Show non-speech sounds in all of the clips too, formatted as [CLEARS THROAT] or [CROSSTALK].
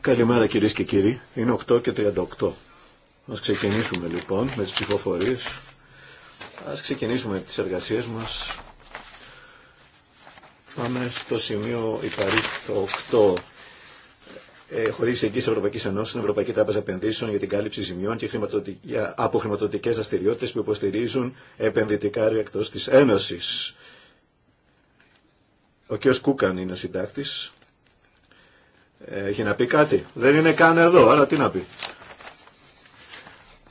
Καλημέρα κυρίες και κύριοι. Είναι 8 και 38. Ας ξεκινήσουμε λοιπόν με τις ψηφοφορίες. Ας ξεκινήσουμε τις εργασίες μας. Πάμε στο σημείο υπαρήθω 8. Ε, χορήγηση εγγύηση Ευρωπαϊκή Ενώση στην Ευρωπαϊκή Τράπεζα Επενδύσεων για την κάλυψη ζημιών και από χρηματοδοτικέ δραστηριότητε που υποστηρίζουν επενδυτικά ρεκτό εκτό τη Ένωση. Ο κ. Κούκαν είναι ο συντάκτης. Ε, έχει να πει κάτι. Δεν είναι καν εδώ, άρα τι να πει.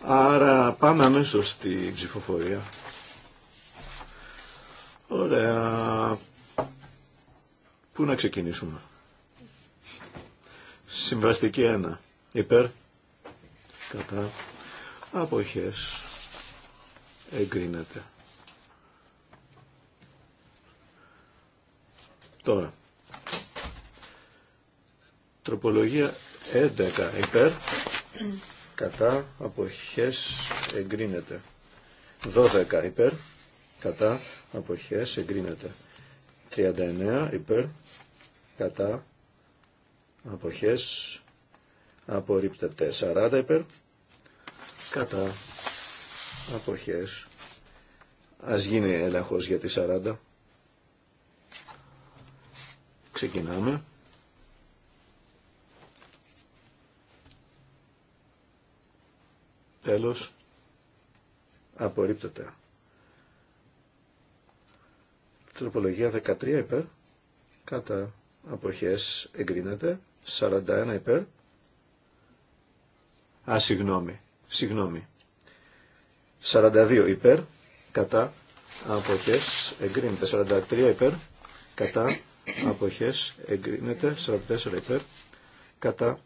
Άρα πάμε αμέσω στη ψηφοφορία. Ωραία. Πού να ξεκινήσουμε. Συμβαστική 1. Υπέρ. Κατά. Αποχές. Εγκρίνεται. Τώρα. Τροπολογία 11 υπέρ κατά αποχές εγκρίνεται. 12 υπέρ κατά αποχές εγκρίνεται. 39 υπέρ κατά αποχές απορρίπτεται. 40 υπέρ κατά αποχές. Ας γίνει έλεγχος για τη 40. Ξεκινάμε. Τέλος. Απορρίπτεται. Τροπολογία 13 υπέρ. Κατά αποχές εγκρίνεται. 41 υπέρ. Α, συγγνώμη. Συγγνώμη. 42 υπέρ. Κατά αποχές εγκρίνεται. 43 υπέρ. Κατά αποχές εγκρίνεται 44 υπέρ κατά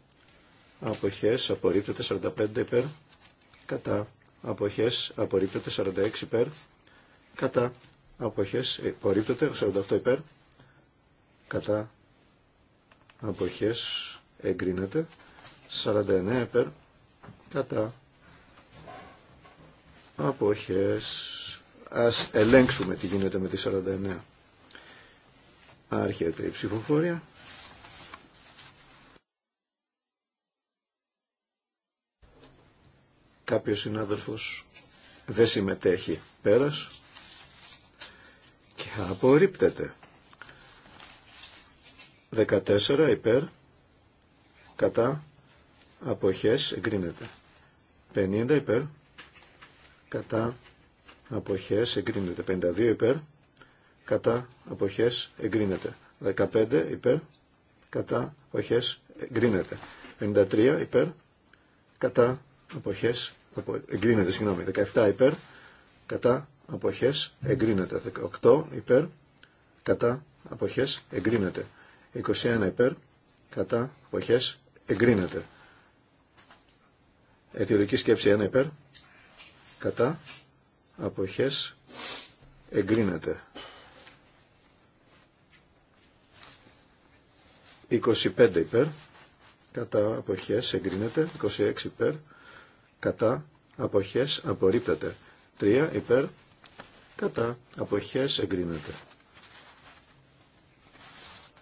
αποχές απορρίπτεται 45 υπέρ κατά αποχές απορρίπτεται 46 υπέρ κατά αποχές απορρίπτεται 48 υπέρ κατά αποχές εγκρίνεται 49 υπέρ κατά αποχές ας ελέγξουμε τι γίνεται με τη 49 Άρχεται η ψηφοφορία. Κάποιος συνάδελφος δεν συμμετέχει πέρας και απορρίπτεται. 14 υπέρ κατά αποχές εγκρίνεται. 50 υπέρ κατά αποχές εγκρίνεται. 52 υπέρ κατά αποχές εγκρίνεται. 15 υπέρ κατά αποχές εγκρίνεται. 53 υπέρ κατά αποχές εγκρίνεται. Συγγνώμη. 17 υπέρ κατά αποχές εγκρίνεται. 18 υπέρ κατά αποχές εγκρίνεται. 21 υπέρ κατά αποχές εγκρίνεται. Αιτιολογική σκέψη 1 υπέρ κατά αποχές εγκρίνεται. 25 υπέρ, κατά αποχές εγκρίνεται, 26 υπέρ, κατά αποχές απορρίπτεται, 3 υπέρ, κατά αποχές εγκρίνεται.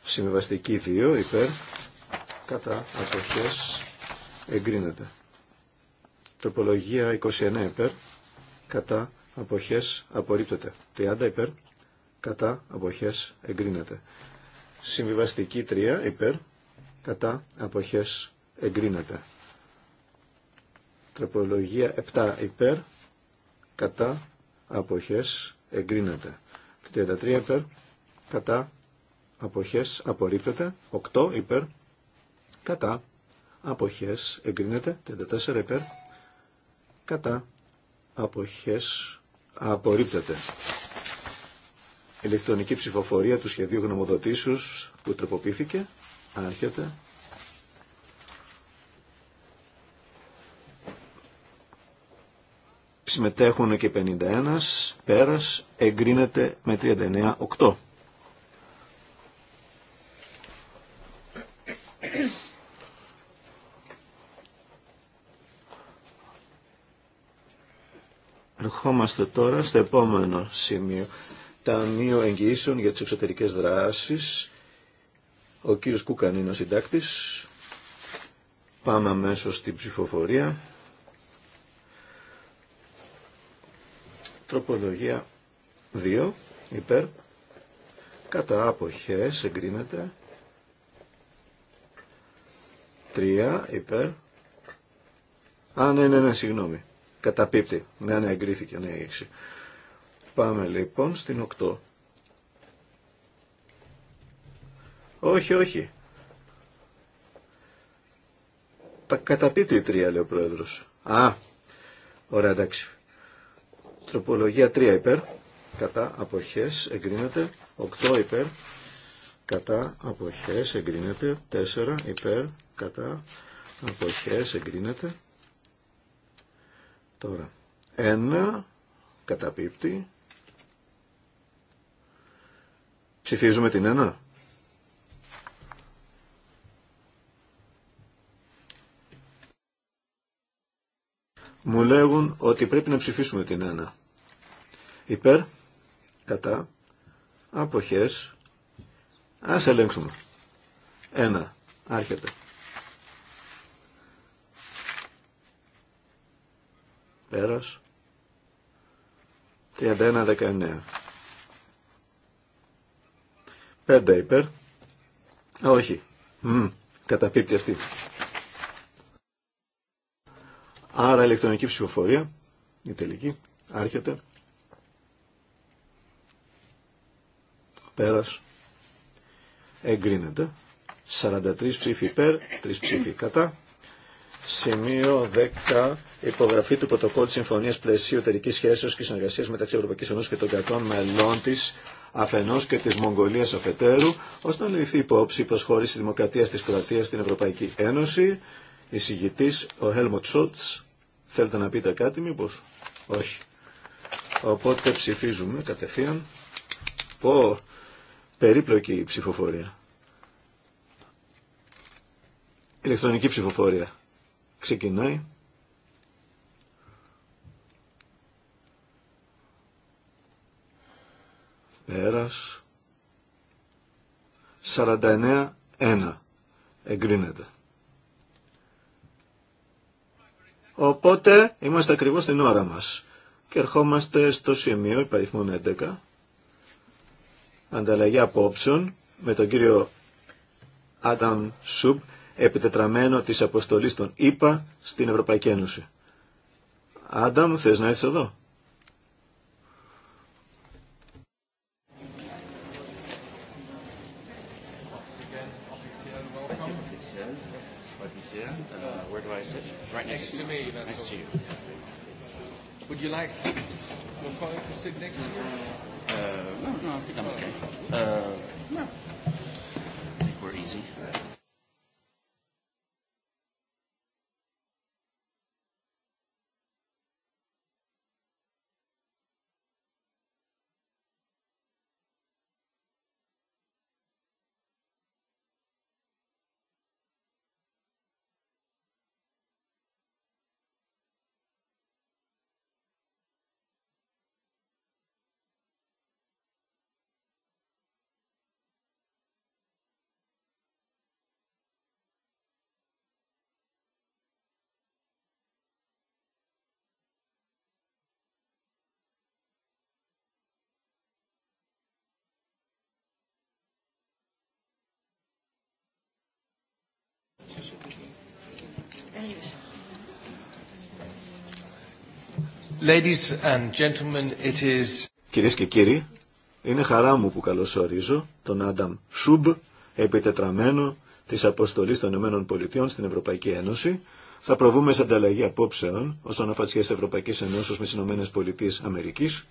Συμβαστική 2 υπέρ, κατά αποχές εγκρίνεται. Τροπολογία 29 υπέρ, κατά αποχές απορρίπτεται, 30 υπέρ, κατά αποχές εγκρίνεται. Συμβιβαστική 3 υπέρ κατά αποχές εγκρίνεται. Τροπολογία 7 υπέρ κατά αποχές εγκρίνεται. 33 υπέρ κατά αποχές απορρίπτεται. 8 υπέρ κατά αποχές εγκρίνεται. 34 υπέρ κατά αποχές απορρίπτεται ηλεκτρονική ψηφοφορία του σχεδίου γνωμοδοτήσεως που τροποποιήθηκε. Άρχεται. Συμμετέχουν και 51, πέρας, εγκρίνεται με 39-8. Ερχόμαστε τώρα στο επόμενο σημείο. Ταμείο Εγγυήσεων για τις Εξωτερικές Δράσεις. Ο κύριος Κούκαν είναι ο συντάκτης. Πάμε αμέσως στην ψηφοφορία. Τροπολογία 2, υπέρ. Κατά αποχές εγκρίνεται. 3, υπέρ. Α, ναι, ναι, ναι, συγγνώμη. Καταπίπτει. Ναι, ναι, εγκρίθηκε, ναι, έξι. Πάμε λοιπόν στην 8. Όχι, όχι. Καταπίπτει η 3, λέει ο πρόεδρος. Α, ωραία, εντάξει. Τροπολογία 3 υπέρ, κατά αποχές εγκρίνεται, 8 υπέρ, κατά αποχές εγκρίνεται, 4 υπέρ, κατά αποχές εγκρίνεται. Τώρα, 1 καταπίπτει, Ψηφίζουμε την 1. Μου λέγουν ότι πρέπει να ψηφίσουμε την 1. Υπέρ, κατά, αποχές, ας ελέγξουμε. 1. Άρχεται. Πέρας. 31-19. 5 υπέρ. όχι. Mm, καταπίπτει αυτή. Άρα ηλεκτρονική ψηφοφορία, η τελική, άρχεται. Πέρας. Εγκρίνεται. 43 ψήφοι υπέρ, 3 ψήφοι κατά. Σημείο 10. Υπογραφή του πρωτοκόλλου τη Συμφωνία Πλαισίου Εταιρική Σχέσεω και Συνεργασία μεταξύ Ευρωπαϊκή Ενώση και των Κατών μελών τη αφενό και τη Μογγολία αφετέρου, ώστε να ληφθεί υπόψη η προσχώρηση τη Δημοκρατία τη Κροατία στην Ευρωπαϊκή Ένωση. Εισηγητή ο Χέλμοντ Σόλτ. Θέλετε να πείτε κάτι, μήπω. Όχι. Οπότε ψηφίζουμε κατευθείαν. Πω, περίπλοκη ψηφοφορία. Ηλεκτρονική ψηφοφορία ξεκινάει. Πέρας. 49-1. Εγκρίνεται. Οπότε είμαστε ακριβώς στην ώρα μας. Και ερχόμαστε στο σημείο υπαριθμών 11. Ανταλλαγή απόψεων με τον κύριο Άνταμ Σουμπ επιτετραμένο της αποστολής των ΗΠΑ στην Ευρωπαϊκή Ένωση. Άνταμ, θες να είσαι εδώ. Would you like your colleague to sit next to you? Uh, no, no, I think I'm okay. Uh, no. I think we're easy. Ladies Κυρίες και κύριοι, είναι χαρά μου που καλωσορίζω τον Άνταμ Σουμπ, επιτετραμένο της αποστολής των Ηνωμένων Πολιτείων στην Ευρωπαϊκή Ένωση. Θα προβούμε σε ανταλλαγή απόψεων όσον αφορά τις Ευρωπαϊκής Ενώσεως με τις Πολιτείες Αμερικής.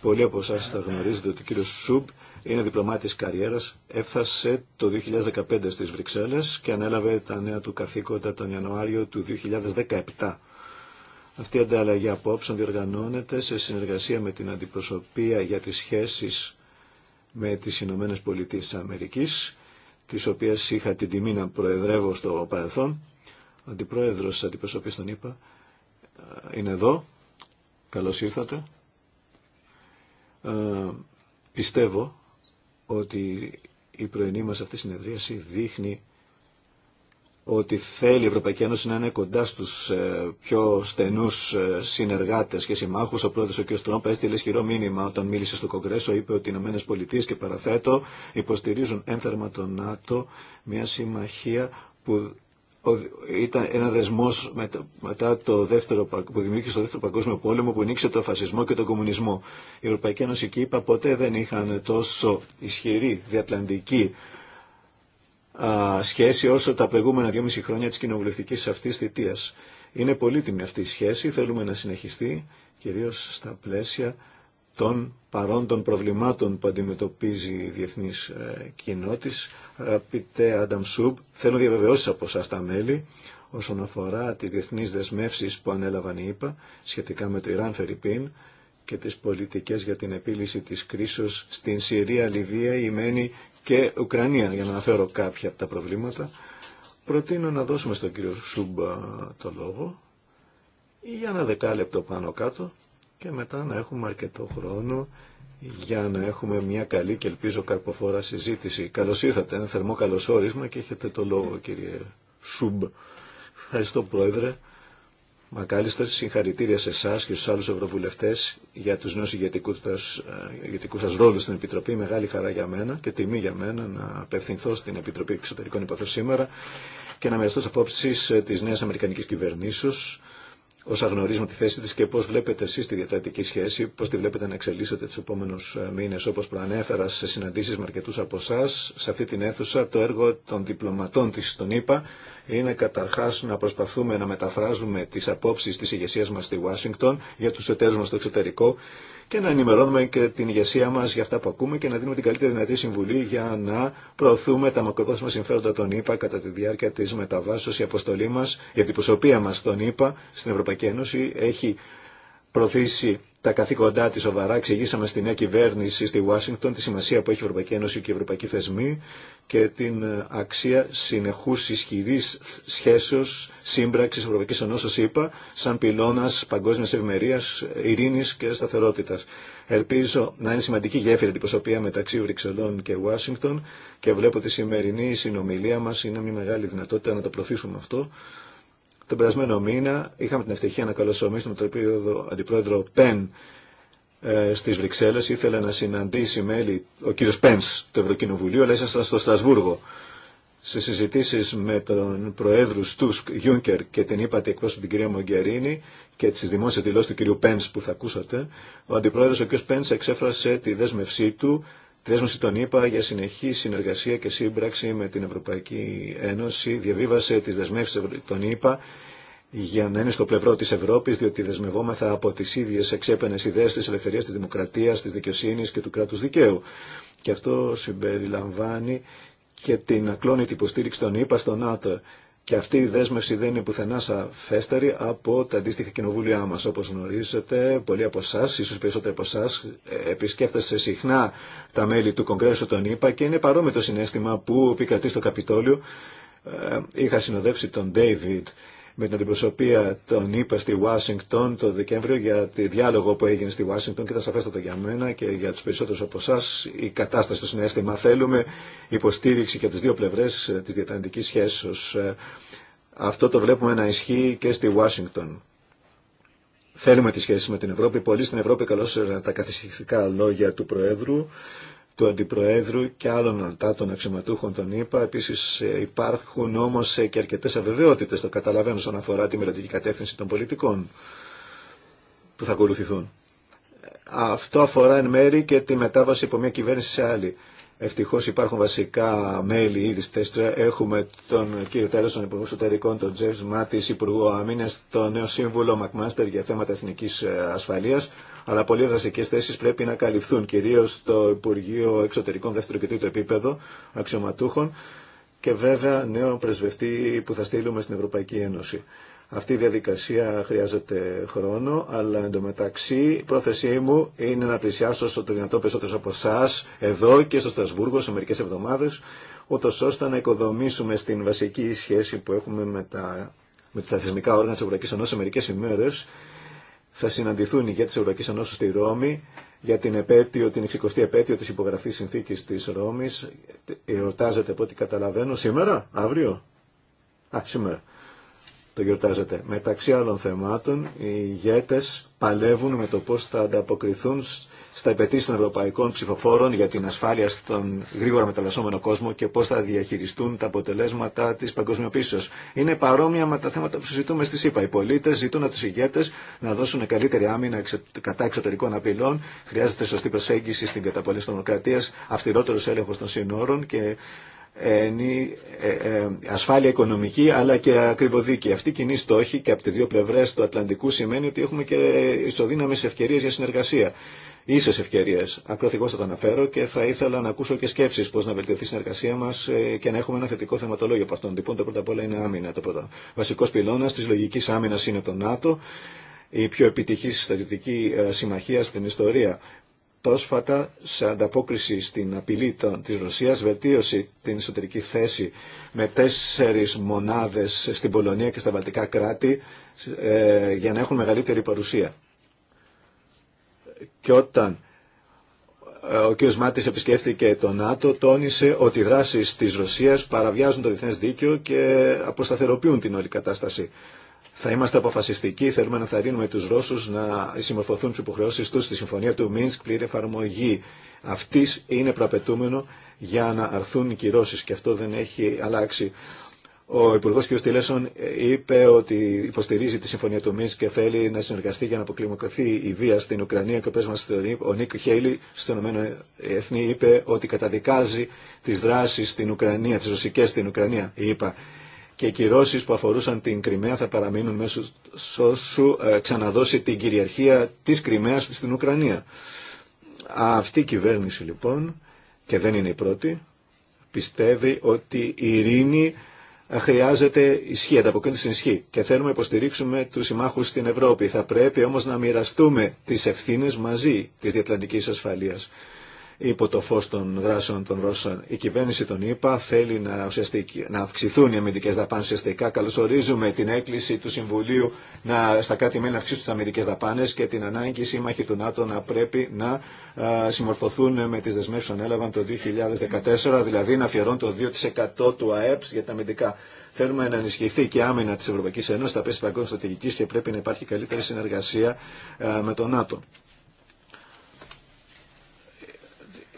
Πολλοί από εσά θα γνωρίζετε ότι ο κύριος Σουμπ είναι διπλωμάτης καριέρας, έφτασε το 2015 στις Βρυξέλλες και ανέλαβε τα νέα του καθήκοντα τον Ιανουάριο του 2017. Αυτή η ανταλλαγή απόψεων διοργανώνεται σε συνεργασία με την Αντιπροσωπεία για τις σχέσεις με τις Ηνωμένες Πολιτείες της Αμερικής, τις οποίες είχα την τιμή να προεδρεύω στο παρελθόν. Ο Αντιπρόεδρος της Αντιπροσωπείας τον είπα, είναι εδώ. Καλώς ήρθατε. Ε, πιστεύω ότι η πρωινή μας αυτή συνεδρίαση δείχνει ότι θέλει η Ευρωπαϊκή Ένωση να είναι κοντά στους ε, πιο στενούς ε, συνεργάτε και συμμάχους. Ο πρόεδρος ο κ. Τρόμπα έστειλε ισχυρό μήνυμα όταν μίλησε στο Κογκρέσο, είπε ότι οι ΗΠΑ Πολιτείες και παραθέτω υποστηρίζουν ένθερμα τον ΝΑΤΟ, μια συμμαχία που ήταν ένα δεσμό μετά το δεύτερο, που δημιούργησε το δεύτερο παγκόσμιο πόλεμο που νίκησε το φασισμό και τον κομμουνισμό. Η Ευρωπαϊκή Ένωση και η ΕΠΑ ποτέ δεν είχαν τόσο ισχυρή διατλαντική α, σχέση όσο τα προηγούμενα 2,5 χρόνια της κοινοβουλευτικής αυτής θητείας. Είναι πολύτιμη αυτή η σχέση, θέλουμε να συνεχιστεί, κυρίως στα πλαίσια των παρόντων προβλημάτων που αντιμετωπίζει η διεθνής ε, κοινότης. Αγαπητέ Άνταμ Σουμπ, θέλω διαβεβαιώσεις από σας τα μέλη όσον αφορά τις διεθνείς δεσμεύσεις που ανέλαβαν οι ΗΠΑ σχετικά με το Ιράν Φερρυπίν και τις πολιτικές για την επίλυση της κρίσης στην Συρία, Λιβύα, Ιμένη και Ουκρανία, για να αναφέρω κάποια από τα προβλήματα. Προτείνω να δώσουμε στον κύριο Σούμπα το λόγο για ένα δεκάλεπτο πάνω κάτω και μετά να έχουμε αρκετό χρόνο για να έχουμε μια καλή και ελπίζω καρποφόρα συζήτηση. Καλώς ήρθατε, ένα θερμό καλωσόρισμα και έχετε το λόγο κύριε Σούμπ. Ευχαριστώ πρόεδρε. Μακάλιστα συγχαρητήρια σε εσά και στου άλλου ευρωβουλευτέ για του νέου ηγετικού σα ε, ρόλου στην Επιτροπή. Μεγάλη χαρά για μένα και τιμή για μένα να απευθυνθώ στην Επιτροπή Εξωτερικών Υποθέσεων σήμερα και να μοιραστώ τι απόψει ε, τη νέα Αμερικανική κυβερνήσεω, όσα γνωρίζουμε τη θέση τη και πώ βλέπετε εσεί τη διατρατική σχέση, πώ τη βλέπετε να εξελίσσεται του επόμενου ε, μήνε, όπω προανέφερα σε συναντήσει με αρκετού από εσά, σε αυτή την αίθουσα, το έργο των διπλωματών τη, τον είναι καταρχάς να προσπαθούμε να μεταφράζουμε τις απόψεις της ηγεσία μας στη Ουάσιγκτον για τους εταίρους μας στο εξωτερικό και να ενημερώνουμε και την ηγεσία μας για αυτά που ακούμε και να δίνουμε την καλύτερη δυνατή συμβουλή για να προωθούμε τα μακροπρόθεσμα συμφέροντα των ΗΠΑ κατά τη διάρκεια της μεταβάσεως. Η αποστολή μας, η αντιπροσωπεία μας των ΗΠΑ στην Ευρωπαϊκή Ένωση έχει προωθήσει τα καθήκοντά τη σοβαρά. Εξηγήσαμε στη νέα κυβέρνηση στη Ουάσιγκτον τη σημασία που έχει η Ευρωπαϊκή Ένωση και η Ευρωπαϊκή θεσμοί και την ε, αξία συνεχούς ισχυρής σχέσεως σύμπραξης Ευρωπαϊκής όπω είπα, σαν πυλώνα παγκόσμια ευημερίας, ειρηνή και σταθερότητα. Ελπίζω να είναι σημαντική γέφυρα την προσωπία μεταξύ Βρυξελών και Ουάσιγκτον και βλέπω ότι η σημερινή συνομιλία μα είναι μια μεγάλη δυνατότητα να το προωθήσουμε αυτό. Τον περασμένο μήνα είχαμε την ευτυχία να καλωσορίσουμε τον Αντιπρόεδρο Πεν ε, στις Βρυξέλλες ήθελε να συναντήσει μέλη ο κύριος Πέντ του Ευρωκοινοβουλίου αλλά ήσασταν στο Στρασβούργο σε συζητήσεις με τον Προέδρου Στούσκ Γιούνκερ και την είπατε εκπρόσωπη την κυρία Μογκερίνη και τις δημόσιες δηλώσεις του κυρίου Πένς που θα ακούσατε ο Αντιπρόεδρος ο κύριος Πένς εξέφρασε τη δέσμευσή του Τη δέσμευση των ΗΠΑ για συνεχή συνεργασία και σύμπραξη με την Ευρωπαϊκή Ένωση διαβίβασε τις δεσμεύσεις των ΗΠΑ για να είναι στο πλευρό της Ευρώπης, διότι δεσμευόμεθα από τις ίδιες εξέπαινες ιδέες της ελευθερίας, της δημοκρατίας, της δικαιοσύνης και του κράτους δικαίου. Και αυτό συμπεριλαμβάνει και την ακλόνητη υποστήριξη των ΗΠΑ στο ΝΑΤΟ. Και αυτή η δέσμευση δεν είναι πουθενά σαφέστερη από τα αντίστοιχα κοινοβούλια μα. Όπω γνωρίζετε, πολλοί από εσά, ίσω περισσότεροι από εσά, επισκέφτεστε συχνά τα μέλη του Κογκρέσου των ΗΠΑ και είναι παρόμοιο το συνέστημα που επικρατεί στο Καπιτόλιο. Ε, είχα συνοδεύσει τον David με την αντιπροσωπεία των ΗΠΑ στη Ουάσιγκτον το Δεκέμβριο για τη διάλογο που έγινε στη Ουάσιγκτον και ήταν σαφέστατο για μένα και για του περισσότερου από εσά η κατάσταση στο συνέστημα. Θέλουμε υποστήριξη και από τι δύο πλευρέ τη διατρανική σχέση. Αυτό το βλέπουμε να ισχύει και στη Ουάσιγκτον. Θέλουμε τις σχέσεις με την Ευρώπη. πολύ στην Ευρώπη καλώς τα καθησυχητικά λόγια του Προέδρου του Αντιπροέδρου και άλλων οντά των αξιωματούχων των ΗΠΑ. Επίση ε, υπάρχουν όμω ε, και αρκετέ αβεβαιότητε, το καταλαβαίνω, όσον αφορά τη μελλοντική κατεύθυνση των πολιτικών που θα ακολουθηθούν. Αυτό αφορά εν μέρη και τη μετάβαση από μια κυβέρνηση σε άλλη. Ευτυχώ υπάρχουν βασικά μέλη ήδη τέσσερα. Έχουμε τον κύριο Τέλο, τον Υπουργό Εσωτερικών, τον Τζέφ Μάτι, Υπουργό Αμήνε, τον νέο σύμβουλο Μακμάστερ για θέματα εθνική ε, ασφαλεία αλλά πολλοί εργασιακέ θέσει πρέπει να καλυφθούν, κυρίω στο Υπουργείο Εξωτερικών, δεύτερο και τρίτο επίπεδο αξιωματούχων και βέβαια νέο πρεσβευτή που θα στείλουμε στην Ευρωπαϊκή Ένωση. Αυτή η διαδικασία χρειάζεται χρόνο, αλλά εντωμεταξύ η πρόθεσή μου είναι να πλησιάσω στο το δυνατόν περισσότερο από εσά εδώ και στο Στρασβούργο σε μερικέ εβδομάδε, ούτω ώστε να οικοδομήσουμε στην βασική σχέση που έχουμε με τα, με τα θεσμικά όργανα τη Ευρωπαϊκή Ενώση σε μερικέ ημέρε θα συναντηθούν οι ηγέτες της Ευρωπαϊκής Ενώσης στη Ρώμη για την, επέτειο, την 60η επέτειο της υπογραφής συνθήκης της Ρώμης. γιορτάζεται από ό,τι καταλαβαίνω σήμερα, αύριο. Α, σήμερα το γιορτάζεται. Μεταξύ άλλων θεμάτων, οι ηγέτες παλεύουν με το πώς θα ανταποκριθούν στα επαιτήσει των ευρωπαϊκών ψηφοφόρων για την ασφάλεια στον γρήγορα μεταλλασσόμενο κόσμο και πώ θα διαχειριστούν τα αποτελέσματα τη παγκοσμιοποίηση. Είναι παρόμοια με τα θέματα που συζητούμε στη ΣΥΠΑ. Οι πολίτε ζητούν από του ηγέτε να δώσουν καλύτερη άμυνα κατά εξωτερικών απειλών. Χρειάζεται σωστή προσέγγιση στην καταπολέμηση τη δημοκρατία, αυστηρότερο έλεγχο των συνόρων και ε, ε, ε, ασφάλεια οικονομική αλλά και ακριβοδίκη. Αυτή η κοινή στόχη και από τι δύο πλευρέ του Ατλαντικού σημαίνει ότι έχουμε και ισοδύναμε ευκαιρίε για συνεργασία ίσες ευκαιρίες. Ακροθυγώς θα τα αναφέρω και θα ήθελα να ακούσω και σκέψεις πώς να βελτιωθεί η συνεργασία μας ε, και να έχουμε ένα θετικό θεματολόγιο από αυτόν. Λοιπόν, το πρώτα απ' όλα είναι άμυνα. Το πρώτο. Βασικός πυλώνας της λογικής άμυνας είναι το ΝΑΤΟ, η πιο επιτυχή στρατιωτική ε, συμμαχία στην ιστορία. Πρόσφατα, σε ανταπόκριση στην απειλή της Ρωσίας, βελτίωσε την εσωτερική θέση με τέσσερις μονάδες στην Πολωνία και στα Βαλτικά κράτη ε, για να έχουν μεγαλύτερη παρουσία και όταν ε, ο κ. Μάτη επισκέφθηκε το ΝΑΤΟ, τόνισε ότι οι δράσει τη Ρωσία παραβιάζουν το διεθνέ δίκαιο και αποσταθεροποιούν την όλη κατάσταση. Θα είμαστε αποφασιστικοί, θέλουμε να θαρρύνουμε του Ρώσου να συμμορφωθούν τι υποχρεώσει του στη συμφωνία του Μίνσκ, πλήρη εφαρμογή. Αυτή είναι προαπαιτούμενο για να αρθούν οι κυρώσει και αυτό δεν έχει αλλάξει. Ο Υπουργό κ. Τηλέσον ε, είπε ότι υποστηρίζει τη συμφωνία του Μίνσκ και θέλει να συνεργαστεί για να αποκλιμακωθεί η βία στην Ουκρανία. Και ο πρέσβη ο Νίκ Χέιλι, στο Ηνωμένο Εθνή, είπε ότι καταδικάζει τι δράσει στην Ουκρανία, τι ρωσικέ στην Ουκρανία, είπα. Και οι κυρώσει που αφορούσαν την Κρυμαία θα παραμείνουν μέσω όσου ε, ξαναδώσει την κυριαρχία τη Κρυμαία στην Ουκρανία. Αυτή η κυβέρνηση λοιπόν, και δεν είναι η πρώτη, πιστεύει ότι η ειρήνη χρειάζεται ισχύ, ανταποκρίνηση ισχύ. Και θέλουμε να υποστηρίξουμε του συμμάχου στην Ευρώπη. Θα πρέπει όμω να μοιραστούμε τι ευθύνε μαζί τη διατλαντική ασφαλεία υπό το φως των δράσεων των Ρώσων. Η κυβέρνηση των ΗΠΑ θέλει να, να αυξηθούν οι αμυντικές δαπάνες ουσιαστικά. Καλωσορίζουμε την έκκληση του Συμβουλίου να, στα κάτι μέλη να αυξήσουν τις αμυντικές δαπάνες και την ανάγκη οι σύμμαχοι του ΝΑΤΟ να πρέπει να συμμορφωθούν με τις δεσμεύσεις που ανέλαβαν το 2014, δηλαδή να αφιερώνουν το 2% του ΑΕΠΣ για τα αμυντικά. Θέλουμε να ενισχυθεί και άμυνα τη Ευρωπαϊκής Ένωσης, τα πλαίσια παγκόσμια στρατηγική και πρέπει να υπάρχει καλύτερη συνεργασία με τον ΝΑΤΟ.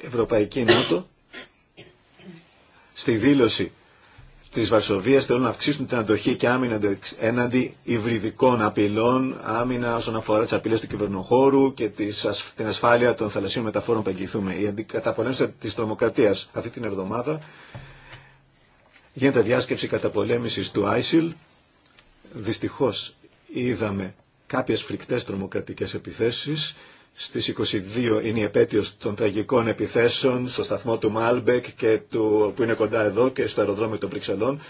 Ευρωπαϊκή Νότο στη δήλωση τη Βαρσοβία θέλουν να αυξήσουν την αντοχή και άμυνα έναντι υβριδικών απειλών, άμυνα όσον αφορά τι απειλέ του κυβερνοχώρου και την ασφάλεια των θαλασσίων μεταφόρων που εγγυηθούμε. Η αντικαταπολέμηση τη τρομοκρατία αυτή την εβδομάδα γίνεται διάσκεψη καταπολέμηση του ISIL. Δυστυχώ είδαμε κάποιε φρικτέ τρομοκρατικέ επιθέσει στις 22 είναι η επέτειος των τραγικών επιθέσεων στο σταθμό του Μάλμπεκ και του, που είναι κοντά εδώ και στο αεροδρόμιο των Βρυξελών.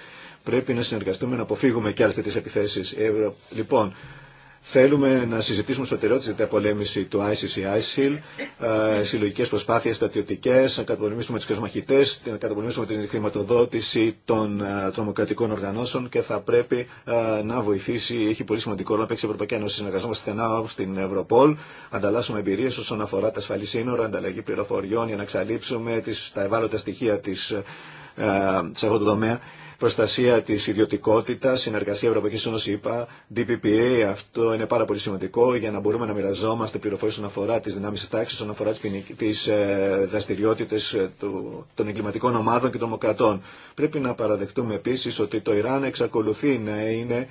Πρέπει να συνεργαστούμε να αποφύγουμε κι άλλες τέτοιες επιθέσεις. Ε, λοιπόν, Θέλουμε να συζητήσουμε στο τελειό τη διαπολέμηση του ISIS ή ISIL, ε, συλλογικέ προσπάθειε στρατιωτικέ, να καταπολεμήσουμε του κρεσμαχητέ, να καταπολεμήσουμε την χρηματοδότηση των ε, τρομοκρατικών οργανώσεων και θα πρέπει ε, να βοηθήσει, έχει πολύ σημαντικό ρόλο να παίξει η Ευρωπαϊκή Ένωση. Συνεργαζόμαστε στενά στην Ευρωπόλ, ανταλλάσσουμε εμπειρίε όσον αφορά τα ασφαλή σύνορα, ανταλλαγή πληροφοριών για να εξαλείψουμε τα ευάλωτα στοιχεία τη σε αυτό το τομέα προστασία τη ιδιωτικότητα, συνεργασία Ευρωπαϊκή Ένωση είπα, DPPA, αυτό είναι πάρα πολύ σημαντικό για να μπορούμε να μοιραζόμαστε πληροφορίε όσον αφορά τι δυνάμει τη τάξη, όσον αφορά τι ε, δραστηριότητε ε, των εγκληματικών ομάδων και των μοκρατών. Πρέπει να παραδεχτούμε επίση ότι το Ιράν εξακολουθεί να είναι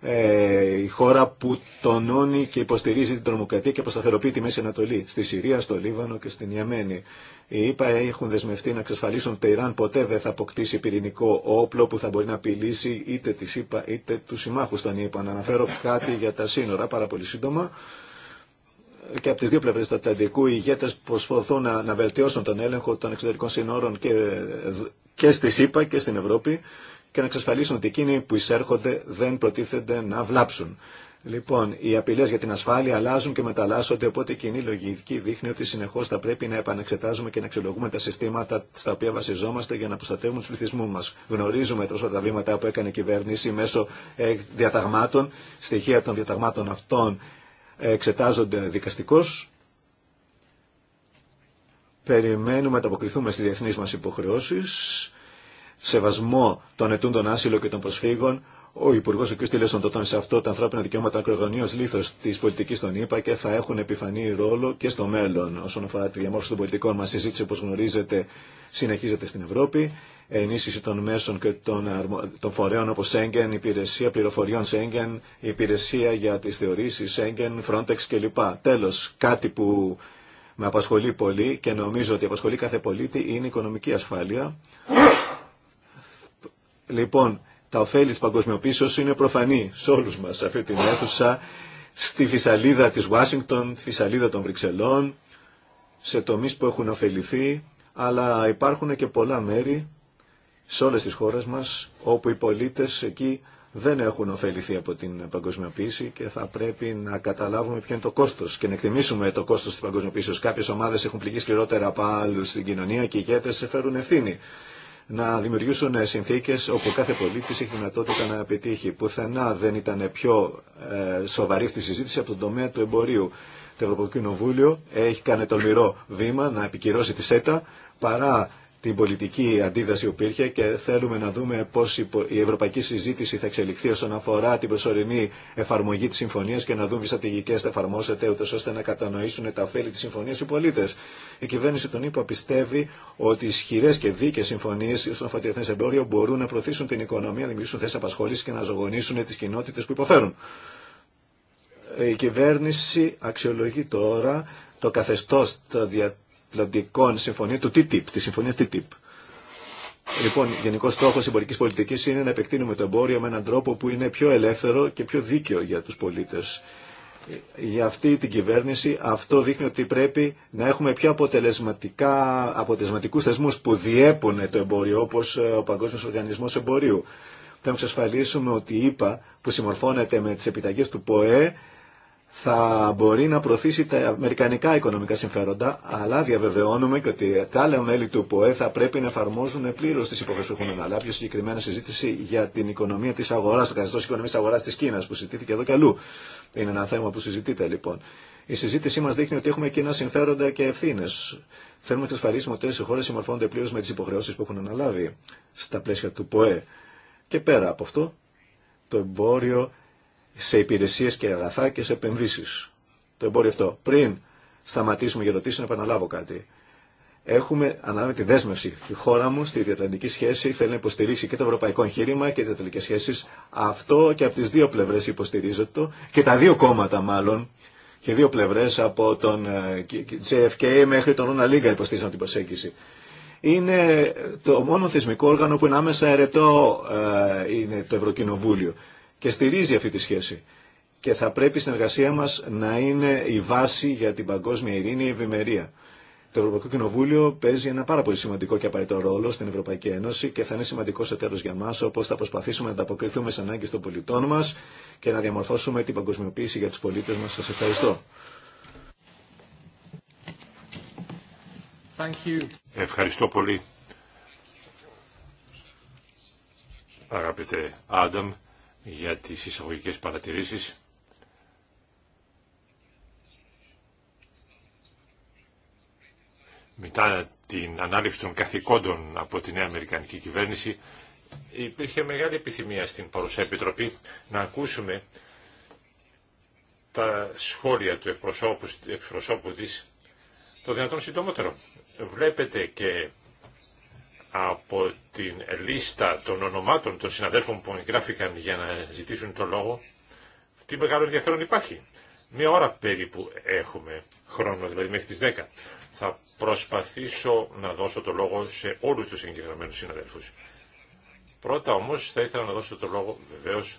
ε, η χώρα που τονώνει και υποστηρίζει την τρομοκρατία και αποσταθεροποιεί τη Μέση Ανατολή, στη Συρία, στο Λίβανο και στην Ιεμένη. Οι ΗΠΑ έχουν δεσμευτεί να εξασφαλίσουν ότι το Ιράν ποτέ δεν θα αποκτήσει πυρηνικό όπλο που θα μπορεί να απειλήσει είτε τις ΗΠΑ είτε του συμμάχους των ΗΠΑ. Να αναφέρω κάτι για τα σύνορα πάρα πολύ σύντομα και από τι δύο πλευρέ του Ατλαντικού οι ηγέτε προσπαθούν να, να βελτιώσουν τον έλεγχο των εξωτερικών συνόρων και, και στη ΣΥΠΑ και στην Ευρώπη και να εξασφαλίσουν ότι εκείνοι που εισέρχονται δεν προτίθενται να βλάψουν. Λοιπόν, οι απειλέ για την ασφάλεια αλλάζουν και μεταλλάσσονται, οπότε η κοινή λογική δείχνει ότι συνεχώ θα πρέπει να επανεξετάζουμε και να αξιολογούμε τα συστήματα στα οποία βασιζόμαστε για να προστατεύουμε του πληθυσμού μα. Γνωρίζουμε τόσο τα βήματα που έκανε η κυβέρνηση μέσω ε, διαταγμάτων. Στοιχεία των διαταγμάτων αυτών ε, εξετάζονται δικαστικώ. Περιμένουμε να αποκριθούμε στι διεθνεί μα υποχρεώσει. Σεβασμό των ετούντων άσυλο και των προσφύγων ο Υπουργό ο κ. το σε αυτό τα ανθρώπινα δικαιώματα ακρογωνίω λίθο τη πολιτική των ΗΠΑ και θα έχουν επιφανή ρόλο και στο μέλλον όσον αφορά τη διαμόρφωση των πολιτικών μα. Συζήτηση, όπω γνωρίζετε, συνεχίζεται στην Ευρώπη. Ενίσχυση των μέσων και των, των φορέων όπω Σέγγεν, υπηρεσία πληροφοριών Σέγγεν, υπηρεσία για τι θεωρήσει Σέγγεν, Frontex κλπ. Τέλο, κάτι που με απασχολεί πολύ και νομίζω ότι απασχολεί κάθε πολίτη είναι η οικονομική ασφάλεια. Λοιπόν, τα ωφέλη της παγκοσμιοποίησης είναι προφανή σε όλους μας σε αυτή την αίθουσα, στη φυσαλίδα της Ουάσιγκτον, τη φυσαλίδα των Βρυξελών, σε τομείς που έχουν ωφεληθεί, αλλά υπάρχουν και πολλά μέρη σε όλες τις χώρες μας όπου οι πολίτες εκεί δεν έχουν ωφεληθεί από την παγκοσμιοποίηση και θα πρέπει να καταλάβουμε ποιο είναι το κόστο και να εκτιμήσουμε το κόστο τη παγκοσμιοποίηση. Κάποιε ομάδε έχουν πληγεί σκληρότερα από άλλου στην κοινωνία και οι ηγέτε φέρουν ευθύνη να δημιουργήσουν συνθήκες όπου κάθε πολίτης έχει δυνατότητα να επιτύχει. Πουθενά δεν ήταν πιο ε, σοβαρή αυτή η συζήτηση από τον τομέα του εμπορίου. Το Ευρωπαϊκό Κοινοβούλιο έχει κάνει τολμηρό βήμα να επικυρώσει τη ΣΕΤΑ παρά την πολιτική αντίδραση που υπήρχε και θέλουμε να δούμε πώς η ευρωπαϊκή συζήτηση θα εξελιχθεί όσον αφορά την προσωρινή εφαρμογή της συμφωνίας και να δούμε τι στρατηγικές θα εφαρμόσετε ώστε να κατανοήσουν τα ωφέλη της συμφωνίας οι πολίτες. Η κυβέρνηση των ΗΠΑ πιστεύει ότι ισχυρέ και δίκαιε συμφωνίε στον αφορά εμπόριο μπορούν να προωθήσουν την οικονομία, να δημιουργήσουν θέσει απασχόληση και να ζωγονήσουν τι κοινότητε που υποφέρουν. Η κυβέρνηση αξιολογεί τώρα το καθεστώς Ατλαντικών Συμφωνία, του TTIP, τη συμφωνία TTIP. Λοιπόν, γενικό στόχο εμπορική πολιτική είναι να επεκτείνουμε το εμπόριο με έναν τρόπο που είναι πιο ελεύθερο και πιο δίκαιο για του πολίτε. Για αυτή την κυβέρνηση αυτό δείχνει ότι πρέπει να έχουμε πιο αποτελεσματικά, αποτελεσματικούς θεσμούς που διέπουν το εμπόριο όπως ε, ο Παγκόσμιο Οργανισμό Εμπορίου. Θα εξασφαλίσουμε ότι η ΕΠΑ που συμμορφώνεται με τις επιταγές του ΠΟΕ θα μπορεί να προωθήσει τα αμερικανικά οικονομικά συμφέροντα, αλλά διαβεβαιώνουμε και ότι τα άλλα μέλη του ΠΟΕ θα πρέπει να εφαρμόζουν πλήρω τι υποχρεώσει που έχουν αναλάβει. Πιο συγκεκριμένα συζήτηση για την οικονομία τη αγορά, το καθεστώ οικονομία τη αγορά τη Κίνα που συζητήθηκε εδώ και αλλού. Είναι ένα θέμα που συζητείται λοιπόν. Η συζήτησή μα δείχνει ότι έχουμε κοινά συμφέροντα και ευθύνε. Θέλουμε να εξασφαλίσουμε ότι όλε οι χώρε συμμορφώνονται πλήρω με τι υποχρεώσει που έχουν αναλάβει στα πλαίσια του ΠΟΕ. Και πέρα από αυτό, το εμπόριο σε υπηρεσίε και αγαθά και σε επενδύσεις. Το εμπόριο αυτό. Πριν σταματήσουμε για ρωτήσει να επαναλάβω κάτι. Έχουμε ανάμεσα τη δέσμευση. Η χώρα μου στη διατλαντική σχέση θέλει να υποστηρίξει και το ευρωπαϊκό εγχείρημα και τι διατλαντικέ σχέσει. Αυτό και από τι δύο πλευρέ υποστηρίζεται και τα δύο κόμματα μάλλον και δύο πλευρέ από τον JFK ε, μέχρι τον Ρούνα Λίγκα υποστήριζαν την προσέγγιση. Είναι το μόνο θεσμικό όργανο που είναι άμεσα αιρετό ε, είναι το Ευρωκοινοβούλιο και στηρίζει αυτή τη σχέση. Και θα πρέπει η συνεργασία μα να είναι η βάση για την παγκόσμια ειρήνη και ευημερία. Το Ευρωπαϊκό Κοινοβούλιο παίζει ένα πάρα πολύ σημαντικό και απαραίτητο ρόλο στην Ευρωπαϊκή Ένωση και θα είναι σημαντικό εταίρο για μα, όπω θα προσπαθήσουμε να ανταποκριθούμε στι ανάγκε των πολιτών μα και να διαμορφώσουμε την παγκοσμιοποίηση για του πολίτε μα. Σα ευχαριστώ. Ευχαριστώ πολύ. Αγαπητέ Άνταμ, για τις εισαγωγικές παρατηρήσεις. Μετά την ανάληψη των καθηκόντων από τη νέα Αμερικανική κυβέρνηση υπήρχε μεγάλη επιθυμία στην παρουσία Επιτροπή να ακούσουμε τα σχόλια του εκπροσώπου της το δυνατόν συντομότερο. Βλέπετε και από την λίστα των ονομάτων των συναδέλφων που εγγράφηκαν για να ζητήσουν το λόγο, τι μεγάλο ενδιαφέρον υπάρχει. Μία ώρα περίπου έχουμε χρόνο, δηλαδή μέχρι τις 10. Θα προσπαθήσω να δώσω το λόγο σε όλους τους εγγεγραμμένους συναδέλφους. Πρώτα όμως θα ήθελα να δώσω το λόγο βεβαίως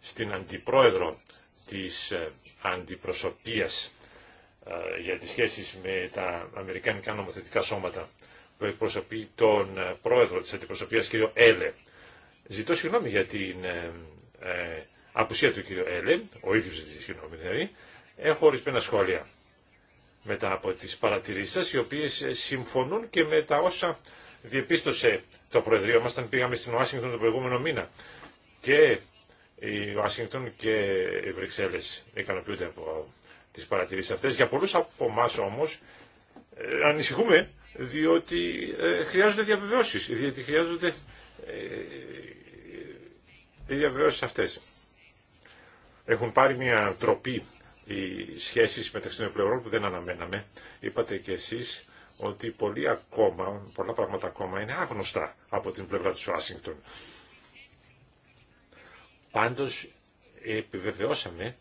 στην αντιπρόεδρο της ε, αντιπροσωπείας ε, για τις σχέσεις με τα αμερικάνικα νομοθετικά σώματα που εκπροσωπεί τον ε, πρόεδρο της αντιπροσωπείας κ. Έλε. Ζητώ συγγνώμη για την ε, ε απουσία του κ. Έλε, ο ίδιος ζητήσει συγγνώμη δηλαδή, έχω ορισμένα σχόλια μετά από τις παρατηρήσεις σας, οι οποίες συμφωνούν και με τα όσα διεπίστωσε το Προεδρείο μας όταν πήγαμε στην Ουάσιγκτον τον προηγούμενο μήνα. Και η Ουάσιγκτον και οι Βρυξέλλες ικανοποιούνται από τις παρατηρήσεις αυτές. Για πολλούς από εμά όμως ε, ανησυχούμε διότι ε, χρειάζονται διαβεβαιώσεις, διότι χρειάζονται ε, οι διαβεβαιώσεις αυτές. Έχουν πάρει μια τροπή οι σχέσεις μεταξύ των πλευρών που δεν αναμέναμε. Είπατε και εσείς ότι πολλοί ακόμα, πολλά πράγματα ακόμα είναι άγνωστα από την πλευρά της Ουάσιγκτον. Πάντως επιβεβαιώσαμε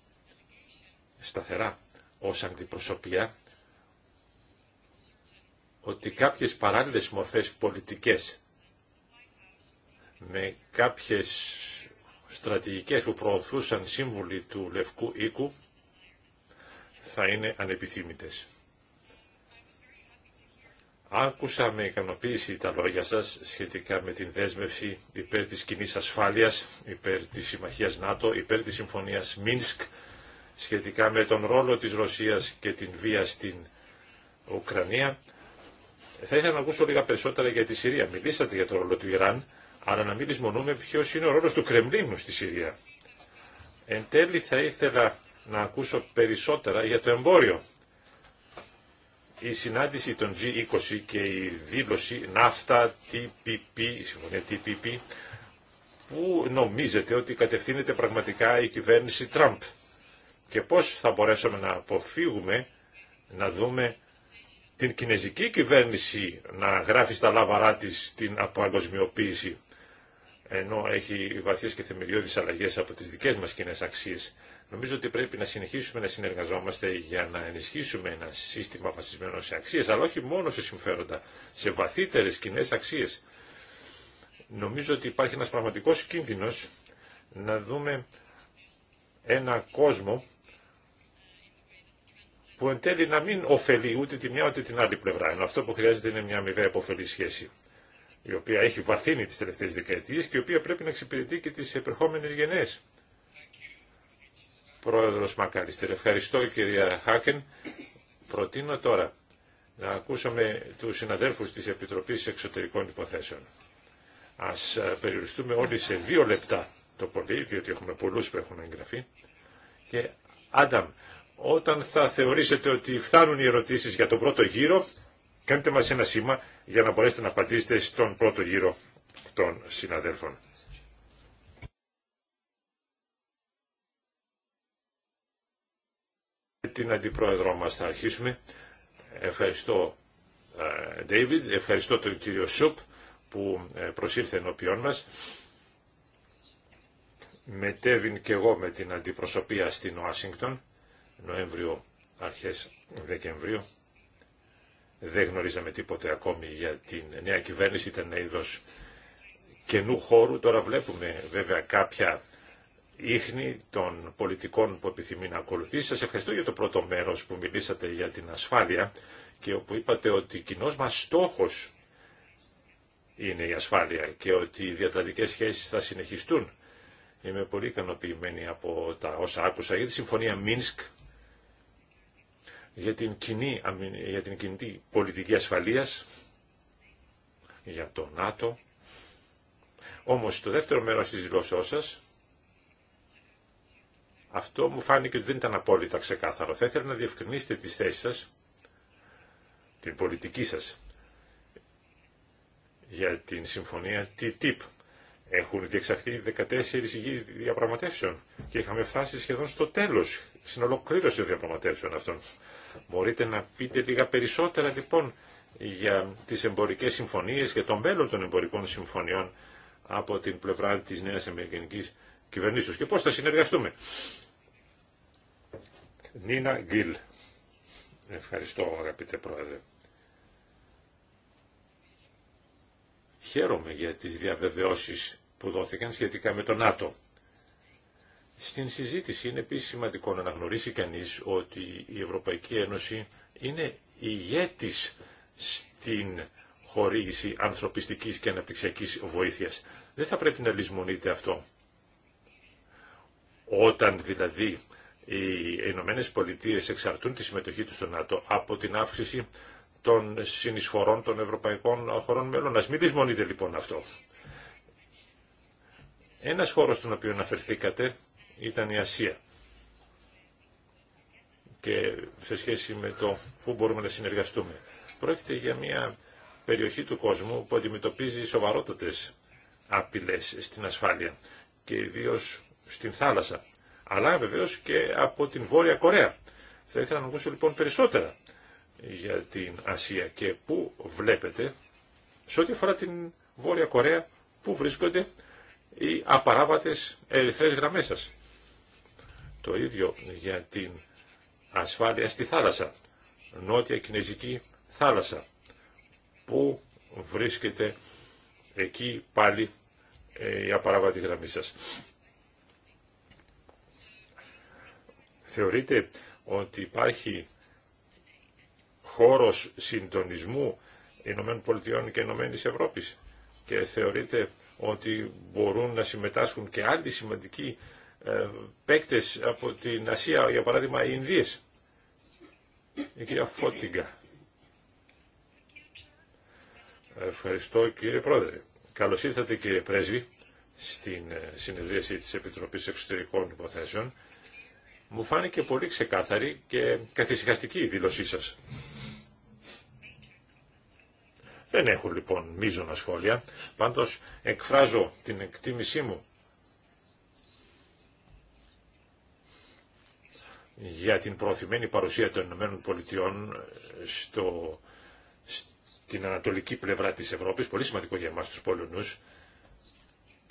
σταθερά ως αντιπροσωπεία ότι κάποιες παράλληλες μορφές πολιτικές με κάποιες στρατηγικές που προωθούσαν σύμβουλοι του Λευκού Οίκου θα είναι ανεπιθύμητες. Άκουσα με ικανοποίηση τα λόγια σας σχετικά με την δέσμευση υπέρ της κοινής ασφάλειας, υπέρ της συμμαχίας ΝΑΤΟ, υπέρ της συμφωνίας Μίνσκ σχετικά με τον ρόλο της Ρωσίας και την βία στην Ουκρανία. Θα ήθελα να ακούσω λίγα περισσότερα για τη Συρία. Μιλήσατε για τον ρόλο του Ιράν, αλλά να μην λησμονούμε ποιο είναι ο ρόλος του Κρεμλίνου στη Συρία. Εν τέλει θα ήθελα να ακούσω περισσότερα για το εμπόριο. Η συνάντηση των G20 και η δήλωση ναύτα TPP, TPP, που νομίζετε ότι κατευθύνεται πραγματικά η κυβέρνηση Τραμπ και πώς θα μπορέσουμε να αποφύγουμε να δούμε την κινέζικη κυβέρνηση να γράφει στα λάβαρά της την αποαγκοσμιοποίηση ενώ έχει βαθιές και θεμελιώδεις αλλαγές από τις δικές μας κοινέ αξίες. Νομίζω ότι πρέπει να συνεχίσουμε να συνεργαζόμαστε για να ενισχύσουμε ένα σύστημα βασισμένο σε αξίες, αλλά όχι μόνο σε συμφέροντα, σε βαθύτερες κοινέ αξίες. Νομίζω ότι υπάρχει ένας πραγματικός κίνδυνος να δούμε ένα κόσμο που εν τέλει να μην ωφελεί ούτε τη μια ούτε την άλλη πλευρά. Ενώ αυτό που χρειάζεται είναι μια αμοιβαία υποφελή σχέση, η οποία έχει βαθύνει τι τελευταίε δεκαετίε και η οποία πρέπει να εξυπηρετεί και τι επερχόμενε γενναίε. Πρόεδρο Μακάλιστερ, ευχαριστώ κυρία Χάκεν. Προτείνω τώρα να ακούσουμε του συναδέλφου τη Επιτροπή Εξωτερικών Υποθέσεων. Α ε, περιοριστούμε όλοι σε δύο λεπτά το πολύ, διότι έχουμε πολλού που έχουν εγγραφεί. Και Άνταμ, όταν θα θεωρήσετε ότι φτάνουν οι ερωτήσεις για τον πρώτο γύρο, κάντε μας ένα σήμα για να μπορέσετε να απαντήσετε στον πρώτο γύρο των συναδέλφων. Την αντιπρόεδρό μας θα αρχίσουμε. Ευχαριστώ, ε, David. Ευχαριστώ τον κύριο Σουπ που ε, προσήλθε ενώπιόν μας. Μετέβην και εγώ με την αντιπροσωπεία στην Ουάσιγκτον Νοέμβριο, αρχές Δεκεμβρίου. Δεν γνωρίζαμε τίποτε ακόμη για την νέα κυβέρνηση, ήταν ένα είδος καινού χώρου. Τώρα βλέπουμε βέβαια κάποια ίχνη των πολιτικών που επιθυμεί να ακολουθήσει. Σας ευχαριστώ για το πρώτο μέρος που μιλήσατε για την ασφάλεια και όπου είπατε ότι κοινό μας στόχος είναι η ασφάλεια και ότι οι διατλαντικές σχέσεις θα συνεχιστούν. Είμαι πολύ ικανοποιημένη από τα όσα άκουσα για τη Συμφωνία Μίνσκ για την, κοινή, για την κινητή πολιτική ασφαλείας, για το ΝΑΤΟ. Όμως στο δεύτερο μέρος της δηλώσεώς σας, αυτό μου φάνηκε ότι δεν ήταν απόλυτα ξεκάθαρο. Θα ήθελα να διευκρινίσετε τις θέσεις σας, την πολιτική σας, για την συμφωνία TTIP. Έχουν διεξαχθεί 14 γύρι διαπραγματεύσεων και είχαμε φτάσει σχεδόν στο τέλος, στην ολοκλήρωση των διαπραγματεύσεων αυτών. Μπορείτε να πείτε λίγα περισσότερα λοιπόν για τις εμπορικές συμφωνίες, για το μέλλον των εμπορικών συμφωνιών από την πλευρά της νέας Αμερικανικής κυβερνήσεως και πώς θα συνεργαστούμε. Νίνα Γκίλ. Ευχαριστώ αγαπητέ Πρόεδρε. Χαίρομαι για τις διαβεβαιώσεις που δόθηκαν σχετικά με τον ΝΑΤΟ στην συζήτηση. Είναι επίσης σημαντικό να αναγνωρίσει κανείς ότι η Ευρωπαϊκή Ένωση είναι ηγέτης στην χορήγηση ανθρωπιστικής και αναπτυξιακής βοήθειας. Δεν θα πρέπει να λησμονείται αυτό. Όταν δηλαδή οι Ηνωμένε Πολιτείε εξαρτούν τη συμμετοχή του στο ΝΑΤΟ από την αύξηση των συνεισφορών των ευρωπαϊκών χωρών μέλων. Α μην λοιπόν αυτό. Ένα χώρο στον οποίο αναφερθήκατε ήταν η Ασία. Και σε σχέση με το πού μπορούμε να συνεργαστούμε. Πρόκειται για μια περιοχή του κόσμου που αντιμετωπίζει σοβαρότατες απειλές στην ασφάλεια και ιδίω στην θάλασσα, αλλά βεβαίως και από την Βόρεια Κορέα. Θα ήθελα να ακούσω λοιπόν περισσότερα για την Ασία και πού βλέπετε, σε ό,τι αφορά την Βόρεια Κορέα, πού βρίσκονται οι απαράβατες ερυθρές γραμμές το ίδιο για την ασφάλεια στη θάλασσα, νότια κινέζικη θάλασσα, που βρίσκεται εκεί πάλι ε, η απαράβατη γραμμή σας. Θεωρείτε ότι υπάρχει χώρος συντονισμού Ηνωμένων Πολιτειών και Ηνωμένης Ευρώπης και θεωρείτε ότι μπορούν να συμμετάσχουν και άλλοι σημαντικοί ε, παίκτες από την Ασία, για παράδειγμα οι Ινδίες. Η κυρία Φώτιγκα. Ευχαριστώ κύριε Πρόεδρε. Καλώς ήρθατε κύριε Πρέσβη στην ε, συνεδρίαση της Επιτροπής Εξωτερικών Υποθέσεων. Μου φάνηκε πολύ ξεκάθαρη και καθησυχαστική η δήλωσή σας. Δεν έχω λοιπόν μείζωνα σχόλια, πάντως εκφράζω την εκτίμησή μου για την προωθημένη παρουσία των Ηνωμένων Πολιτειών στο, στην ανατολική πλευρά της Ευρώπης, πολύ σημαντικό για εμάς τους Πολωνούς.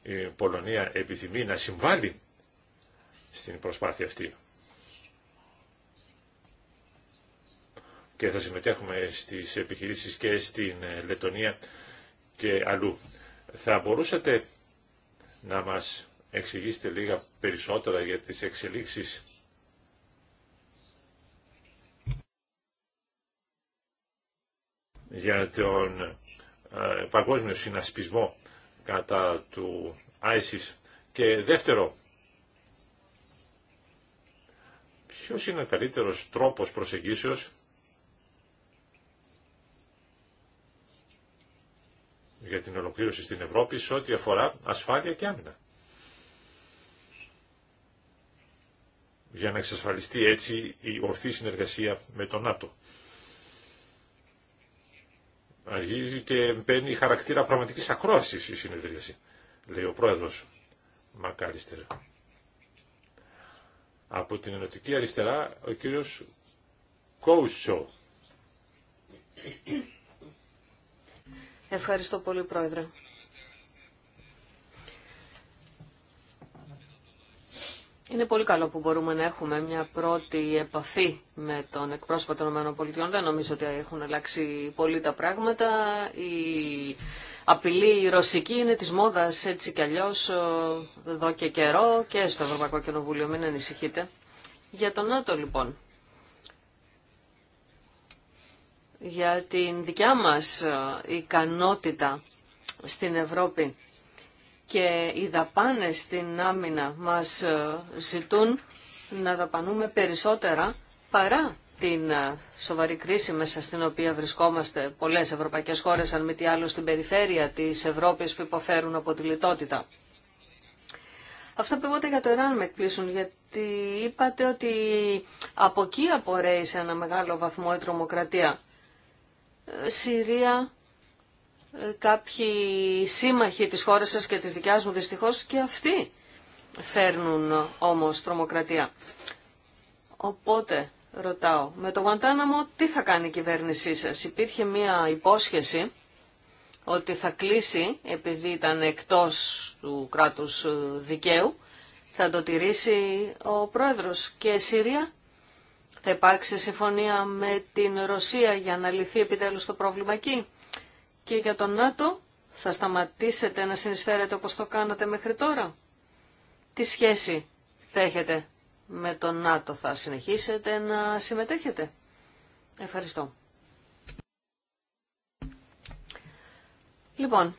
Η Πολωνία επιθυμεί να συμβάλλει στην προσπάθεια αυτή. Και θα συμμετέχουμε στις επιχειρήσεις και στην Λετωνία και αλλού. Θα μπορούσατε να μας εξηγήσετε λίγα περισσότερα για τις εξελίξεις για τον ε, παγκόσμιο συνασπισμό κατά του ISIS. Και δεύτερο, ποιος είναι ο καλύτερος τρόπος προσεγγίσεως για την ολοκλήρωση στην Ευρώπη σε ό,τι αφορά ασφάλεια και άμυνα. για να εξασφαλιστεί έτσι η ορθή συνεργασία με τον ΝΑΤΟ. Αργίζει και παίρνει χαρακτήρα πραγματική ακρόαση η συνεδρίαση, λέει ο πρόεδρο Μακάριστερ. Από την Ενωτική Αριστερά, ο κύριος Κόουσο. Ευχαριστώ πολύ, Πρόεδρε. Είναι πολύ καλό που μπορούμε να έχουμε μια πρώτη επαφή με τον εκπρόσωπο των ΗΠΑ. Δεν νομίζω ότι έχουν αλλάξει πολύ τα πράγματα. Η απειλή η ρωσική είναι της μόδας έτσι κι αλλιώς εδώ και καιρό και στο Ευρωπαϊκό Κοινοβούλιο. Μην ανησυχείτε. Για τον ΝΑΤΟ λοιπόν. Για την δικιά μας ε, ικανότητα στην Ευρώπη και οι δαπάνες στην άμυνα μας ε, ζητούν να δαπανούμε περισσότερα παρά την ε, σοβαρή κρίση μέσα στην οποία βρισκόμαστε πολλές ευρωπαϊκές χώρες, αν μη τι άλλο στην περιφέρεια της Ευρώπης που υποφέρουν από τη λιτότητα. Αυτά που είπατε για το Ιράν με εκπλήσουν, γιατί είπατε ότι από εκεί απορρέει σε ένα μεγάλο βαθμό η τρομοκρατία. Ε, Συρία, κάποιοι σύμμαχοι της χώρας σας και της δικιάς μου δυστυχώς και αυτοί φέρνουν όμως τρομοκρατία. Οπότε ρωτάω, με το Γουαντάναμο τι θα κάνει η κυβέρνησή σας. Υπήρχε μια υπόσχεση ότι θα κλείσει επειδή ήταν εκτός του κράτους ε, δικαίου. Θα το τηρήσει ο πρόεδρος και η Σύρια. Θα υπάρξει συμφωνία με την Ρωσία για να λυθεί επιτέλους το πρόβλημα εκεί. Και για τον ΝΑΤΟ θα σταματήσετε να συνεισφέρετε όπως το κάνατε μέχρι τώρα. Τι σχέση θα έχετε με τον ΝΑΤΟ, θα συνεχίσετε να συμμετέχετε. Ευχαριστώ. Λοιπόν,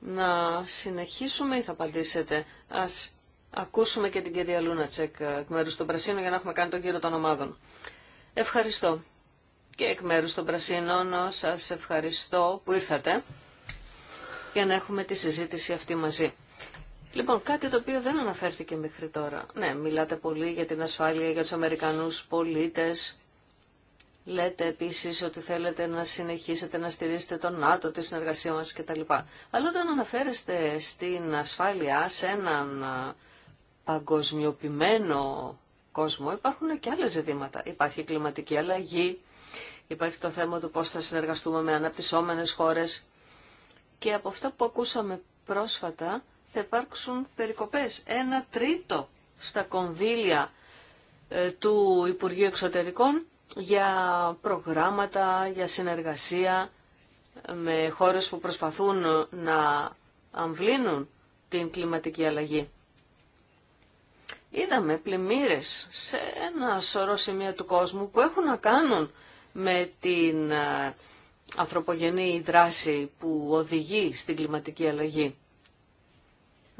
να συνεχίσουμε ή θα απαντήσετε. Ας ακούσουμε και την κυρία Λούνατσεκ εκ μέρους των Πρασίνων για να έχουμε κάνει τον γύρο των ομάδων. Ευχαριστώ και εκ μέρους των Πρασίνων σας ευχαριστώ που ήρθατε για να έχουμε τη συζήτηση αυτή μαζί. Λοιπόν, κάτι το οποίο δεν αναφέρθηκε μέχρι τώρα. Ναι, μιλάτε πολύ για την ασφάλεια για τους Αμερικανούς πολίτες. Λέτε επίσης ότι θέλετε να συνεχίσετε να στηρίζετε τον ΝΑΤΟ, τη συνεργασία μας κτλ. Αλλά όταν αναφέρεστε στην ασφάλεια σε έναν παγκοσμιοποιημένο κόσμο υπάρχουν και άλλα ζητήματα. Υπάρχει κλιματική αλλαγή, Υπάρχει το θέμα του πώς θα συνεργαστούμε με αναπτυσσόμενες χώρες. Και από αυτά που ακούσαμε πρόσφατα θα υπάρξουν περικοπές. Ένα τρίτο στα κονδύλια ε, του Υπουργείου Εξωτερικών για προγράμματα, για συνεργασία ε, με χώρες που προσπαθούν ε, να αμβλύνουν την κλιματική αλλαγή. Είδαμε πλημμύρες σε ένα σωρό σημεία του κόσμου που έχουν να κάνουν με την ε, ανθρωπογενή δράση που οδηγεί στην κλιματική αλλαγή.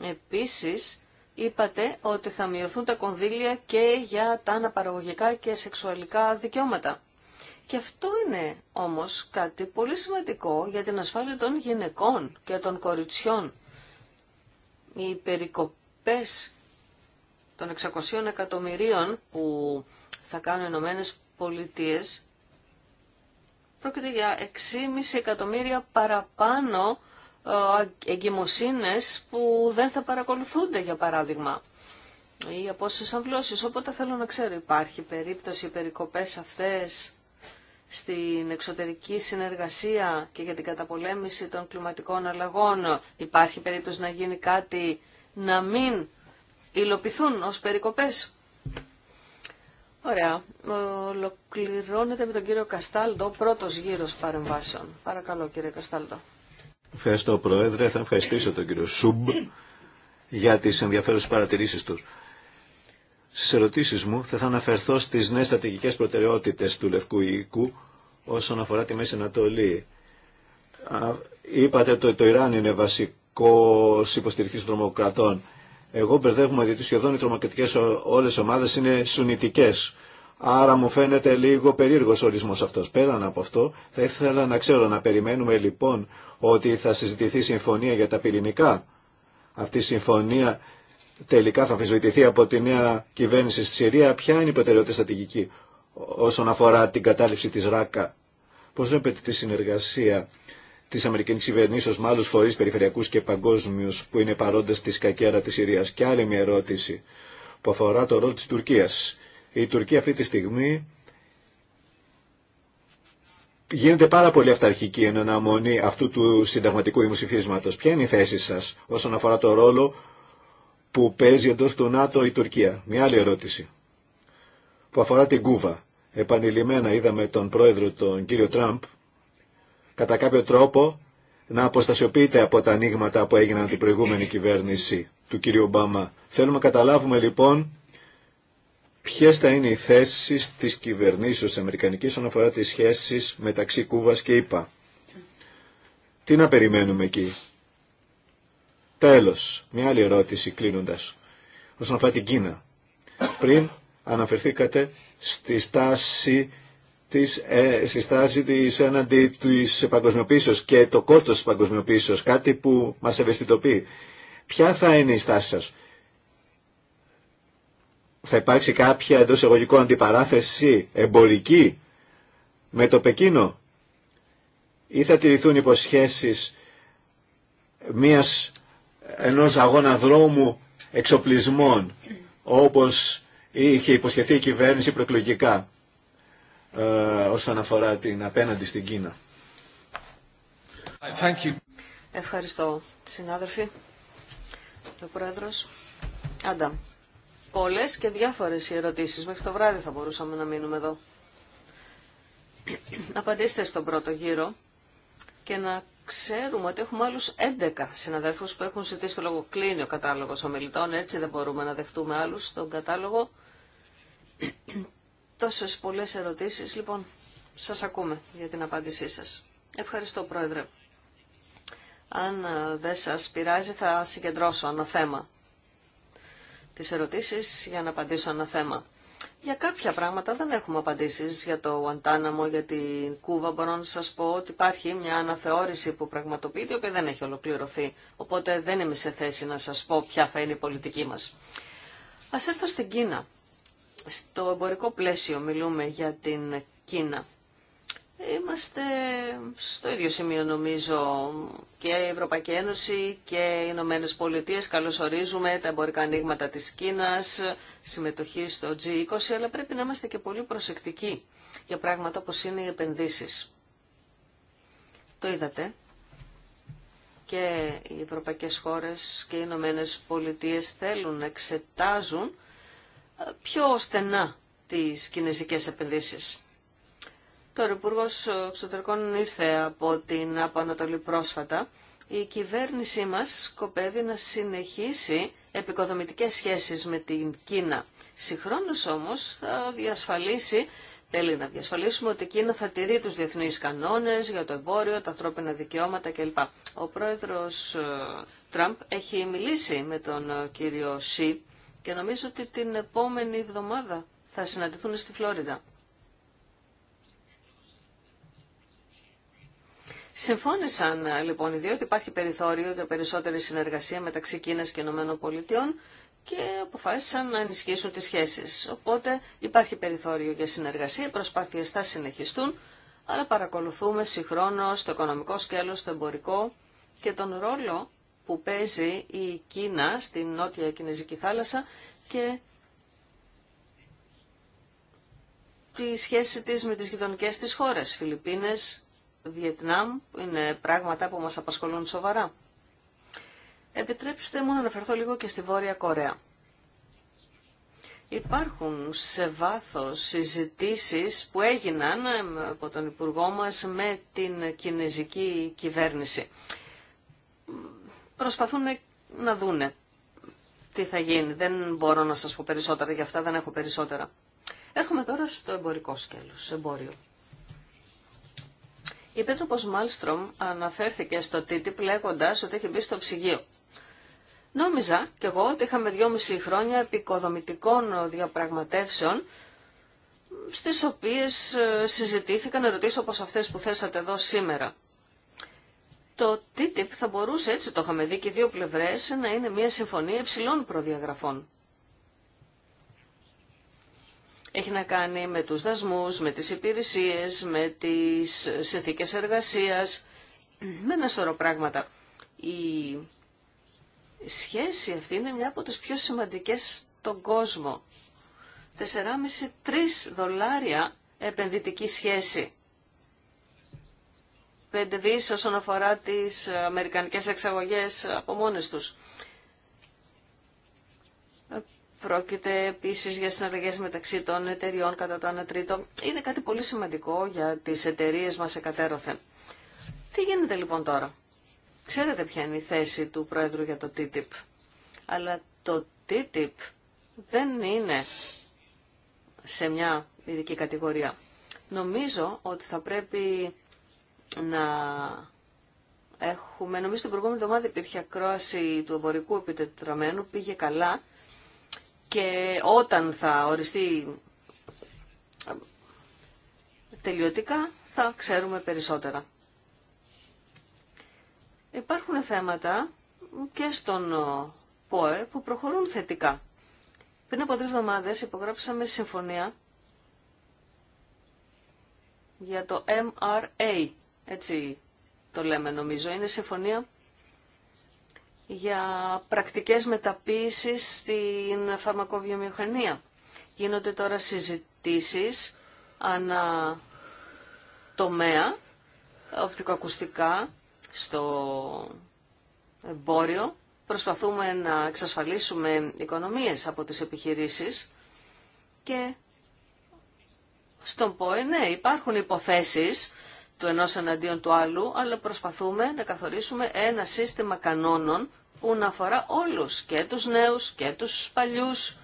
Επίσης, είπατε ότι θα μειωθούν τα κονδύλια και για τα αναπαραγωγικά και σεξουαλικά δικαιώματα. Και αυτό είναι όμως κάτι πολύ σημαντικό για την ασφάλεια των γυναικών και των κοριτσιών. Οι περικοπές των 600 εκατομμυρίων που θα κάνουν οι Ηνωμένε Πολιτείες πρόκειται για 6,5 εκατομμύρια παραπάνω ε, εγκυμοσύνες που δεν θα παρακολουθούνται, για παράδειγμα, ή όσες αμβλώσεις. Οπότε θέλω να ξέρω, υπάρχει περίπτωση οι περικοπές αυτές στην εξωτερική συνεργασία και για την καταπολέμηση των κλιματικών αλλαγών. Υπάρχει περίπτωση να γίνει κάτι να μην υλοποιηθούν ως περικοπές. Ωραία. Ολοκληρώνεται με τον κύριο Καστάλτο ο πρώτος γύρος παρεμβάσεων. Παρακαλώ κύριε Καστάλτο. Ευχαριστώ Πρόεδρε. Θα ευχαριστήσω τον κύριο Σουμπ για τις ενδιαφέρουσες παρατηρήσεις τους. Στις ερωτήσεις μου θα, θα αναφερθώ στις νέες στρατηγικές προτεραιότητες του Λευκού Οίκου όσον αφορά τη Μέση Ανατολή. Είπατε ότι το Ιράν είναι βασικός υποστηρικτής των τρομοκρατών. Εγώ μπερδεύομαι διότι σχεδόν οι τρομοκρατικές όλες οι ομάδες είναι σουνητικές. Άρα μου φαίνεται λίγο περίεργος ορισμό αυτός. Πέραν από αυτό θα ήθελα να ξέρω να περιμένουμε λοιπόν ότι θα συζητηθεί συμφωνία για τα πυρηνικά. Αυτή η συμφωνία τελικά θα αμφισβητηθεί από τη νέα κυβέρνηση στη Συρία. Ποια είναι η προτεραιότητα στρατηγική όσον αφορά την κατάληψη της ΡΑΚΑ. Πώς βλέπετε τη συνεργασία τη Αμερικανική κυβερνήσεω με άλλου φορεί περιφερειακού και παγκόσμιου που είναι παρόντε στη σκακέρα τη Συρία. Και άλλη μια ερώτηση που αφορά το ρόλο τη Τουρκία. Η Τουρκία αυτή τη στιγμή γίνεται πάρα πολύ αυταρχική εν αναμονή αυτού του συνταγματικού δημοψηφίσματο. Ποια είναι η θέση σα όσον αφορά το ρόλο που παίζει εντό του ΝΑΤΟ η Τουρκία. Μια άλλη ερώτηση που αφορά την Κούβα. Επανειλημμένα είδαμε τον πρόεδρο τον κύριο Τραμπ κατά κάποιο τρόπο να αποστασιοποιείται από τα ανοίγματα που έγιναν την προηγούμενη κυβέρνηση του κύριου Ομπάμα. Θέλουμε να καταλάβουμε λοιπόν ποιε θα είναι οι θέσει τη κυβερνήσεω τη Αμερικανικής όσον αφορά τις σχέσεις μεταξύ Κούβα και ΙΠΑ. Τι να περιμένουμε εκεί. Τέλος, μια άλλη ερώτηση κλείνοντας. Όσον αφορά την Κίνα. Πριν αναφερθήκατε στη στάση της ε, συστάσει της έναντι της και το κόστος της παγκοσμιοποίησης, κάτι που μας ευαισθητοποιεί. Ποια θα είναι η στάση σας. Θα υπάρξει κάποια εντό εγωγικών αντιπαράθεση εμπορική με το Πεκίνο ή θα τηρηθούν υποσχέσεις μιας, ενός αγώνα δρόμου εξοπλισμών όπως είχε υποσχεθεί η κυβέρνηση προεκλογικά ε, όσον αφορά την απέναντι στην Κίνα. Ευχαριστώ, συνάδελφοι. Ο Πρόεδρος. Άντα, πολλές και διάφορες ερωτήσεις. Μέχρι το βράδυ θα μπορούσαμε να μείνουμε εδώ. [CLEARS THROAT] Απαντήστε στον πρώτο γύρο και να ξέρουμε ότι έχουμε άλλους 11 συναδέλφους που έχουν ζητήσει το λόγο κλείνει ο κατάλογος ομιλητών. Έτσι δεν μπορούμε να δεχτούμε άλλους στον κατάλογο. [CLEARS THROAT] Τόσες πολλές ερωτήσεις. Λοιπόν, σας ακούμε για την απάντησή σας. Ευχαριστώ, Πρόεδρε. Αν ε, δεν σας πειράζει, θα συγκεντρώσω ένα θέμα. Τις ερωτήσεις για να απαντήσω ένα θέμα. Για κάποια πράγματα δεν έχουμε απαντήσεις. Για το μου για την Κούβα μπορώ να σας πω ότι υπάρχει μια αναθεώρηση που πραγματοποιείται, η οποία δεν έχει ολοκληρωθεί. Οπότε δεν είμαι σε θέση να σας πω ποια θα είναι η πολιτική μας. Ας έρθω στην Κίνα. Στο εμπορικό πλαίσιο μιλούμε για την Κίνα. Είμαστε στο ίδιο σημείο νομίζω και η Ευρωπαϊκή Ένωση και οι Ηνωμένε Πολιτείε καλωσορίζουμε τα εμπορικά ανοίγματα της Κίνας, συμμετοχή στο G20, αλλά πρέπει να είμαστε και πολύ προσεκτικοί για πράγματα όπως είναι οι επενδύσεις. Το είδατε και οι ευρωπαϊκές χώρες και οι Ηνωμένε Πολιτείε θέλουν να εξετάζουν πιο στενά τις κινέζικες επενδύσεις. Τώρα, ο Υπουργό Εξωτερικών ήρθε από την Απανατολή πρόσφατα. Η κυβέρνησή μας σκοπεύει να συνεχίσει επικοδομητικές σχέσεις με την Κίνα. Συγχρόνως όμως θα διασφαλίσει, θέλει να διασφαλίσουμε ότι η Κίνα θα τηρεί τους διεθνείς κανόνες για το εμπόριο, τα ανθρώπινα δικαιώματα κλπ. Ο πρόεδρος ε, Τραμπ έχει μιλήσει με τον ε, κύριο Σι και νομίζω ότι την επόμενη εβδομάδα θα συναντηθούν στη Φλόριντα. Συμφώνησαν ε, λοιπόν οι δύο ότι υπάρχει περιθώριο για περισσότερη συνεργασία μεταξύ Κίνας και Ηνωμένων Πολιτειών και αποφάσισαν να ενισχύσουν τις σχέσεις. Οπότε υπάρχει περιθώριο για συνεργασία, προσπάθειες θα συνεχιστούν, αλλά παρακολουθούμε συγχρόνως το οικονομικό σκέλος, το εμπορικό και τον ρόλο που παίζει η Κίνα στην νότια Κινέζικη θάλασσα και τη σχέση της με τις γειτονικέ της χώρες, Φιλιππίνες, Βιετνάμ, είναι πράγματα που μας απασχολούν σοβαρά. Επιτρέψτε μου να αναφερθώ λίγο και στη Βόρεια Κορέα. Υπάρχουν σε βάθος συζητήσεις που έγιναν από τον Υπουργό μας με την κινέζικη κυβέρνηση προσπαθούν να δούνε τι θα γίνει. Δεν μπορώ να σας πω περισσότερα για αυτά, δεν έχω περισσότερα. Έρχομαι τώρα στο εμπορικό σκέλος, εμπόριο. Η πέτροπος Μάλστρομ αναφέρθηκε στο TTIP λέγοντας ότι έχει μπει στο ψυγείο. Νόμιζα κι εγώ ότι είχαμε δυόμιση χρόνια επικοδομητικών διαπραγματεύσεων στις οποίες ε, συζητήθηκαν ερωτήσεις όπως αυτές που θέσατε εδώ σήμερα το TTIP θα μπορούσε, έτσι το είχαμε δει και οι δύο πλευρές, να είναι μια συμφωνία υψηλών προδιαγραφών. Έχει να κάνει με τους δασμούς, με τις υπηρεσίες, με τις συνθήκες εργασίας, με ένα σωρό πράγματα. Η σχέση αυτή είναι μια από τις πιο σημαντικές στον κόσμο. 4,5-3 δολάρια επενδυτική σχέση 25 δις όσον αφορά τις αμερικανικές εξαγωγές από μόνες τους. Πρόκειται επίση για συναλλαγέ μεταξύ των εταιριών κατά το ανατρίτο. Είναι κάτι πολύ σημαντικό για τι εταιρείε μα εκατέρωθεν. Τι γίνεται λοιπόν τώρα. Ξέρετε ποια είναι η θέση του Πρόεδρου για το TTIP. Αλλά το TTIP δεν είναι σε μια ειδική κατηγορία. Νομίζω ότι θα πρέπει να έχουμε, νομίζω την προηγούμενη εβδομάδα υπήρχε ακρόαση του εμπορικού επιτετραμένου, πήγε καλά και όταν θα οριστεί ε, τελειωτικά θα ξέρουμε περισσότερα. Υπάρχουν θέματα και στον ε, ΠΟΕ που προχωρούν θετικά. Πριν από τρεις εβδομάδες υπογράψαμε συμφωνία για το MRA, έτσι το λέμε νομίζω. Είναι συμφωνία για πρακτικές μεταποίησεις στην φαρμακοβιομηχανία. Γίνονται τώρα συζητήσεις ανά τομέα, οπτικοακουστικά, στο εμπόριο. Προσπαθούμε να εξασφαλίσουμε οικονομίες από τις επιχειρήσεις και στον ΠΟΕ, ναι, υπάρχουν υποθέσεις του ενός εναντίον του άλλου, αλλά προσπαθούμε να καθορίσουμε ένα σύστημα κανόνων που να αφορά όλους, και τους νέους και τους παλιούς.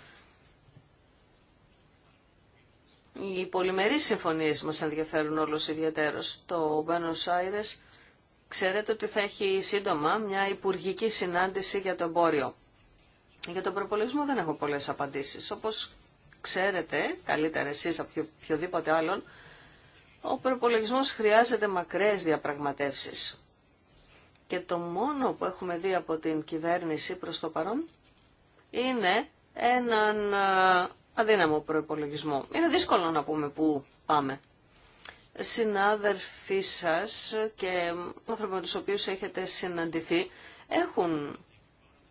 Οι πολυμερείς συμφωνίες μας ενδιαφέρουν όλους ιδιαίτερος. Το Buenos Aires ξέρετε ότι θα έχει σύντομα μια υπουργική συνάντηση για το εμπόριο. Για τον προπολογισμό δεν έχω πολλές απαντήσεις. Όπως ξέρετε, καλύτερα εσείς από οποιοδήποτε άλλον, ο προπολογισμό χρειάζεται μακρές διαπραγματεύσεις. Και το μόνο που έχουμε δει από την κυβέρνηση προς το παρόν είναι έναν αδύναμο προπολογισμό. Είναι δύσκολο να πούμε πού πάμε. Συνάδελφοί σας και άνθρωποι με τους οποίους έχετε συναντηθεί έχουν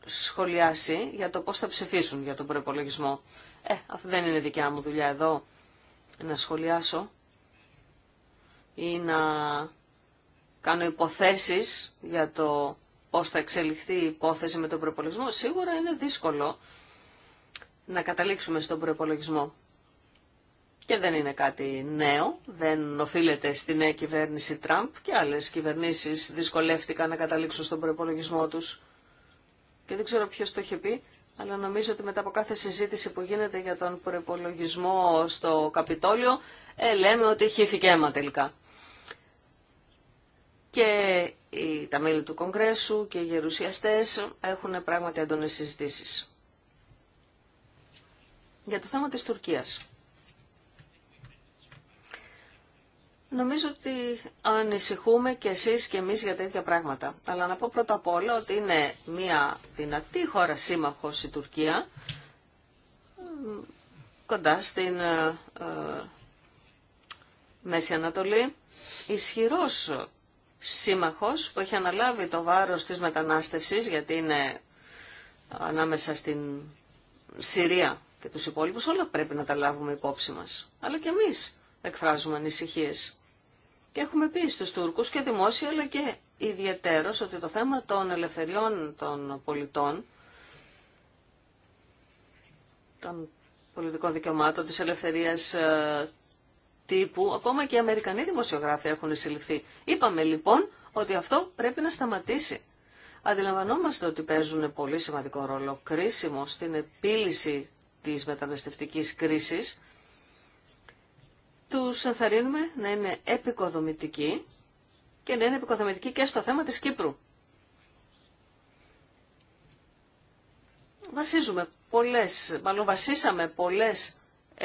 σχολιάσει για το πώς θα ψηφίσουν για τον προπολογισμό. Ε, αυτή δεν είναι δικιά μου δουλειά εδώ να σχολιάσω ή να κάνω υποθέσεις για το πώς θα εξελιχθεί η υπόθεση με τον προπολογισμό, σίγουρα είναι δύσκολο να καταλήξουμε στον προπολογισμό. Και δεν είναι κάτι νέο, δεν οφείλεται στη νέα κυβέρνηση Τραμπ και άλλες κυβερνήσεις δυσκολεύτηκαν να καταλήξουν στον προπολογισμό τους. Και δεν ξέρω ποιος το έχει πει, αλλά νομίζω ότι μετά από κάθε συζήτηση που γίνεται για τον προπολογισμό στο Καπιτόλιο, ε, λέμε ότι χύθηκε αίμα τελικά και τα μέλη του Κογκρέσου και οι γερουσιαστές έχουν πράγματι έντονες συζητήσει. Για το θέμα της Τουρκίας. Νομίζω ότι ανησυχούμε και εσείς και εμείς για τέτοια πράγματα. Αλλά να πω πρώτα απ' όλα ότι είναι μια δυνατή χώρα σύμμαχος η Τουρκία, κοντά στην ε, ε Μέση Ανατολή, ισχυρός σύμμαχος που έχει αναλάβει το βάρος της μετανάστευσης γιατί είναι ανάμεσα στην Συρία και τους υπόλοιπους, όλα πρέπει να τα λάβουμε υπόψη μας. Αλλά και εμείς εκφράζουμε ανησυχίες. Και έχουμε πει στους Τούρκους και δημόσια αλλά και ιδιαίτερος ότι το θέμα των ελευθεριών των πολιτών, των πολιτικών δικαιωμάτων, της ελευθερίας ε, τύπου, ακόμα και οι Αμερικανοί δημοσιογράφοι έχουν συλληφθεί. Είπαμε λοιπόν ότι αυτό πρέπει να σταματήσει. Αντιλαμβανόμαστε ότι παίζουν πολύ σημαντικό ρόλο, κρίσιμο στην επίλυση της μεταναστευτικής κρίσης. Τους ενθαρρύνουμε να είναι επικοδομητικοί και να είναι επικοδομητικοί και στο θέμα της Κύπρου. Βασίζουμε πολλές, μάλλον βασίσαμε πολλές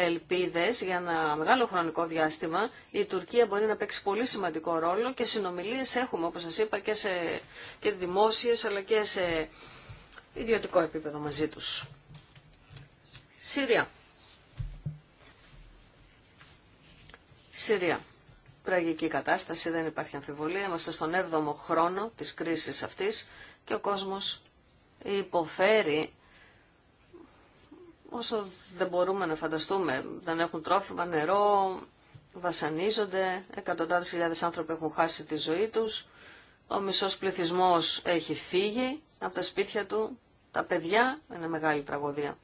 ελπίδες για ένα μεγάλο χρονικό διάστημα. Η Τουρκία μπορεί να παίξει πολύ σημαντικό ρόλο και συνομιλίες έχουμε, όπως σας είπα, και, σε, και δημόσιες αλλά και σε ιδιωτικό επίπεδο μαζί τους. Συρία. Συρία. πραγική κατάσταση, δεν υπάρχει αμφιβολία. Είμαστε στον 7ο χρόνο της κρίσης αυτής και ο κόσμος υποφέρει όσο δεν μπορούμε να φανταστούμε. Δεν έχουν τρόφιμα, νερό, βασανίζονται, εκατοντάδες χιλιάδες άνθρωποι έχουν χάσει τη ζωή τους, ο μισός πληθυσμός έχει φύγει από τα σπίτια του, τα παιδιά, είναι μεγάλη τραγωδία.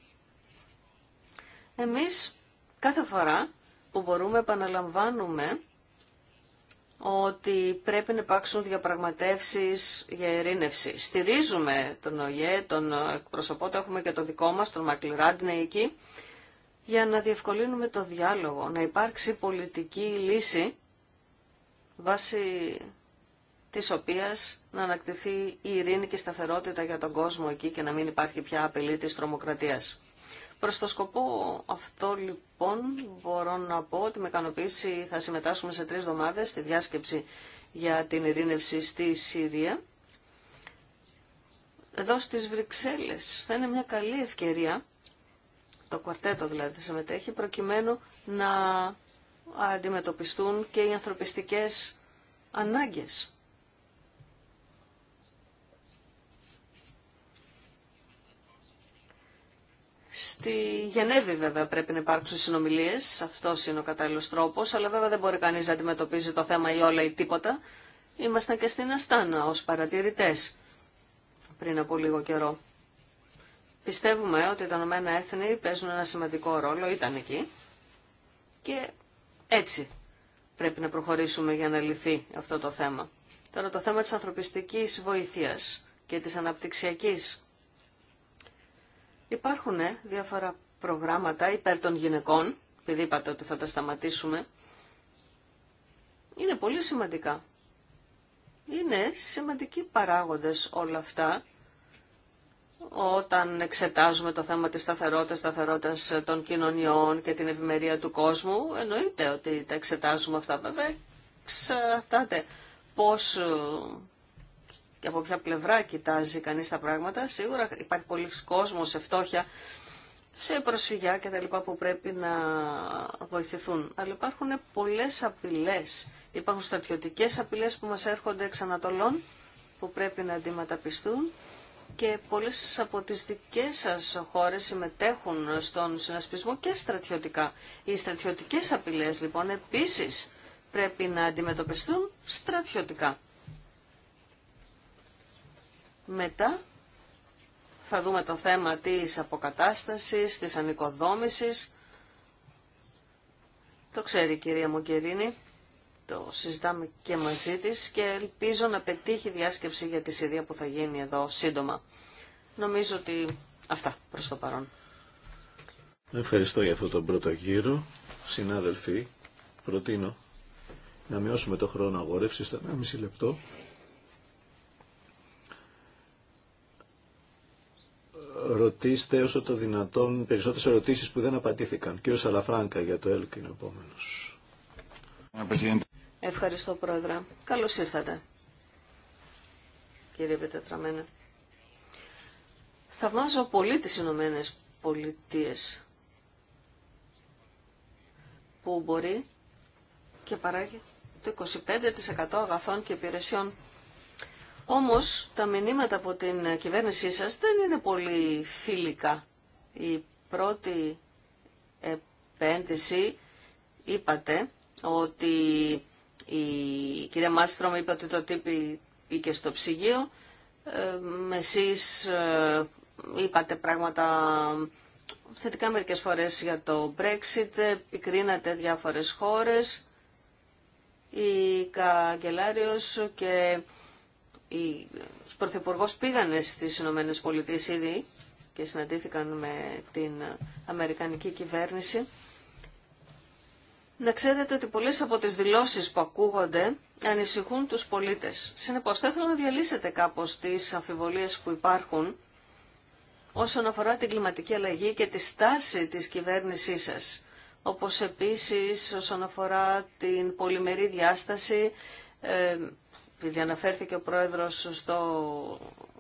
Εμείς κάθε φορά που μπορούμε επαναλαμβάνουμε ότι πρέπει να υπάρξουν διαπραγματεύσεις για ειρήνευση. Στηρίζουμε τον ΟΙΕ, τον εκπροσωπό, το έχουμε και το δικό μας, τον Μακλιράντνε εκεί, για να διευκολύνουμε το διάλογο, να υπάρξει πολιτική λύση βάσει της οποίας να ανακτηθεί η ειρήνη και η σταθερότητα για τον κόσμο εκεί και να μην υπάρχει πια απειλή της τρομοκρατίας. Προς το σκοπό αυτό λοιπόν μπορώ να πω ότι με ικανοποίηση θα συμμετάσχουμε σε τρεις εβδομάδες στη διάσκεψη για την ειρήνευση στη Σύρια. Εδώ στις Βρυξέλλες θα είναι μια καλή ευκαιρία, το κουαρτέτο δηλαδή συμμετέχει, προκειμένου να αντιμετωπιστούν και οι ανθρωπιστικές ανάγκες Στη Γενέβη βέβαια πρέπει να υπάρξουν συνομιλίε. Αυτό είναι ο κατάλληλο τρόπο, αλλά βέβαια δεν μπορεί κανεί να αντιμετωπίζει το θέμα ή όλα ή τίποτα. Ήμασταν και στην Αστάνα ω παρατηρητέ πριν από λίγο καιρό. Πιστεύουμε ότι τα Ηνωμένα Έθνη παίζουν ένα σημαντικό ρόλο, ήταν εκεί και έτσι πρέπει να προχωρήσουμε για να λυθεί αυτό το θέμα. Τώρα το θέμα της ανθρωπιστικής βοήθειας και της αναπτυξιακής Υπάρχουν ε, διάφορα προγράμματα υπέρ των γυναικών, επειδή είπατε ότι θα τα σταματήσουμε. Είναι πολύ σημαντικά. Είναι σημαντικοί παράγοντες όλα αυτά όταν εξετάζουμε το θέμα της σταθερότητας, σταθερότητας των κοινωνιών και την ευημερία του κόσμου, εννοείται ότι τα εξετάζουμε αυτά βέβαια. εξαρτάται πώς ε, και από ποια πλευρά κοιτάζει κανείς τα πράγματα. Σίγουρα υπάρχει πολλοί κόσμος σε φτώχεια, σε προσφυγιά και τα λοιπά που πρέπει να βοηθηθούν. Αλλά υπάρχουν πολλές απειλές. Υπάρχουν στρατιωτικές απειλές που μας έρχονται εξ Ανατολών, που πρέπει να αντιμεταπιστούν και πολλές από τις δικές σας χώρες συμμετέχουν στον συνασπισμό και στρατιωτικά. Οι στρατιωτικές απειλές λοιπόν επίσης πρέπει να αντιμετωπιστούν στρατιωτικά. Μετά θα δούμε το θέμα της αποκατάστασης, της ανοικοδόμησης. Το ξέρει η κυρία Μογκερίνη, το συζητάμε και μαζί της και ελπίζω να πετύχει διάσκεψη για τη Συρία που θα γίνει εδώ σύντομα. Νομίζω ότι αυτά προς το παρόν. Ευχαριστώ για αυτό τον πρώτο γύρο. Συνάδελφοι, προτείνω να μειώσουμε το χρόνο αγόρευσης 1,5 λεπτό. ρωτήστε όσο το δυνατόν περισσότερες ερωτήσεις που δεν απαντήθηκαν. Κύριο Σαλαφράνκα για το ΕΛΚ είναι επόμενος. Ευχαριστώ Πρόεδρε. Καλώς ήρθατε. Κύριε Πετετραμένα. Θαυμάζω πολύ τις Ηνωμένε Πολιτείες που μπορεί και παράγει το 25% αγαθών και υπηρεσιών όμως τα μηνύματα από την κυβέρνησή σας δεν είναι πολύ φιλικά. Η πρώτη επένδυση είπατε ότι η κυρία Μάρστρομ είπε ότι το τύπη πήκε στο ψυγείο. Ε, εσείς ε, είπατε πράγματα θετικά μερικές φορές για το Brexit, επικρίνατε διάφορες χώρες. Η καγκελάριος και οι Πρωθυπουργό πήγανε στι Ηνωμένε Πολιτείε ήδη και συναντήθηκαν με την Αμερικανική κυβέρνηση. Να ξέρετε ότι πολλές από τις δηλώσεις που ακούγονται ανησυχούν τους πολίτες. Συνεπώς, θα ήθελα να διαλύσετε κάπως τις αμφιβολίες που υπάρχουν όσον αφορά την κλιματική αλλαγή και τη στάση της κυβέρνησή σας. Όπως επίσης όσον αφορά την πολυμερή διάσταση, ε, επειδή αναφέρθηκε ο πρόεδρος στο,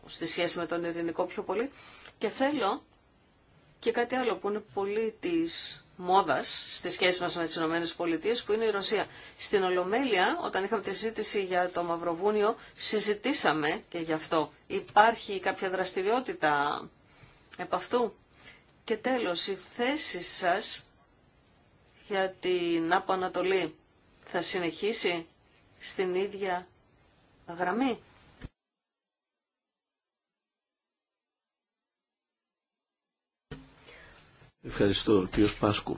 στη σχέση με τον ειρηνικό πιο πολύ. Και θέλω και κάτι άλλο που είναι πολύ της μόδας στη σχέση μας με τις ΗΠΑ, που είναι η Ρωσία. Στην Ολομέλεια, όταν είχαμε τη συζήτηση για το Μαυροβούνιο, συζητήσαμε και γι' αυτό. Υπάρχει κάποια δραστηριότητα επ' αυτού. Και τέλος, η θέση σας για την Άπο θα συνεχίσει στην ίδια Ευχαριστώ κύριο Πάσκου.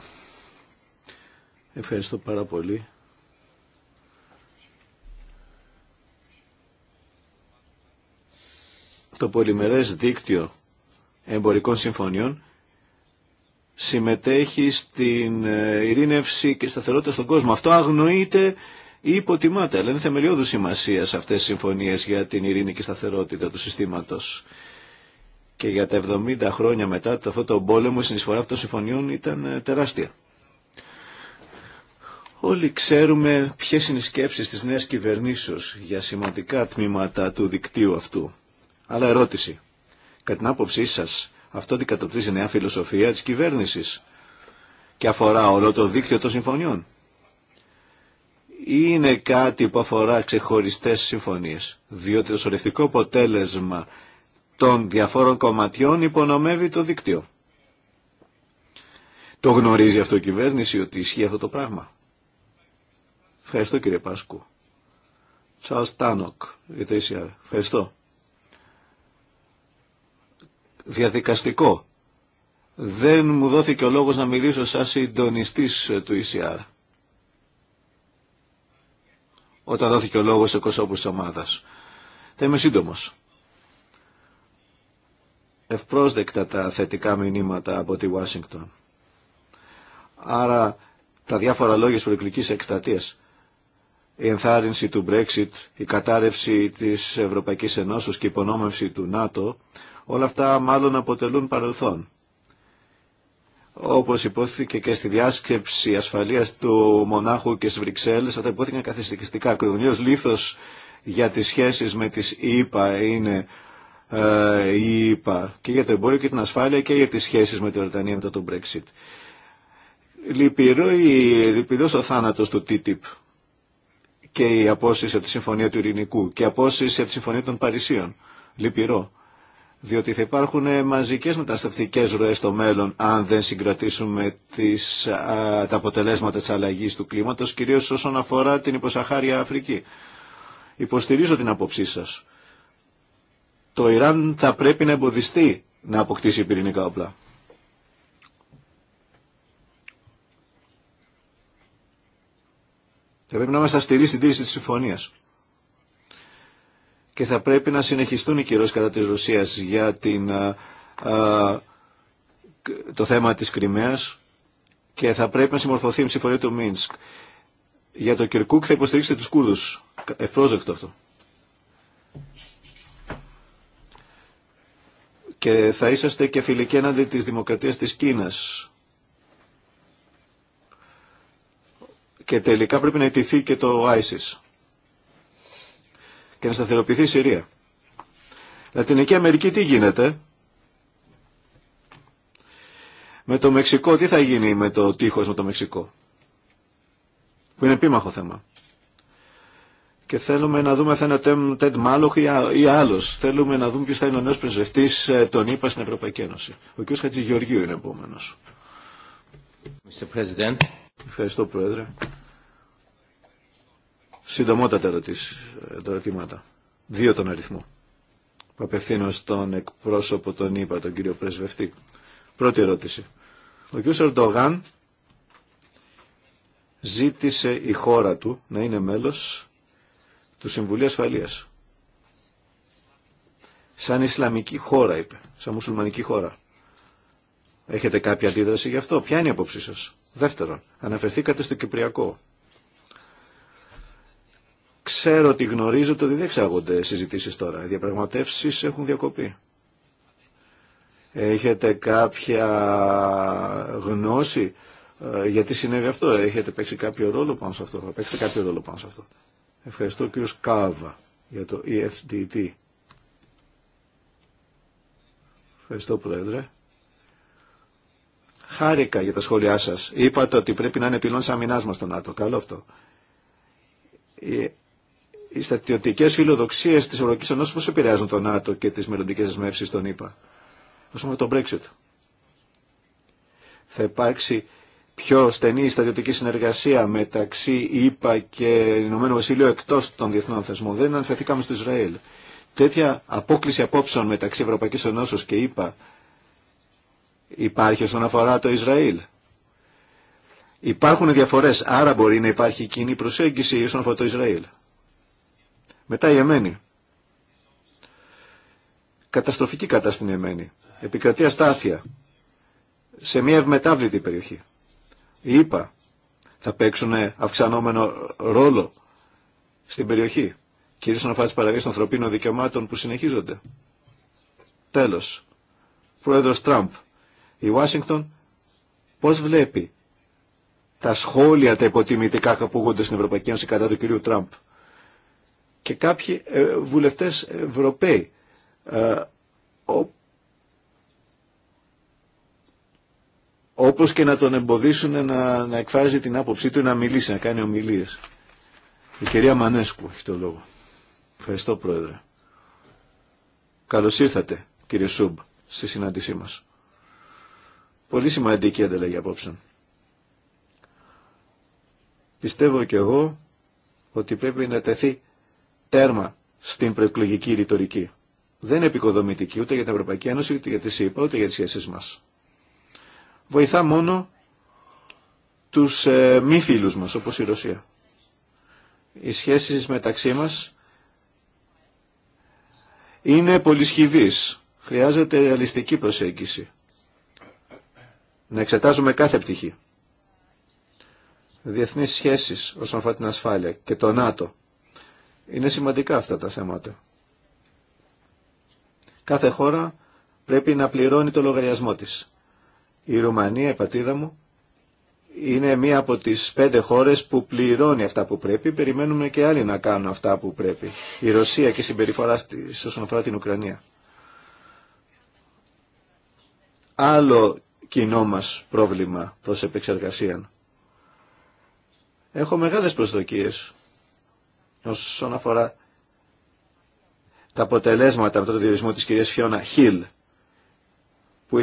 Ευχαριστώ πάρα πολύ. Το πολυμερές δίκτυο εμπορικών συμφωνιών συμμετέχει στην ε, ειρήνευση και σταθερότητα στον κόσμο. Αυτό αγνοείται ή υποτιμάται, αλλά είναι θεμελιώδου σημασία σε αυτές τις συμφωνίες για την ειρήνη και σταθερότητα του συστήματος. Και για τα 70 χρόνια μετά το αυτό το πόλεμο η συνεισφορά αυτών των συμφωνιών ήταν ε, τεράστια. Όλοι ξέρουμε ποιε είναι οι σκέψει τη νέα κυβερνήσεω για σημαντικά τμήματα του δικτύου αυτού. Αλλά ερώτηση. Κατά την άποψή σα, αυτό αντικατοπτρίζει νέα φιλοσοφία τη κυβέρνηση και αφορά όλο το δίκτυο των συμφωνιών είναι κάτι που αφορά ξεχωριστές συμφωνίες, διότι το σωρευτικό αποτέλεσμα των διαφόρων κομματιών υπονομεύει το δίκτυο. Το γνωρίζει αυτό η κυβέρνηση ότι ισχύει αυτό το πράγμα. Ευχαριστώ κύριε Πάσκου. Τσάρλς Τάνοκ για το ECR. Ευχαριστώ. Διαδικαστικό. Δεν μου δόθηκε ο λόγος να μιλήσω σαν συντονιστής του ECR όταν δόθηκε ο λόγος σε κοσόπου της ομάδας. Θα είμαι σύντομος. Ευπρόσδεκτα τα θετικά μηνύματα από τη Ουάσιγκτον. Άρα τα διάφορα λόγια της προεκλικής η ενθάρρυνση του Brexit, η κατάρρευση της Ευρωπαϊκής Ενώσεως και η υπονόμευση του ΝΑΤΟ, όλα αυτά μάλλον αποτελούν παρελθόν όπως υπόθηκε και στη διάσκεψη ασφαλείας του Μονάχου και στις Βρυξέλλες, αυτά υπόθηκαν καθιστικιστικά. Κρυγονίως λήθος για τις σχέσεις με τις ΗΠΑ είναι ε, η ΕΠΑ και για το εμπόριο και την ασφάλεια και για τις σχέσεις με την Βρετανία μετά τον Brexit. Λυπηρό, ο θάνατος του TTIP και η απόσυρση από τη Συμφωνία του Ειρηνικού και η από τη Συμφωνία των Παρισίων. Λυπηρό διότι θα υπάρχουν ε, μαζικές μεταστευτικές ροές στο μέλλον αν δεν συγκρατήσουμε τις, τα αποτελέσματα της αλλαγής του κλίματος, κυρίως όσον αφορά την υποσαχάρια Αφρική. Υποστηρίζω την άποψή σας. Το Ιράν θα πρέπει να εμποδιστεί να αποκτήσει πυρηνικά όπλα. Θα πρέπει να μας στηρίσει την τήρηση της συμφωνίας και θα πρέπει να συνεχιστούν οι κυρώσεις κατά της Ρωσίας για την, το θέμα της Κρυμαίας και θα πρέπει να συμμορφωθεί η ψηφορία του Μίνσκ. Για το Κυρκούκ θα υποστηρίξετε τους Κούρδους. Ευπρόζεκτο αυτό. Και θα είσαστε και φιλικοί έναντι της δημοκρατίας της Κίνας. Και τελικά πρέπει να ιτηθεί και το ISIS και να σταθεροποιηθεί η Συρία. Λατινική Αμερική τι γίνεται. Με το Μεξικό τι θα γίνει με το τείχος με το Μεξικό. Που είναι επίμαχο θέμα. Και θέλουμε να δούμε θα είναι Τέντ Μάλοχ ή άλλο. Θέλουμε να δούμε ποιος θα είναι ο νέος πρεσβευτής ε, των ΗΠΑ στην Ευρωπαϊκή Ένωση. Ο κ. Χατζηγεωργίου είναι επόμενο. Ευχαριστώ, Πρόεδρε. Συντομότατα ερωτήσεις, ε, ερωτήματα. Δύο τον αριθμό. Που απευθύνω στον εκπρόσωπο τον είπα, τον κύριο Πρεσβευτή. Πρώτη ερώτηση. Ο κ. Ερντογάν ζήτησε η χώρα του να είναι μέλος του Συμβουλίου Ασφαλείας. Σαν Ισλαμική χώρα, είπε. Σαν μουσουλμανική χώρα. Έχετε κάποια αντίδραση γι' αυτό. Ποια είναι η απόψη σας. Δεύτερον, αναφερθήκατε στο Κυπριακό. Ξέρω ότι γνωρίζω ότι δεν εξάγονται συζητήσεις τώρα. Οι διαπραγματεύσεις έχουν διακοπεί. Έχετε κάποια γνώση ε, γιατί συνέβη αυτό. Έχετε παίξει κάποιο ρόλο πάνω σε αυτό. Θα παίξετε κάποιο ρόλο πάνω σε αυτό. Ευχαριστώ κύριο Κάβα για το EFDT. Ευχαριστώ Πρόεδρε. Χάρηκα για τα σχόλιά σας. Είπατε ότι πρέπει να είναι πυλών σαμινάς μας στο ΝΑΤΟ. Καλό αυτό. Ε, οι στατιωτικέ φιλοδοξίε τη Ευρωπαϊκή Ενώση πώ επηρεάζουν τον ΝΑΤΟ και τι μελλοντικέ δεσμεύσει των ΗΠΑ. Όσον με τον Brexit. Θα υπάρξει πιο στενή στατιωτική συνεργασία μεταξύ ΗΠΑ και Ηνωμένου Βασιλείου εκτό των διεθνών θεσμών. Δεν αναφερθήκαμε στο Ισραήλ. Τέτοια απόκληση απόψεων μεταξύ Ευρωπαϊκή Ενώσεω και ΗΠΑ υπάρχει όσον αφορά το Ισραήλ. Υπάρχουν διαφορέ, άρα μπορεί να υπάρχει κοινή προσέγγιση όσον αφορά το Ισραήλ. Μετά η Εμένη. Καταστροφική κατάσταση στην Εμένη. Επικρατεί αστάθεια. Σε μια ευμετάβλητη περιοχή. Η ΙΠΑ θα παίξουν αυξανόμενο ρόλο στην περιοχή. Κυρίω να αφορά τι των ανθρωπίνων δικαιωμάτων που συνεχίζονται. Τέλο. Πρόεδρο Τραμπ. Η Ουάσιγκτον πώ βλέπει τα σχόλια τα υποτιμητικά που ακούγονται στην Ευρωπαϊκή Ένωση κατά του κυρίου Τραμπ και κάποιοι ε, βουλευτές Ευρωπαίοι. Ε, όπως και να τον εμποδίσουν να, να εκφράζει την άποψή του, να μιλήσει, να κάνει ομιλίες. Η κυρία Μανέσκου έχει το λόγο. Ευχαριστώ Πρόεδρε. Καλώς ήρθατε κύριε Σούμπ στη συνάντησή μας. Πολύ σημαντική ανταλλαγή απόψεων. Πιστεύω και εγώ ότι πρέπει να τεθεί τέρμα στην προεκλογική ρητορική. Δεν είναι επικοδομητική ούτε για την Ευρωπαϊκή Ένωση, ούτε για τη ΣΥΠΑ, ούτε για τις σχέσεις μας. Βοηθά μόνο τους ε, μη φίλους μας, όπως η Ρωσία. Οι σχέσεις μεταξύ μας είναι πολυσχηδείς. Χρειάζεται ρεαλιστική προσέγγιση. Να εξετάζουμε κάθε πτυχή. Διεθνείς σχέσεις όσον αφορά την ασφάλεια και το ΝΑΤΟ είναι σημαντικά αυτά τα θέματα. Κάθε χώρα πρέπει να πληρώνει το λογαριασμό της. Η Ρουμανία, η πατρίδα μου, είναι μία από τις πέντε χώρες που πληρώνει αυτά που πρέπει. Περιμένουμε και άλλοι να κάνουν αυτά που πρέπει. Η Ρωσία και η συμπεριφορά της όσον αφορά την Ουκρανία. Άλλο κοινό μας πρόβλημα προς επεξεργασία. Έχω μεγάλες προσδοκίες όσον αφορά τα αποτελέσματα μετά το διορισμό της κυρίας Φιώνα Χιλ, που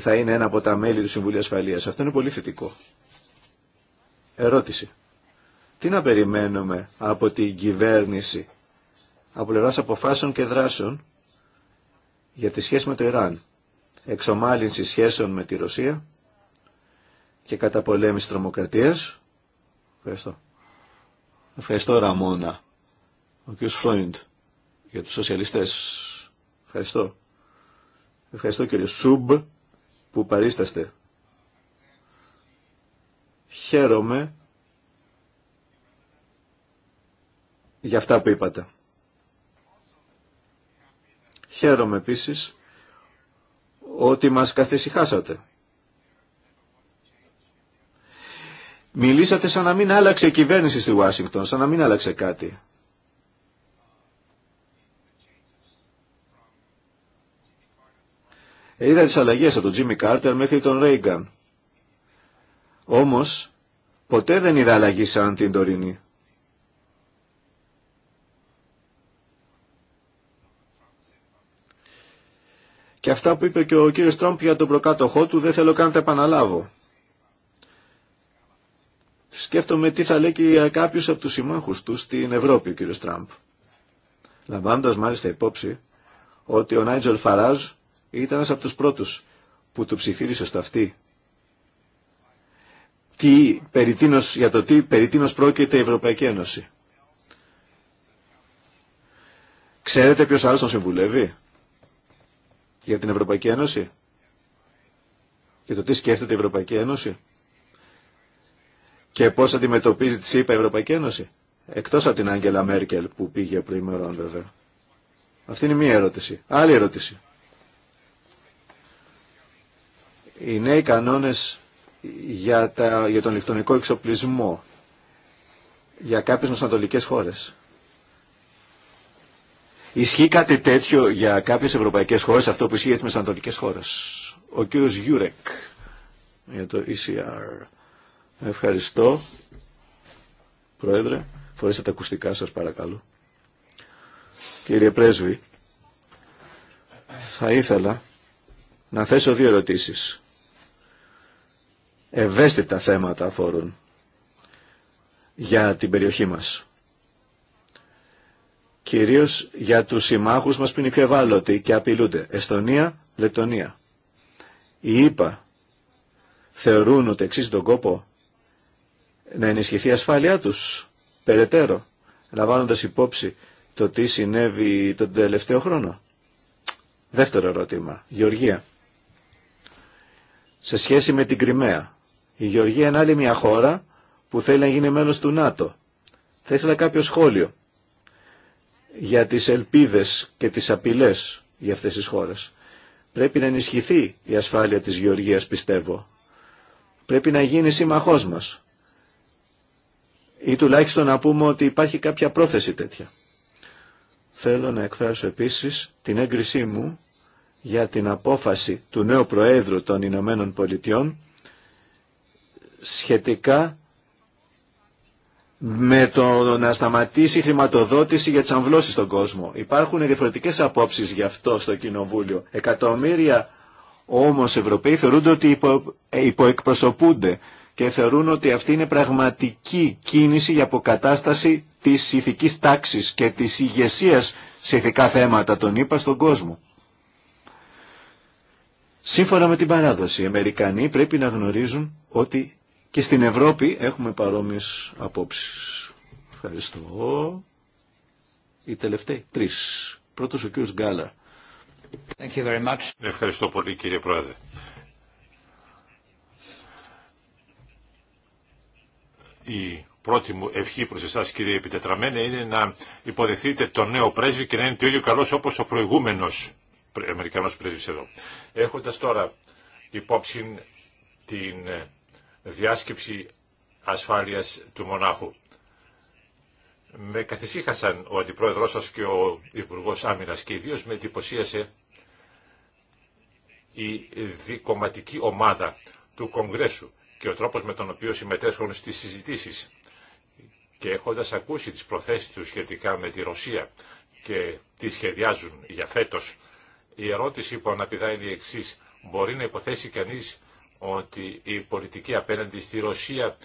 θα είναι ένα από τα μέλη του Συμβουλίου Ασφαλείας. Αυτό είναι πολύ θετικό. Ερώτηση. Τι να περιμένουμε από την κυβέρνηση, από πλευράς αποφάσεων και δράσεων, για τη σχέση με το Ιράν, εξομάλυνση σχέσεων με τη Ρωσία και καταπολέμηση τρομοκρατίας. Ευχαριστώ. Ευχαριστώ Ραμόνα. Ο κ. Φρόιντ για τους σοσιαλιστές. Ευχαριστώ. Ευχαριστώ κύριε Σουμπ που παρίσταστε. Χαίρομαι για αυτά που είπατε. Χαίρομαι επίσης ότι μας καθησυχάσατε. Μιλήσατε σαν να μην άλλαξε η κυβέρνηση στη Ουάσιγκτον, σαν να μην άλλαξε κάτι. Ε, είδα τις αλλαγές από τον Τζίμι Κάρτερ μέχρι τον Ρέιγκαν. Όμως, ποτέ δεν είδα αλλαγή σαν την τωρινή. Και αυτά που είπε και ο κύριος Τρόμπ για τον προκάτοχό του δεν θέλω καν να τα επαναλάβω. Σκέφτομαι τι θα λέει και για από τους συμμάχους του στην Ευρώπη ο κύριος Τραμπ. Λαμβάνοντας μάλιστα υπόψη ότι ο Νάιτζελ Φαράζ ήταν ένας από τους πρώτους που του ψιθύρισε στο αυτή τι, περιτίνος, για το τι περιτίνος πρόκειται η Ευρωπαϊκή Ένωση. Ξέρετε ποιος άλλος τον συμβουλεύει για την Ευρωπαϊκή Ένωση και το τι σκέφτεται η Ευρωπαϊκή Ένωση και πώς αντιμετωπίζει τη ΣΥΠΑ η Ευρωπαϊκή Ένωση. Εκτός από την Άγγελα Μέρκελ που πήγε προημερών βέβαια. Αυτή είναι μία ερώτηση. Άλλη ερώτηση. Οι νέοι κανόνες για, τα, για τον ηλεκτρονικό εξοπλισμό για κάποιες μεσανατολικές χώρες. Ισχύει κάτι τέτοιο για κάποιες ευρωπαϊκές χώρες, αυτό που ισχύει για τις μεσανατολικές χώρες. Ο κύριος Γιούρεκ για το ECR. Ευχαριστώ. Πρόεδρε, φορέστε τα ακουστικά σας παρακαλώ. Κύριε Πρέσβη, θα ήθελα να θέσω δύο ερωτήσεις. Ευαίσθητα θέματα αφορούν για την περιοχή μας. Κυρίως για τους συμμάχους μας που είναι πιο ευάλωτοι και απειλούνται. Εστονία, Λετωνία. Οι ΙΠΑ θεωρούν ότι εξής τον κόπο να ενισχυθεί η ασφάλειά τους περαιτέρω, λαμβάνοντας υπόψη το τι συνέβη τον τελευταίο χρόνο. Δεύτερο ερώτημα, Γεωργία. Σε σχέση με την Κρυμαία, η Γεωργία είναι άλλη μια χώρα που θέλει να γίνει μέλος του ΝΑΤΟ. Θα ήθελα κάποιο σχόλιο για τις ελπίδες και τις απειλές για αυτές τις χώρες. Πρέπει να ενισχυθεί η ασφάλεια της Γεωργίας, πιστεύω. Πρέπει να γίνει σύμμαχός μας ή τουλάχιστον να πούμε ότι υπάρχει κάποια πρόθεση τέτοια. Θέλω να εκφράσω επίσης την έγκρισή μου για την απόφαση του νέου Προέδρου των Ηνωμένων Πολιτειών σχετικά με το να σταματήσει η χρηματοδότηση για τις αμβλώσεις στον κόσμο. Υπάρχουν διαφορετικές απόψεις γι' αυτό στο Κοινοβούλιο. Εκατομμύρια όμως Ευρωπαίοι θεωρούνται ότι ε, υποεκπροσωπούνται και θεωρούν ότι αυτή είναι πραγματική κίνηση για αποκατάσταση της ηθικής τάξης και της ηγεσία σε ηθικά θέματα, τον είπα, στον κόσμο. Σύμφωνα με την παράδοση, οι Αμερικανοί πρέπει να γνωρίζουν ότι και στην Ευρώπη έχουμε παρόμοιες απόψεις. Ευχαριστώ. Οι τελευταίοι τρεις. Πρώτος ο κύριος Γκάλα. Ευχαριστώ πολύ κύριε Πρόεδρε. η πρώτη μου ευχή προς εσάς κύριε Επιτετραμένε είναι να υποδεχθείτε τον νέο πρέσβη και να είναι το ίδιο καλός όπως ο προηγούμενος Αμερικανός πρέσβης εδώ. Έχοντας τώρα υπόψη την ε, διάσκεψη ασφάλειας του μονάχου. Με καθησύχασαν ο αντιπρόεδρός σας και ο Υπουργός Άμυνας και ιδίω με εντυπωσίασε η δικοματική ομάδα του Κογκρέσου και ο τρόπος με τον οποίο συμμετέσχουν στις συζητήσεις και έχοντας ακούσει τις προθέσεις τους σχετικά με τη Ρωσία και τι σχεδιάζουν για φέτος, η ερώτηση που αναπηδά είναι η εξής. Μπορεί να υποθέσει κανείς ότι η πολιτική απέναντι στη Ρωσία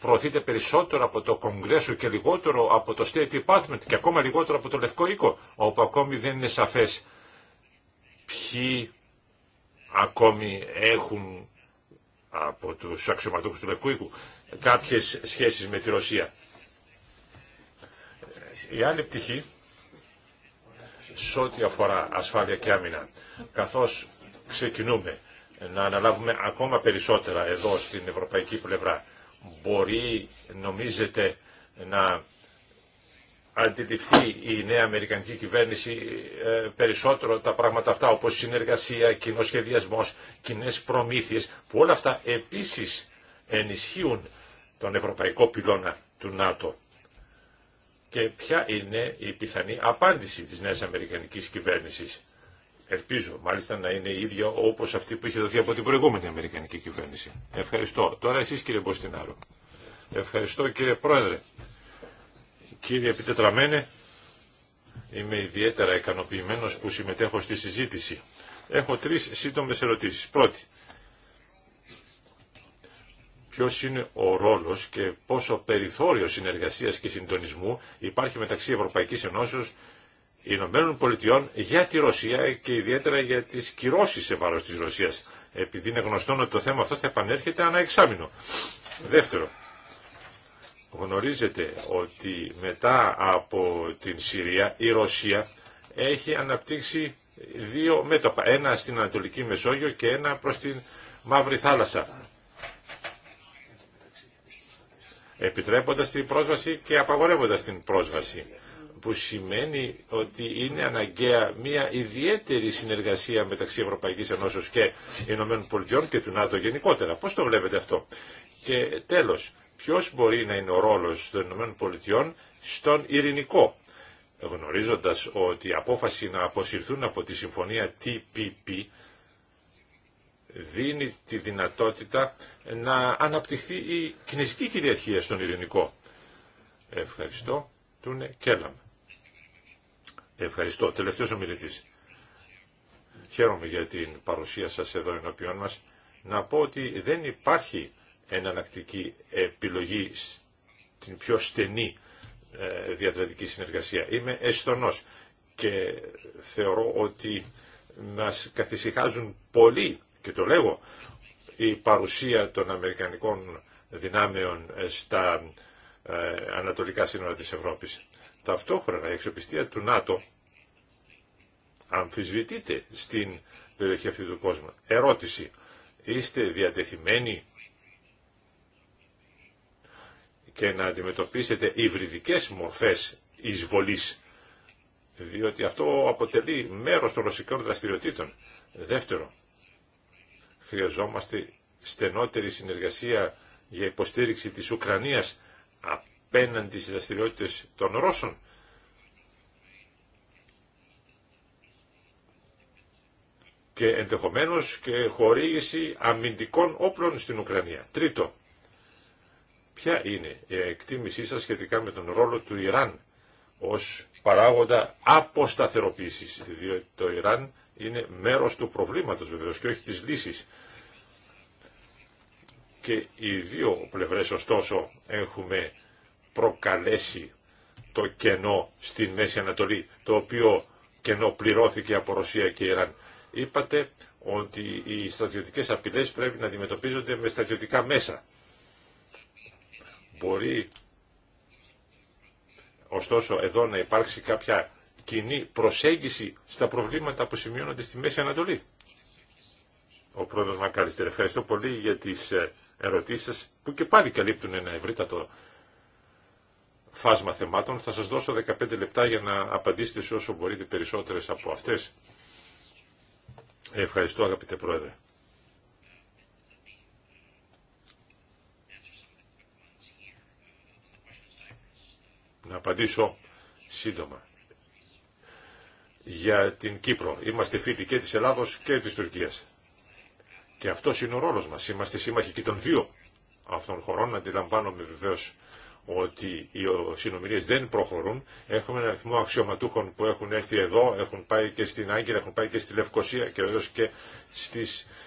προωθείται περισσότερο από το Κογκρέσο και λιγότερο από το State Department και ακόμα λιγότερο από το Λευκό Οίκο, όπου ακόμη δεν είναι σαφές ποιοι ακόμη έχουν από τους αξιωματούχους του Λευκού Οίκου κάποιες σχέσεις με τη Ρωσία. Η άλλη πτυχή, σε ό,τι αφορά ασφάλεια και άμυνα, καθώς ξεκινούμε να αναλάβουμε ακόμα περισσότερα εδώ στην ευρωπαϊκή πλευρά, μπορεί, νομίζετε, να αντιληφθεί η νέα Αμερικανική κυβέρνηση ε, περισσότερο τα πράγματα αυτά όπως συνεργασία, κοινό σχεδιασμό, κοινέ προμήθειε, που όλα αυτά επίση ενισχύουν τον ευρωπαϊκό πυλώνα του ΝΑΤΟ. Και ποια είναι η πιθανή απάντηση της νέας Αμερικανικής κυβέρνησης. Ελπίζω μάλιστα να είναι η ίδια όπως αυτή που είχε δοθεί από την προηγούμενη Αμερικανική κυβέρνηση. Ευχαριστώ. Τώρα εσείς κύριε Μποστινάρου. Ευχαριστώ κύριε Πρόεδρε. Κύριε Επιτετραμένε, είμαι ιδιαίτερα ικανοποιημένο που συμμετέχω στη συζήτηση. Έχω τρεις σύντομες ερωτήσεις. Πρώτη, ποιος είναι ο ρόλος και πόσο περιθώριο συνεργασίας και συντονισμού υπάρχει μεταξύ Ευρωπαϊκής Ενώσεως Ηνωμένων Πολιτειών για τη Ρωσία και ιδιαίτερα για τις κυρώσεις σε βάρος της Ρωσίας. Επειδή είναι γνωστό ότι το θέμα αυτό θα επανέρχεται ανά Δεύτερο, Γνωρίζετε ότι μετά από την Συρία η Ρωσία έχει αναπτύξει δύο μέτωπα. Ένα στην Ανατολική Μεσόγειο και ένα προς την Μαύρη Θάλασσα. Επιτρέποντας την πρόσβαση και απαγορεύοντας την πρόσβαση. Που σημαίνει ότι είναι αναγκαία μια ιδιαίτερη συνεργασία μεταξύ Ευρωπαϊκής Ενώσεως και Ηνωμένων Πολιτειών και του ΝΑΤΟ γενικότερα. Πώς το βλέπετε αυτό. Και τέλος, ποιος μπορεί να είναι ο ρόλος των ΗΠΑ στον ειρηνικό, γνωρίζοντας ότι η απόφαση να αποσυρθούν από τη συμφωνία TPP δίνει τη δυνατότητα να αναπτυχθεί η κινέζικη κυριαρχία στον ειρηνικό. Ευχαριστώ. Τούνε Κέλαμ. Ευχαριστώ. Τελευταίος ομιλητής. Χαίρομαι για την παρουσία σας εδώ ενώπιόν μας. Να πω ότι δεν υπάρχει εναλλακτική επιλογή στην πιο στενή ε, διατρατική συνεργασία. Είμαι εστονός και θεωρώ ότι μας καθησυχάζουν πολύ, και το λέγω, η παρουσία των Αμερικανικών δυνάμεων στα ε, ανατολικά σύνορα της Ευρώπης. Ταυτόχρονα η εξοπιστία του ΝΑΤΟ αμφισβητείται στην περιοχή αυτή του κόσμου. Ερώτηση, είστε διατεθειμένοι και να αντιμετωπίσετε υβριδικές μορφές εισβολής, διότι αυτό αποτελεί μέρος των ρωσικών δραστηριοτήτων. Δεύτερο, χρειαζόμαστε στενότερη συνεργασία για υποστήριξη της Ουκρανίας απέναντι στις δραστηριότητες των Ρώσων. και ενδεχομένως και χορήγηση αμυντικών όπλων στην Ουκρανία. Τρίτο, Ποια είναι η εκτίμησή σας σχετικά με τον ρόλο του Ιράν ως παράγοντα αποσταθεροποίησης, διότι το Ιράν είναι μέρος του προβλήματος βεβαίως και όχι της λύσης. Και οι δύο πλευρές ωστόσο έχουμε προκαλέσει το κενό στην Μέση Ανατολή, το οποίο κενό πληρώθηκε από Ρωσία και Ιράν. Είπατε ότι οι στρατιωτικές απειλές πρέπει να αντιμετωπίζονται με στρατιωτικά μέσα. Μπορεί ωστόσο εδώ να υπάρξει κάποια κοινή προσέγγιση στα προβλήματα που σημειώνονται στη Μέση Ανατολή. Ο πρόεδρος Μακάριστερ, ευχαριστώ πολύ για τις ε, ερωτήσεις σας που και πάλι καλύπτουν ένα ευρύτατο φάσμα θεμάτων. Θα σας δώσω 15 λεπτά για να απαντήσετε σε όσο μπορείτε περισσότερες από αυτές. Ευχαριστώ αγαπητέ πρόεδρε. Να απαντήσω σύντομα. Για την Κύπρο. Είμαστε φίλοι και της Ελλάδος και της Τουρκίας. Και αυτός είναι ο ρόλος μας. Είμαστε σύμμαχοι και των δύο αυτών χωρών. Αντιλαμβάνομαι βεβαίως ότι οι συνομιλίε δεν προχωρούν. Έχουμε ένα αριθμό αξιωματούχων που έχουν έρθει εδώ, έχουν πάει και στην Άγκυρα, έχουν πάει και στη Λευκοσία και βεβαίω και,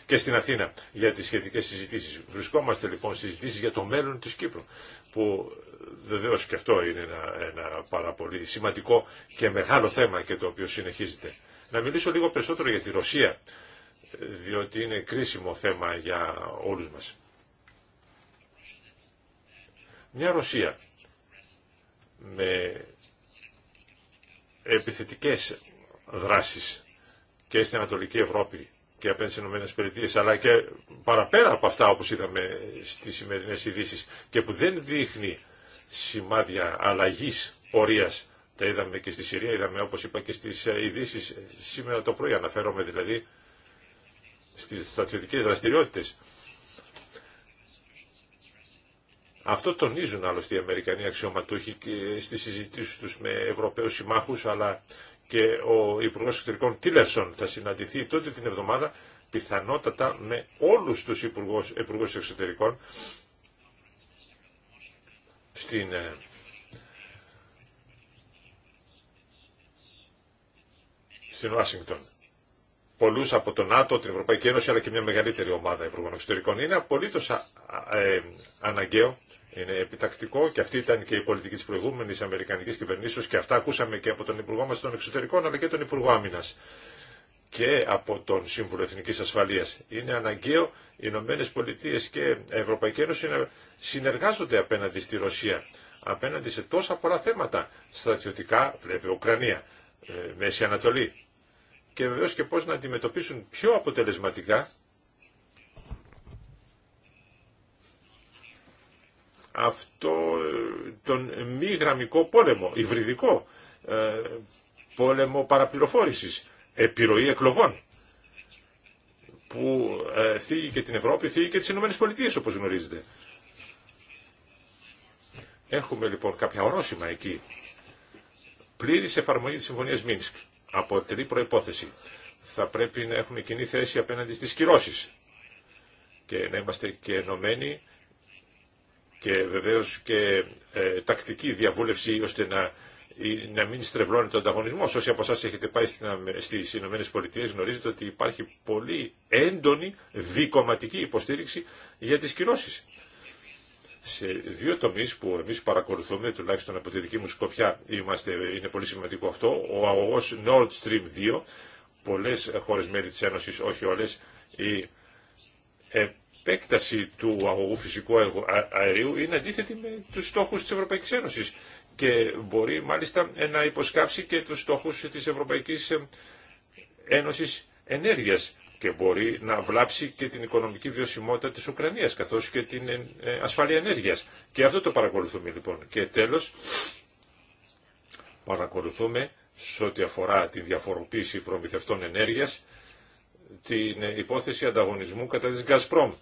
και στην Αθήνα για τι σχετικέ συζητήσει. Βρισκόμαστε λοιπόν συζητήσει για το μέλλον τη Κύπρου, που βεβαίω και αυτό είναι ένα, ένα πάρα πολύ σημαντικό και μεγάλο θέμα και το οποίο συνεχίζεται. Να μιλήσω λίγο περισσότερο για τη Ρωσία, διότι είναι κρίσιμο θέμα για όλου μα. Μια Ρωσία με επιθετικές δράσεις και στην Ανατολική Ευρώπη και απέναντι στι Ηνωμένες Πολιτείε, αλλά και παραπέρα από αυτά όπως είδαμε στις σημερινές ειδήσει και που δεν δείχνει σημάδια αλλαγής πορείας. Τα είδαμε και στη Συρία, είδαμε όπως είπα και στις ειδήσει σήμερα το πρωί, αναφέρομαι δηλαδή στις στρατιωτικές δραστηριότητες. Αυτό τονίζουν άλλωστε οι Αμερικανοί αξιωματούχοι και στις συζητήσεις τους με Ευρωπαίους συμμάχους, αλλά και ο Υπουργό Εξωτερικών Τίλερσον θα συναντηθεί τότε την εβδομάδα πιθανότατα με όλους τους υπουργούς, Εξωτερικών στην ε, στην Ουάσιγκτον πολλούς από τον ΝΑΤΟ, την Ευρωπαϊκή Ένωση, αλλά και μια μεγαλύτερη ομάδα υπουργών εξωτερικών. Είναι απολύτως ε, αναγκαίο, είναι επιτακτικό και αυτή ήταν και η πολιτική της προηγούμενης Αμερικανικής κυβερνήσεως και αυτά ακούσαμε και από τον Υπουργό μας των Εξωτερικών, αλλά και τον Υπουργό Άμυνας και από τον Σύμβουλο Εθνική Ασφαλεία. Είναι αναγκαίο οι Ηνωμένε Πολιτείε και η Ευρωπαϊκή Ένωση να συνεργάζονται απέναντι στη Ρωσία, απέναντι σε τόσα πολλά θέματα. Στρατιωτικά, βλέπει Ουκρανία, ε, Μέση Ανατολή, και βεβαίως και πώς να αντιμετωπίσουν πιο αποτελεσματικά αυτό τον μη γραμμικό πόλεμο, υβριδικό ε, πόλεμο παραπληροφόρησης, επιρροή εκλογών που ε, θίγει και την Ευρώπη, θίγει και τις Ηνωμένες Πολιτείες όπως γνωρίζετε. Έχουμε λοιπόν κάποια ορόσημα εκεί. Πλήρης εφαρμογή της Συμφωνίας Μίνσκ. Από αποτελεί προϋπόθεση. Θα πρέπει να έχουμε κοινή θέση απέναντι στις κυρώσεις και να είμαστε και ενωμένοι και βεβαίως και ε, τακτική διαβούλευση ώστε να, να μην στρεβλώνει το ανταγωνισμό. Όσοι από εσάς έχετε πάει στις Ηνωμένες Πολιτείες γνωρίζετε ότι υπάρχει πολύ έντονη δικοματική υποστήριξη για τις κυρώσεις σε δύο τομείς που εμείς παρακολουθούμε, τουλάχιστον από τη δική μου σκοπιά είμαστε, είναι πολύ σημαντικό αυτό, ο αγωγός Nord Stream 2, πολλές χώρες μέλη της Ένωσης, όχι όλες, η επέκταση του αγωγού φυσικού αερίου είναι αντίθετη με τους στόχους της Ευρωπαϊκής Ένωσης και μπορεί μάλιστα να υποσκάψει και τους στόχους της Ευρωπαϊκής Ένωσης Ενέργειας και μπορεί να βλάψει και την οικονομική βιωσιμότητα της Ουκρανίας καθώς και την ε, ε, ασφάλεια ενέργειας. Και αυτό το παρακολουθούμε λοιπόν. Και τέλος παρακολουθούμε σε ό,τι αφορά τη διαφοροποίηση προμηθευτών ενέργειας την ε, υπόθεση ανταγωνισμού κατά της Γκασπρόμ.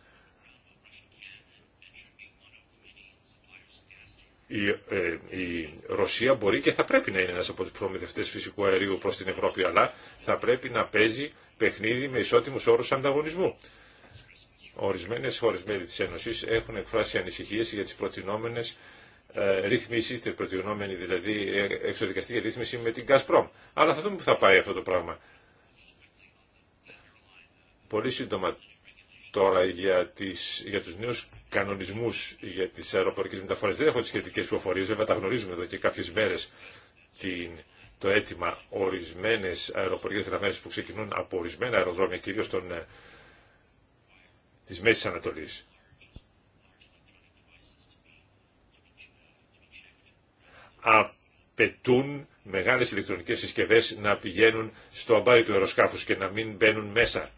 Η, η Ρωσία μπορεί και θα πρέπει να είναι ένας από τους προμηθευτές φυσικού αερίου προς την Ευρώπη, αλλά θα πρέπει να παίζει παιχνίδι με ισότιμου όρου ανταγωνισμού. Ορισμένε χώρε μέλη τη Ένωση έχουν εκφράσει ανησυχίε για τι προτινόμενε ε, ρυθμίσει, την προτινόμενη δηλαδή ε, εξοδικαστική ρύθμιση με την Gazprom. Αλλά θα δούμε που θα πάει αυτό το πράγμα. Πολύ σύντομα τώρα για, τις, για τους νέους κανονισμούς για τις αεροπορικές μεταφορές. Δεν έχω τις σχετικές πληροφορίες, βέβαια τα γνωρίζουμε εδώ και κάποιες μέρες την το αίτημα ορισμένες αεροπορικές γραμμές που ξεκινούν από ορισμένα αεροδρόμια, κυρίω ε, τη Μέση Μέσης Ανατολής. Απαιτούν μεγάλες ηλεκτρονικές συσκευές να πηγαίνουν στο αμπάρι του αεροσκάφους και να μην μπαίνουν μέσα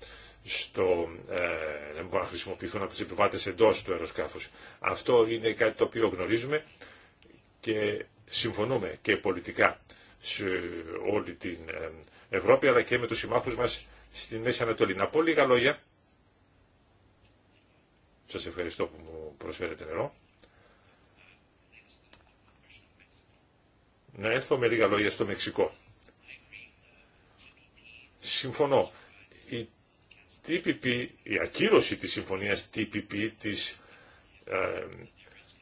στο, ε, να μπορούν να χρησιμοποιηθούν από τις επιβάτες εντός του αεροσκάφους. Αυτό είναι κάτι το οποίο γνωρίζουμε και συμφωνούμε και πολιτικά σε όλη την Ευρώπη αλλά και με τους συμμάχους μας στη Μέση Ανατολή. Να πω λίγα λόγια. Σας ευχαριστώ που μου προσφέρετε νερό. Να έρθω με λίγα λόγια στο Μεξικό. Συμφωνώ. Η TPP, η ακύρωση της συμφωνίας TPP της ε,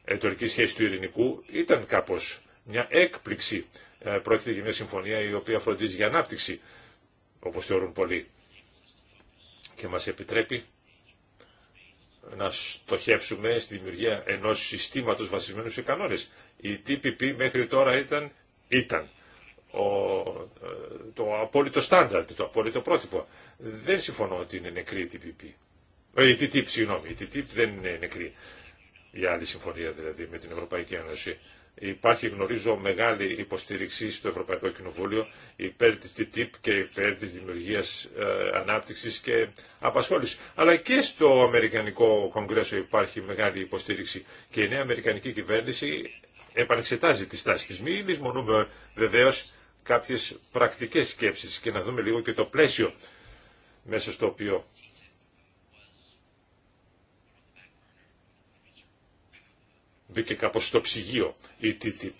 εταιρικής σχέσης του ειρηνικού ήταν κάπως μια έκπληξη ε, πρόκειται για μια συμφωνία η οποία φροντίζει για ανάπτυξη, όπως θεωρούν πολλοί, και μας επιτρέπει να στοχεύσουμε στη δημιουργία ενός συστήματος βασισμένου σε κανόνες. Η TPP μέχρι τώρα ήταν, ήταν ε, το απόλυτο στάνταρτ, το απόλυτο πρότυπο. Δεν συμφωνώ ότι είναι νεκρή η TPP. Ε, η TTIP, συγγνώμη, η TTIP δεν είναι νεκρή. Η άλλη συμφωνία δηλαδή με την Ευρωπαϊκή Ένωση. Υπάρχει, γνωρίζω, μεγάλη υποστήριξη στο Ευρωπαϊκό Κοινοβούλιο υπέρ της TTIP και υπέρ της δημιουργίας ε, ανάπτυξης και απασχόλησης. Αλλά και στο Αμερικανικό Κογκρέσο υπάρχει μεγάλη υποστήριξη και η νέα Αμερικανική κυβέρνηση επανεξετάζει τη στάση της. Μην μονούμε βεβαίως κάποιες πρακτικές σκέψεις και να δούμε λίγο και το πλαίσιο μέσα στο οποίο μπήκε κάπω στο ψυγείο η TTIP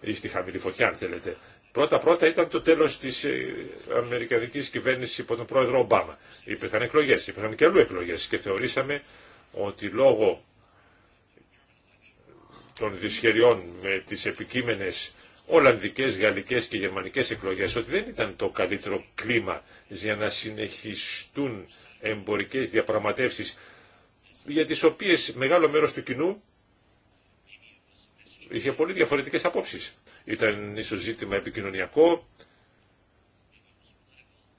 ή στη χαμηλή φωτιά αν θέλετε. Πρώτα-πρώτα ήταν το τέλος της ε, Αμερικανικής κυβέρνησης υπό τον πρόεδρο Ομπάμα. Υπήρχαν εκλογές, υπήρχαν και αλλού εκλογές και θεωρήσαμε ότι λόγω των δυσχεριών με τις επικείμενες Ολλανδικές, Γαλλικές και Γερμανικές εκλογές ότι δεν ήταν το καλύτερο κλίμα για να συνεχιστούν εμπορικές διαπραγματεύσεις για τις οποίες μεγάλο μέρος του κοινού είχε πολύ διαφορετικές απόψεις. Ήταν ίσως ζήτημα επικοινωνιακό,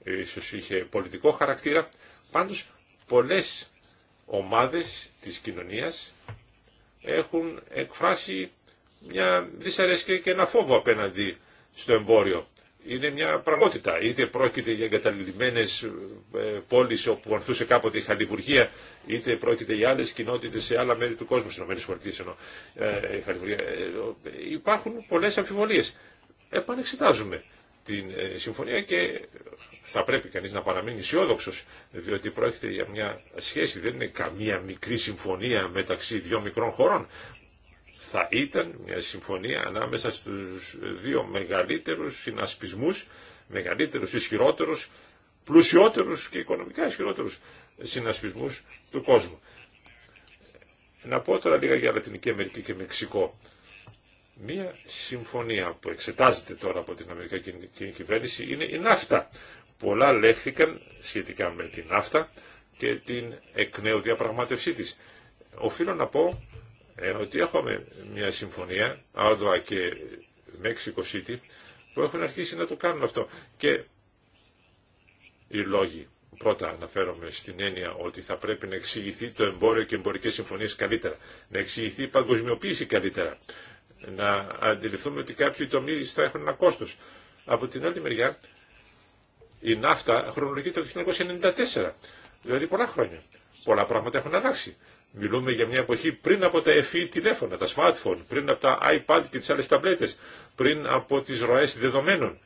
ίσως είχε πολιτικό χαρακτήρα. Πάντως πολλές ομάδες της κοινωνίας έχουν εκφράσει μια δυσαρέσκεια και ένα φόβο απέναντι στο εμπόριο είναι μια πραγματικότητα. Είτε πρόκειται για εγκαταλειμμένε ε, πόλει όπου ορθούσε κάποτε η χαλιβουργία, είτε πρόκειται για άλλε κοινότητε σε άλλα μέρη του κόσμου, στι ΗΠΑ. Ε, ε, ε, υπάρχουν πολλέ αμφιβολίε. Επανεξετάζουμε την συμφωνία και θα πρέπει κανείς να παραμείνει αισιόδοξο, διότι πρόκειται για μια σχέση, δεν είναι καμία μικρή συμφωνία μεταξύ δυο μικρών χωρών θα ήταν μια συμφωνία ανάμεσα στους δύο μεγαλύτερους συνασπισμούς, μεγαλύτερους, ισχυρότερους, πλουσιότερους και οικονομικά ισχυρότερους συνασπισμούς του κόσμου. Να πω τώρα λίγα για Λατινική Αμερική και Μεξικό. Μία συμφωνία που εξετάζεται τώρα από την Αμερικανική κυβέρνηση είναι η ναύτα. Πολλά λέχθηκαν σχετικά με την ναύτα και την εκ νέου διαπραγμάτευσή της. Οφείλω να πω ε, ότι έχουμε μια συμφωνία, Άντοα και Μέξικο City, που έχουν αρχίσει να το κάνουν αυτό. Και οι λόγοι. Πρώτα αναφέρομαι στην έννοια ότι θα πρέπει να εξηγηθεί το εμπόριο και εμπορικές συμφωνίες καλύτερα. Να εξηγηθεί η παγκοσμιοποίηση καλύτερα. Να αντιληφθούμε ότι κάποιοι τομεί θα έχουν ένα κόστος. Από την άλλη μεριά, η ναύτα χρονολογείται το 1994. Δηλαδή πολλά χρόνια. Πολλά πράγματα έχουν αλλάξει. Μιλούμε για μια εποχή πριν από τα FE τηλέφωνα, τα smartphone, πριν από τα iPad και τις άλλες ταμπλέτες, πριν από τις ροές δεδομένων,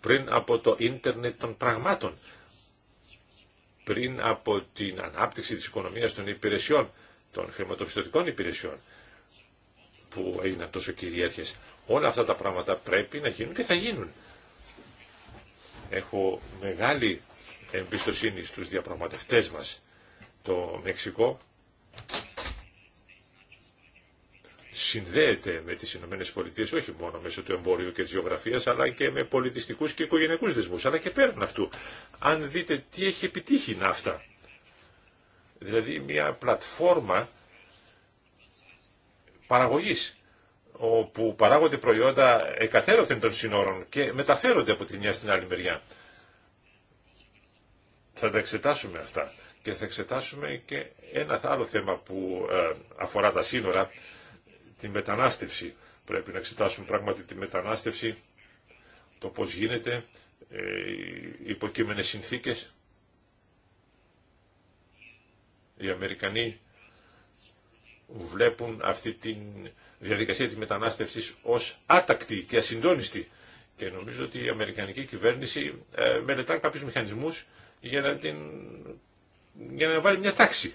πριν από το ίντερνετ των πραγμάτων, πριν από την ανάπτυξη της οικονομίας των υπηρεσιών, των χρηματοπιστωτικών υπηρεσιών, που έγιναν τόσο κυριάρχες. Όλα αυτά τα πράγματα πρέπει να γίνουν και θα γίνουν. Έχω μεγάλη εμπιστοσύνη στους διαπραγματευτές μας το Μεξικό συνδέεται με τις Ηνωμένες Πολιτείες όχι μόνο μέσω του εμπόριου και της γεωγραφίας αλλά και με πολιτιστικούς και οικογενειακούς δεσμούς αλλά και πέραν αυτού αν δείτε τι έχει επιτύχει η ναύτα δηλαδή μια πλατφόρμα παραγωγής όπου παράγονται προϊόντα εκατέρωθεν των συνόρων και μεταφέρονται από τη μια στην άλλη μεριά. Θα τα εξετάσουμε αυτά και θα εξετάσουμε και ένα άλλο θέμα που ε, αφορά τα σύνορα, τη μετανάστευση. Πρέπει να εξετάσουμε πράγματι τη μετανάστευση, το πώς γίνεται, ε, οι υποκείμενες συνθήκες. Οι Αμερικανοί βλέπουν αυτή τη διαδικασία της μετανάστευσης ως άτακτη και ασυντόνιστη. Και νομίζω ότι η Αμερικανική κυβέρνηση ε, μελετά κάποιους μηχανισμούς για να, την, για να βάλει μια τάξη.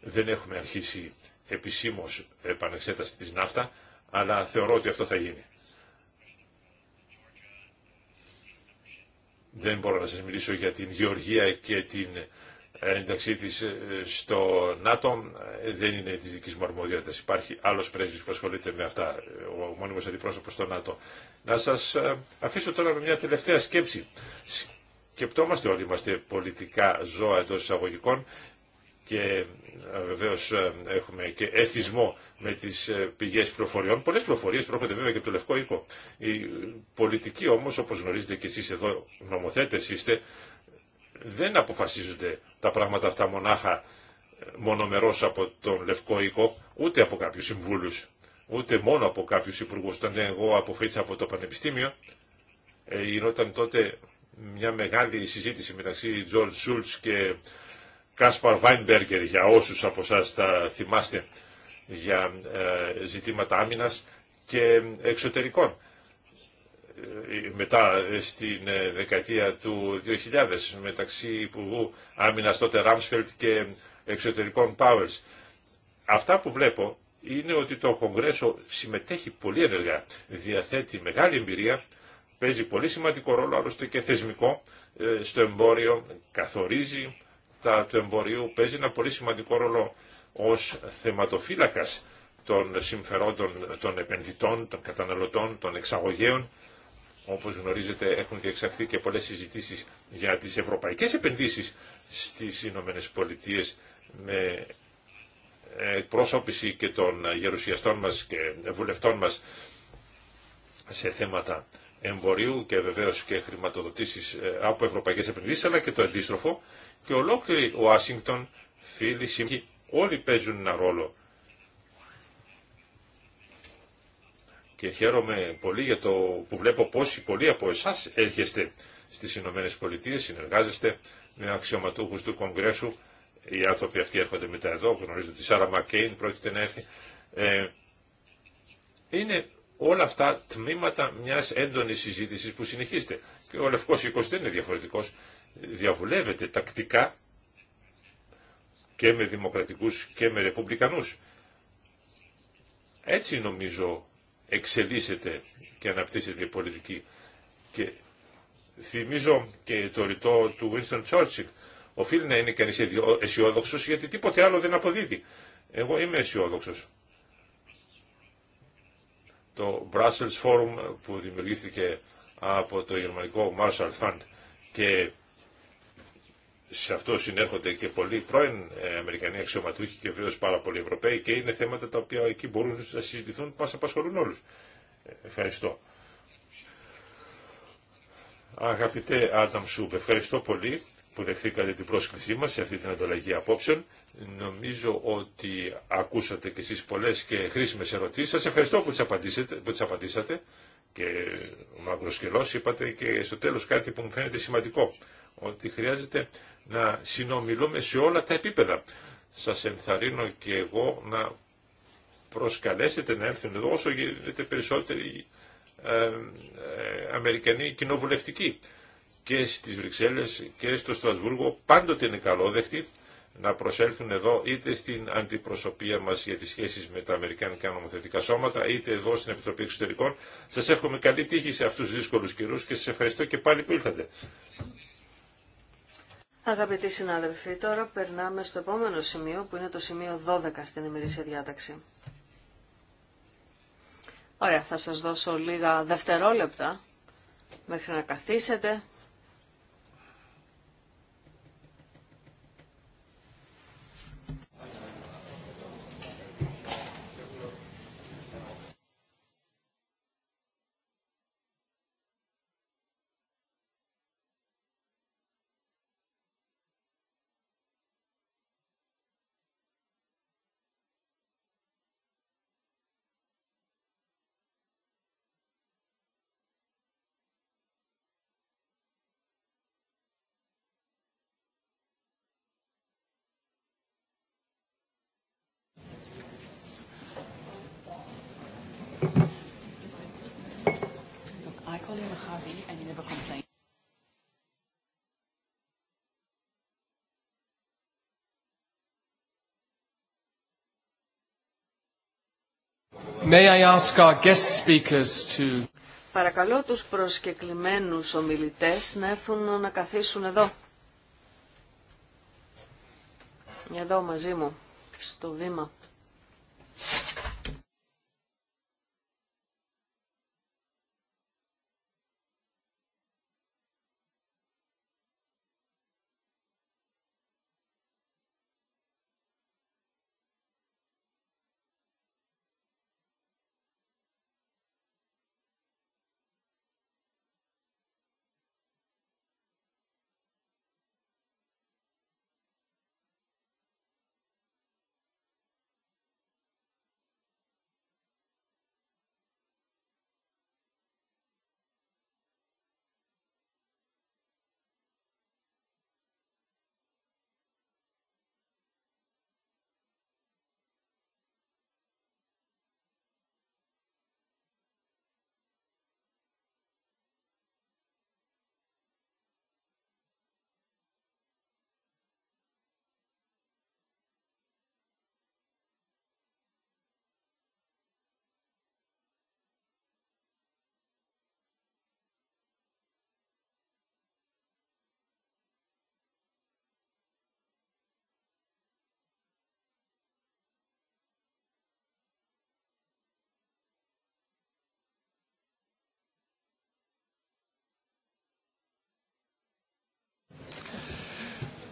Δεν έχουμε αρχίσει επισήμως επανεξέταση της ναύτα, αλλά θεωρώ ότι αυτό θα γίνει. Δεν μπορώ να σας μιλήσω για την Γεωργία και την ένταξή τη ε, στο ΝΑΤΟ ε, δεν είναι τη δική μου αρμοδιότητα. Υπάρχει άλλο πρέσβη που ασχολείται με αυτά, ο μόνιμο αντιπρόσωπο στο ΝΑΤΟ. Να σα ε, αφήσω τώρα με μια τελευταία σκέψη. Σκεπτόμαστε όλοι, είμαστε πολιτικά ζώα εντό εισαγωγικών και βεβαίω έχουμε και εθισμό με τι πηγέ πληροφοριών. Πολλές πληροφορίε, προέρχονται βέβαια και από το Λευκό Οίκο. Οι πολιτικοί όμω, όπω γνωρίζετε και εσεί εδώ νομοθέτε είστε, δεν αποφασίζονται τα πράγματα αυτά μονάχα ε, μονομερός από τον Λευκό Οίκο, ούτε από κάποιους συμβούλους, ούτε μόνο από κάποιους υπουργούς. Όταν εγώ αποφύτησα από το Πανεπιστήμιο, ε, γινόταν τότε μια μεγάλη συζήτηση μεταξύ Τζορτ Σούλτς και Κάσπαρ Βάινμπεργκερ, για όσους από εσά τα θυμάστε, για ε, ζητήματα άμυνας και εξωτερικών. Ε, μετά ε, στην ε, δεκαετία του 2000 μεταξύ Υπουργού Άμυνας τότε Ράμσφελτ και εξωτερικών Πάουερς. Αυτά που βλέπω είναι ότι το Κογκρέσο συμμετέχει πολύ ενεργά, διαθέτει μεγάλη εμπειρία, παίζει πολύ σημαντικό ρόλο, άλλωστε και θεσμικό, στο εμπόριο, καθορίζει τα του εμπορίου, παίζει ένα πολύ σημαντικό ρόλο ως θεματοφύλακας των συμφερόντων των επενδυτών, των καταναλωτών, των εξαγωγέων όπως γνωρίζετε έχουν διεξαχθεί και πολλές συζητήσεις για τις ευρωπαϊκές επενδύσεις στις Ηνωμένε Πολιτείε με πρόσωπηση και των γερουσιαστών μας και βουλευτών μας σε θέματα εμπορίου και βεβαίως και χρηματοδοτήσεις ε, από ευρωπαϊκές επενδύσεις αλλά και το αντίστροφο και ολόκληρη Ουάσιγκτον, φίλοι, σύμφωνοι, όλοι παίζουν ένα ρόλο και χαίρομαι πολύ για το που βλέπω πόσοι πολλοί από εσάς έρχεστε στις Ηνωμένε Πολιτείες, συνεργάζεστε με αξιωματούχους του Κογκρέσου, οι άνθρωποι αυτοί έρχονται μετά εδώ, γνωρίζουν τη Σάρα Μακέιν, πρόκειται να έρθει. Ε, είναι όλα αυτά τμήματα μιας έντονης συζήτησης που συνεχίζεται. Και ο Λευκός Οίκος δεν είναι διαφορετικός. Διαβουλεύεται τακτικά και με δημοκρατικούς και με ρεπουμπλικανούς. Έτσι νομίζω εξελίσσεται και αναπτύσσεται η πολιτική. Και θυμίζω και το ρητό του Winston Churchill. Οφείλει να είναι κανεί αισιόδοξο γιατί τίποτε άλλο δεν αποδίδει. Εγώ είμαι αισιόδοξο. Το Brussels Forum που δημιουργήθηκε από το γερμανικό Marshall Fund και σε αυτό συνέρχονται και πολλοί πρώην ε, Αμερικανοί αξιωματούχοι και βεβαίω πάρα πολλοί Ευρωπαίοι και είναι θέματα τα οποία εκεί μπορούν να συζητηθούν που μα απασχολούν όλου. Ε, ευχαριστώ. Αγαπητέ Άνταμ Σούμπ, ευχαριστώ πολύ που δεχθήκατε την πρόσκλησή μας σε αυτή την ανταλλαγή απόψεων. Νομίζω ότι ακούσατε κι εσείς πολλές και χρήσιμες ερωτήσεις. Σας ευχαριστώ που τις, απαντήσατε, απαντήσατε και μακροσκελώς είπατε και στο τέλος κάτι που μου φαίνεται σημαντικό, ότι χρειάζεται να συνομιλούμε σε όλα τα επίπεδα. Σας ενθαρρύνω και εγώ να προσκαλέσετε να έρθουν εδώ όσο γίνεται περισσότεροι ε, ε, Αμερικανοί κοινοβουλευτικοί και στις Βρυξέλλες και στο Στρασβούργο πάντοτε είναι καλόδεχτοι να προσέλθουν εδώ είτε στην αντιπροσωπεία μας για τις σχέσεις με τα Αμερικάνικα νομοθετικά σώματα, είτε εδώ στην Επιτροπή Εξωτερικών. Σας εύχομαι καλή τύχη σε αυτούς τους δύσκολους καιρούς και σας ευχαριστώ και πάλι που ήλθατε. Αγαπητοί συνάδελφοι, τώρα περνάμε στο επόμενο σημείο που είναι το σημείο 12 στην ημερήσια διάταξη. Ωραία, θα σας δώσω λίγα δευτερόλεπτα μέχρι να καθίσετε, and you never complain. May I ask our guest speakers to... Παρακαλώ τους προσκεκλημένους ομιλητές να έρθουν να καθίσουν εδώ. Εδώ μαζί μου, στο βήμα.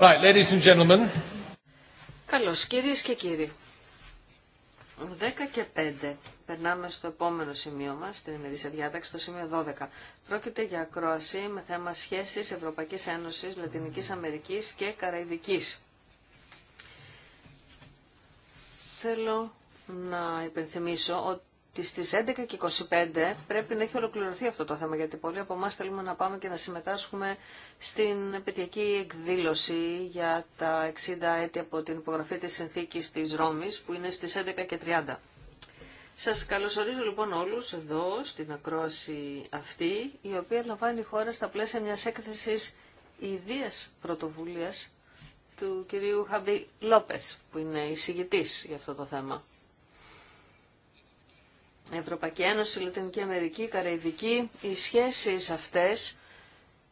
Right, ladies and gentlemen. Καλώς, κυρίες και κύριοι. 10 και 5. Περνάμε στο επόμενο σημείο μας, στην ημερήσια διάταξη, το σημείο 12. Πρόκειται για ακρόαση με θέμα σχέσεις Ευρωπαϊκής Ένωσης, Λατινικής Αμερικής και Καραϊδικής. Θέλω να υπενθυμίσω ότι στις 11 και 25 πρέπει να έχει ολοκληρωθεί αυτό το θέμα, γιατί πολλοί από εμά θέλουμε να πάμε και να συμμετάσχουμε στην επαιτειακή εκδήλωση για τα 60 έτη από την υπογραφή της συνθήκης της Ρώμης, που είναι στις 11 και 30. Σας καλωσορίζω λοιπόν όλους εδώ στην ακρόαση αυτή, η οποία λαμβάνει η χώρα στα πλαίσια μιας έκθεσης ιδίας πρωτοβουλίας του κυρίου Χαμπί Λόπες, που είναι εισηγητής για αυτό το θέμα. Ευρωπαϊκή Ένωση, Λατινική Αμερική, Καραϊβική, οι σχέσεις αυτές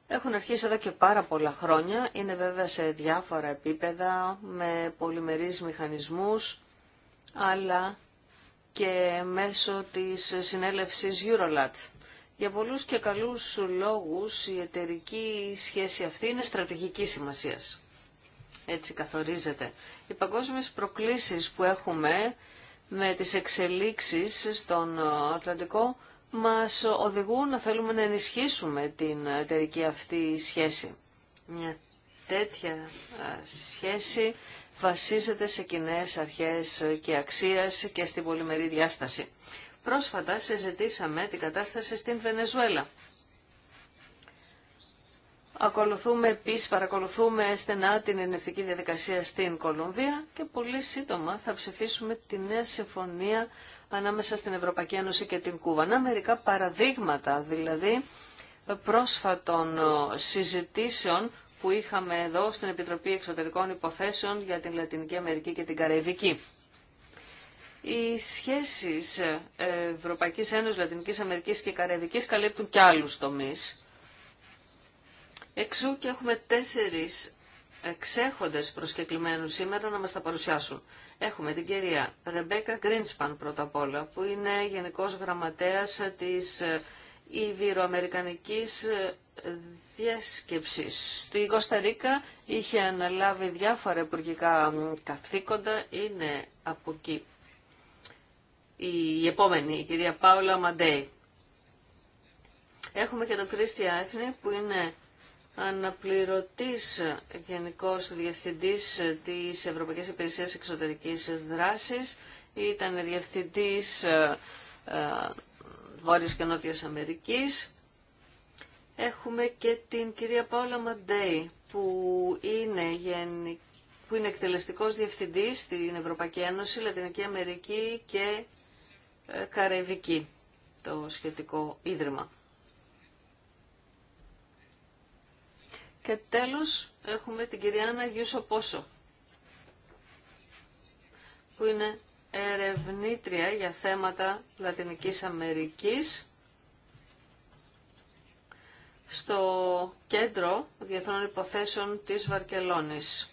έχουν αρχίσει εδώ και πάρα πολλά χρόνια. Είναι βέβαια σε διάφορα επίπεδα, με πολυμερείς μηχανισμούς, αλλά και μέσω της συνέλευσης Eurolat. Για πολλούς και καλούς λόγους η εταιρική σχέση αυτή είναι στρατηγική σημασίας. Έτσι καθορίζεται. Οι παγκόσμιες προκλήσεις που έχουμε με τις εξελίξεις στον ε, Ατλαντικό μας οδηγούν να θέλουμε να ενισχύσουμε την εταιρική αυτή σχέση. Μια τέτοια ε, σχέση βασίζεται σε κοινέ αρχές και αξίες και στην πολυμερή διάσταση. Πρόσφατα συζητήσαμε την κατάσταση στην Βενεζουέλα Ακολουθούμε επίσης, παρακολουθούμε στενά την ενευτική διαδικασία στην Κολομβία και πολύ σύντομα θα ψηφίσουμε τη νέα συμφωνία ανάμεσα στην Ευρωπαϊκή Ένωση και την Κούβα. Να μερικά παραδείγματα δηλαδή πρόσφατων ε, συζητήσεων που είχαμε εδώ στην Επιτροπή Εξωτερικών Υποθέσεων για την Λατινική Αμερική και την Καραϊβική. Οι σχέσεις ε, Ευρωπαϊκής Ένωσης, Λατινικής Αμερικής και Καραϊβικής καλύπτουν και άλλους τομείς Εξού και έχουμε τέσσερις εξέχοντες προσκεκλημένους σήμερα να μας τα παρουσιάσουν. Έχουμε την κυρία Ρεμπέκα Γκρίνσπαν πρώτα απ' όλα, που είναι Γενικός Γραμματέας της Ιβυροαμερικανικής Διάσκεψης. Στη Κωνσταντίνα είχε αναλάβει διάφορα υπουργικά καθήκοντα, είναι από εκεί. Η επόμενη, η κυρία Πάουλα Μαντέη. Έχουμε και τον Κρίστια Έφνη που είναι αναπληρωτής γενικός διευθυντής της Ευρωπαϊκής Υπηρεσίας Εξωτερικής Δράσης, ήταν διευθυντής ε, ε, Βόρειας και Νότιας Αμερικής. Έχουμε και την κυρία Πάολα Μαντέι, που είναι, γενική που είναι εκτελεστικός διευθυντής στην Ευρωπαϊκή Ένωση, Λατινική Αμερική και ε, Καραϊβική, το σχετικό ίδρυμα. Και τέλος έχουμε την κυρία Άννα Γιούσο Πόσο, που είναι ερευνήτρια για θέματα Λατινικής Αμερικής στο κέντρο διεθνών υποθέσεων της Βαρκελόνης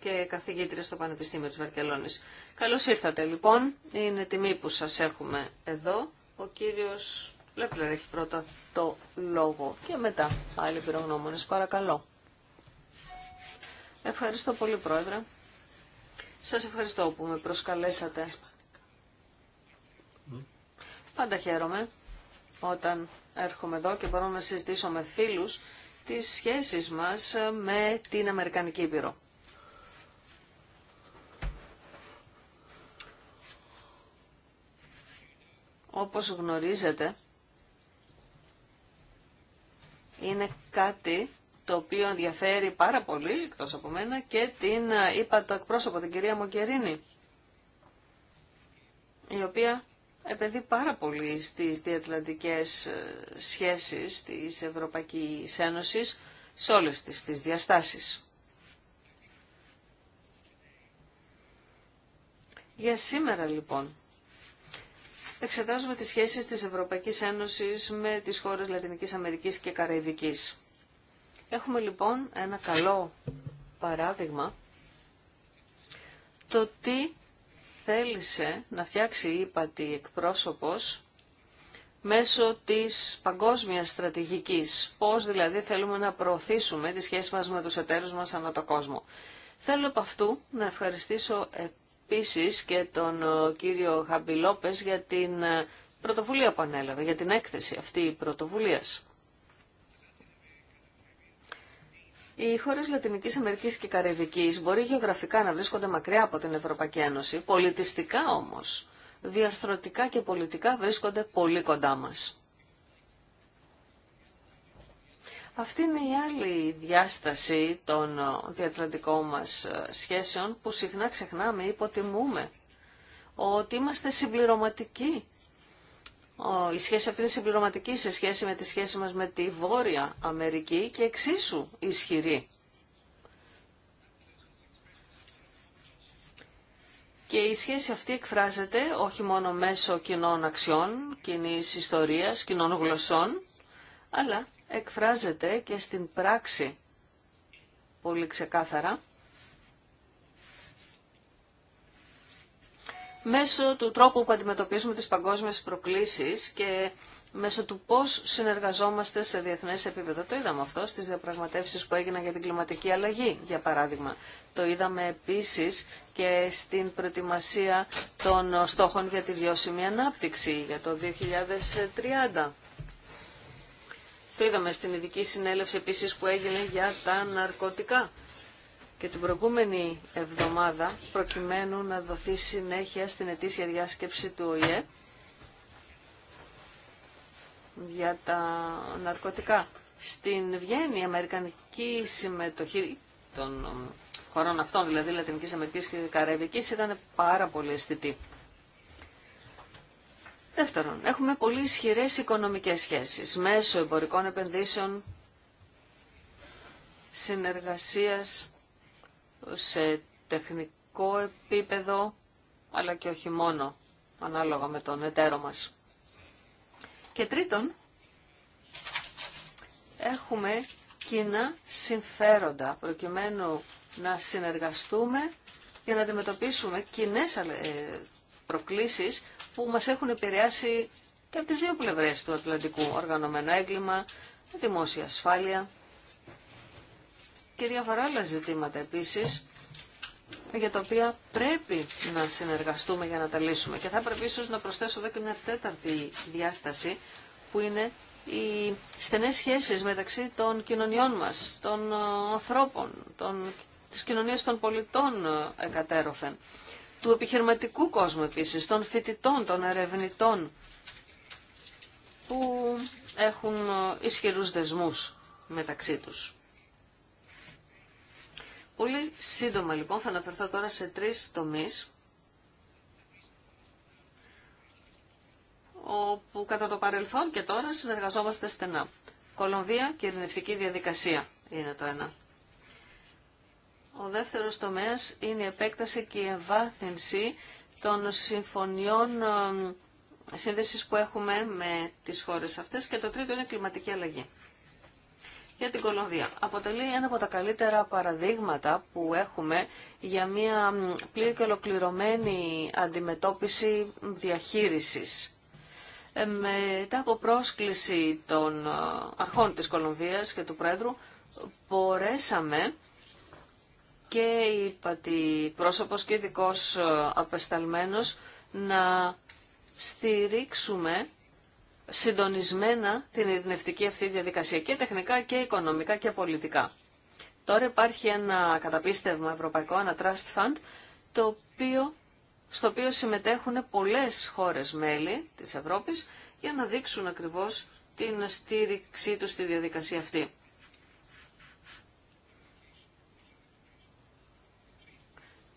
και καθηγήτρια στο Πανεπιστήμιο της Βαρκελόνης. Καλώς ήρθατε λοιπόν, είναι τιμή που σας έχουμε εδώ. Ο κύριος Λέπλερ έχει πρώτα το λόγο και μετά άλλοι πυρογνώμονες. Παρακαλώ. Ευχαριστώ πολύ Πρόεδρε. Σας ευχαριστώ που με προσκαλέσατε. Πάντα χαίρομαι όταν έρχομαι εδώ και μπορώ να συζητήσω με φίλους τις σχέσεις μας με την Αμερικανική Ήπειρο. Όπως γνωρίζετε, είναι κάτι το οποίο ενδιαφέρει πάρα πολύ, εκτός από μένα, και την ε, είπα το εκπρόσωπο, την κυρία Μογκερίνη, η οποία επενδύει πάρα πολύ στις διατλαντικές ε, σχέσεις της Ευρωπαϊκής Ένωσης σε όλες τις, τις διαστάσεις. Για σήμερα λοιπόν, εξετάζουμε τις σχέσεις της Ευρωπαϊκής Ένωσης με τις χώρες Λατινικής Αμερικής και Καραϊβικής. Έχουμε λοιπόν ένα καλό παράδειγμα το τι θέλησε να φτιάξει η ύπατη εκπρόσωπος μέσω της παγκόσμιας στρατηγικής. Πώς δηλαδή θέλουμε να προωθήσουμε τη σχέση μας με τους εταίρους μας ανά το κόσμο. Θέλω από αυτού να ευχαριστήσω επίσης και τον ε, κύριο Χαμπιλόπες για την ε, πρωτοβουλία που ανέλαβε, για την έκθεση αυτή πρωτοβουλίας. Οι χώρες Λατινικής Αμερικής και Καραϊβικής μπορεί γεωγραφικά να βρίσκονται μακριά από την Ευρωπαϊκή Ένωση, πολιτιστικά όμως, διαρθρωτικά και πολιτικά βρίσκονται πολύ κοντά μας. Αυτή είναι η άλλη διάσταση των ε, διατρατικών μας ε, σχέσεων που συχνά ξεχνάμε ή υποτιμούμε. Ότι είμαστε συμπληρωματικοί. Η σχέση αυτή είναι συμπληρωματική σε σχέση με τη σχέση μας με τη Βόρεια Αμερική και εξίσου ισχυρή. Και η σχέση αυτή εκφράζεται όχι μόνο μέσω κοινών αξιών, κοινή ιστορίας, κοινών γλωσσών, αλλά εκφράζεται και στην πράξη πολύ ξεκάθαρα μέσω του τρόπου που αντιμετωπίζουμε τις παγκόσμιες προκλήσεις και μέσω του πώς συνεργαζόμαστε σε διεθνές επίπεδο. Το είδαμε αυτό στις διαπραγματεύσεις που έγιναν για την κλιματική αλλαγή, για παράδειγμα. Το είδαμε επίσης και στην προετοιμασία των στόχων για τη βιώσιμη ανάπτυξη για το 2030. Το είδαμε στην ειδική συνέλευση επίσης που έγινε για τα ναρκωτικά. Και την προηγούμενη εβδομάδα, προκειμένου να δοθεί συνέχεια στην ετήσια διάσκεψη του ΟΗΕ για τα ναρκωτικά. Στην Βιέννη, η Αμερικανική συμμετοχή των ε, χωρών αυτών, δηλαδή Λατινικής Αμερικής και Καραϊβικής, ήταν πάρα πολύ αισθητή. Δεύτερον, έχουμε πολύ ισχυρέ οικονομικές σχέσεις μέσω εμπορικών επενδύσεων, συνεργασίας σε τεχνικό επίπεδο, αλλά και όχι μόνο, ανάλογα με τον εταίρο μας. Και τρίτον, έχουμε κοινά συμφέροντα, προκειμένου να συνεργαστούμε για να αντιμετωπίσουμε κοινέ ε, προκλήσεις που μας έχουν επηρεάσει και από τις δύο πλευρές του Ατλαντικού. Οργανωμένο έγκλημα, δημόσια ασφάλεια και διάφορα άλλα ζητήματα επίσης για τα οποία πρέπει να συνεργαστούμε για να τα λύσουμε. Και θα πρέπει ίσως να προσθέσω εδώ και μια τέταρτη διάσταση που είναι οι στενές σχέσεις μεταξύ των κοινωνιών μας, των ε, ανθρώπων, των, της κοινωνίας των πολιτών εκατέρωθεν του επιχειρηματικού κόσμου επίσης, των φοιτητών, των ερευνητών που έχουν ε, ισχυρούς δεσμούς μεταξύ τους. Πολύ σύντομα λοιπόν θα αναφερθώ τώρα σε τρεις τομείς όπου κατά το παρελθόν και τώρα συνεργαζόμαστε στενά. Κολομβία και ειρηνευτική διαδικασία είναι το ένα. Ο δεύτερος τομέας είναι η επέκταση και η ευάθυνση των συμφωνιών σύνδεσης που έχουμε με τις χώρες αυτές και το τρίτο είναι η κλιματική αλλαγή. Για την Κολομβία. Αποτελεί ένα από τα καλύτερα παραδείγματα που έχουμε για μια πλήρη και ολοκληρωμένη αντιμετώπιση διαχείρισης μετά από πρόσκληση των ε, αρχών της Κολομβίας και του Πρόεδρου μπορέσαμε και είπα πατή πρόσωπος και ειδικό ε, απεσταλμένος να στηρίξουμε συντονισμένα την ειρηνευτική αυτή διαδικασία και τεχνικά και οικονομικά και πολιτικά. Τώρα υπάρχει ένα καταπίστευμα ευρωπαϊκό, ένα trust fund, το οποίο, στο οποίο συμμετέχουν πολλές χώρες μέλη της Ευρώπης για να δείξουν ακριβώς την στήριξή του στη διαδικασία αυτή.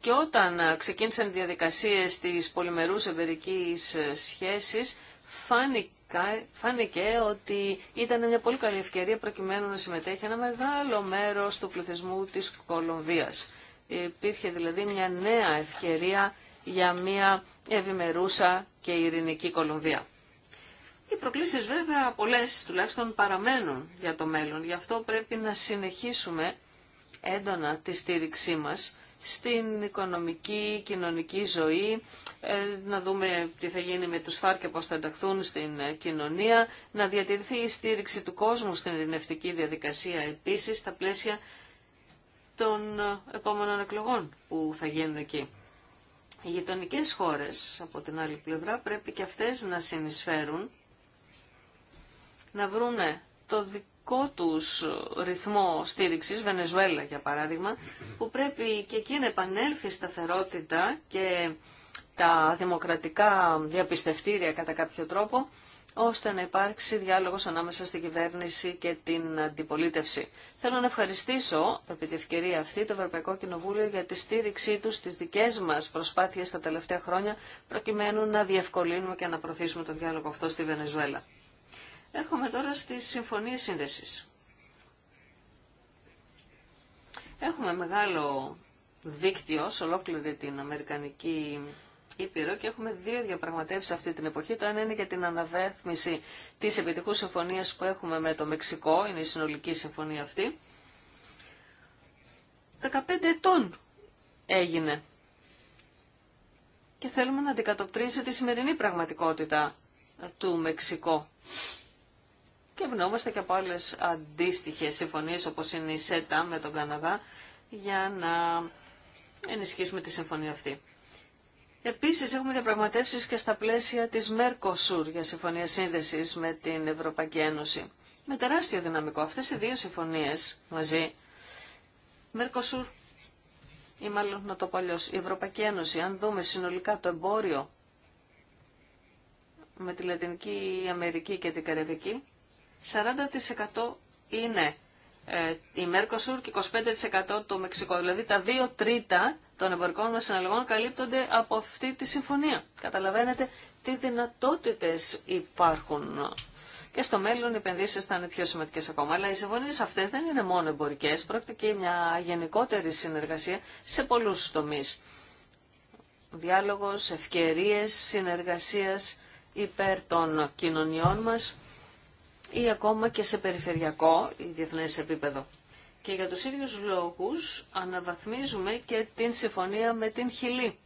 Και όταν ε, ξεκίνησαν οι διαδικασίες της πολυμερούς εμπερικής ε, σχέσης, φάνηκε, ότι ήταν μια πολύ καλή ευκαιρία προκειμένου να συμμετέχει ένα μεγάλο μέρος του πληθυσμού της Κολομβίας. Υπήρχε δηλαδή μια νέα ευκαιρία για μια ευημερούσα και ειρηνική Κολομβία. Οι προκλήσεις βέβαια πολλές τουλάχιστον παραμένουν για το μέλλον. Γι' αυτό πρέπει να συνεχίσουμε έντονα τη στήριξή μας στην οικονομική, κοινωνική ζωή, ε, να δούμε τι θα γίνει με τους ΦΑΡ και πώς θα ενταχθούν στην κοινωνία, να διατηρηθεί η στήριξη του κόσμου στην ειρηνευτική διαδικασία επίσης στα πλαίσια των επόμενων εκλογών που θα γίνουν εκεί. Οι γειτονικέ χώρες, από την άλλη πλευρά, πρέπει και αυτές να συνεισφέρουν, να βρούνε το δικό δικό τους ρυθμό στήριξης, Βενεζουέλα για παράδειγμα, που πρέπει και εκεί να επανέλθει σταθερότητα και τα δημοκρατικά διαπιστευτήρια κατά κάποιο τρόπο, ώστε να υπάρξει διάλογος ανάμεσα στην κυβέρνηση και την αντιπολίτευση. Θέλω να ευχαριστήσω, επί τη ευκαιρία αυτή, το Ευρωπαϊκό Κοινοβούλιο για τη στήριξή του στις δικές μας προσπάθειες τα τελευταία χρόνια, προκειμένου να διευκολύνουμε και να προωθήσουμε τον διάλογο αυτό στη Βενεζουέλα. Έρχομαι τώρα στις συμφωνίες σύνδεσης. Έχουμε μεγάλο δίκτυο σε ολόκληρη την Αμερικανική Ήπειρο και έχουμε δύο διαπραγματεύσεις αυτή την εποχή. Το ένα είναι για την αναβέθμιση της επιτυχούς συμφωνίας που έχουμε με το Μεξικό, είναι η συνολική συμφωνία αυτή. 15 ετών έγινε και θέλουμε να αντικατοπτρίζει τη σημερινή πραγματικότητα του Μεξικού και ευνόμαστε και από άλλε αντίστοιχε συμφωνίε όπω είναι η ΣΕΤΑ με τον Καναδά για να ενισχύσουμε τη συμφωνία αυτή. Επίσης έχουμε διαπραγματεύσεις και στα πλαίσια της Μέρκοσουρ για συμφωνία σύνδεσης με την Ευρωπαϊκή Ένωση. Με τεράστιο δυναμικό αυτές οι δύο συμφωνίες μαζί, Μέρκοσουρ ή μάλλον να το πω αλλιώς, η Ευρωπαϊκή Ένωση, αν δούμε συνολικά το εμπόριο με τη Λατινική Αμερική και την Καραβική, 40% είναι ε, η Mercosur και 25% το Μεξικό. Δηλαδή τα δύο τρίτα των εμπορικών μας συναλλαγών καλύπτονται από αυτή τη συμφωνία. Καταλαβαίνετε τι δυνατότητες υπάρχουν. Και στο μέλλον οι επενδύσει θα είναι πιο σημαντικέ ακόμα. Αλλά οι συμφωνίε αυτέ δεν είναι μόνο εμπορικέ, πρόκειται και μια γενικότερη συνεργασία σε πολλού τομεί. Διάλογο, ευκαιρίε συνεργασία υπέρ των κοινωνιών μας ή ακόμα και σε περιφερειακό ή διεθνές επίπεδο. Και για τους ίδιους λόγους αναβαθμίζουμε και την συμφωνία με την Χιλή.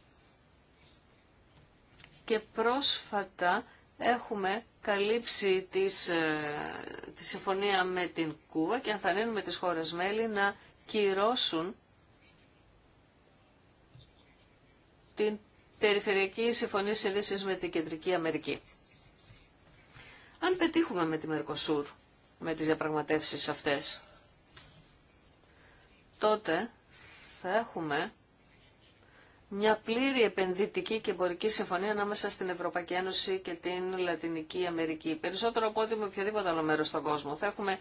Και πρόσφατα έχουμε καλύψει τις, ε, τη συμφωνία με την Κούβα και ανθανένουμε τις χώρες μέλη να κυρώσουν την Περιφερειακή Συμφωνία Συνδύσης με την Κεντρική Αμερική. Αν πετύχουμε με τη Μερκοσούρ, με τις διαπραγματεύσεις αυτές, τότε θα έχουμε μια πλήρη επενδυτική και εμπορική συμφωνία ανάμεσα στην Ευρωπαϊκή Ένωση και την Λατινική Αμερική. Περισσότερο από ό,τι με οποιοδήποτε άλλο μέρος στον κόσμο. Θα έχουμε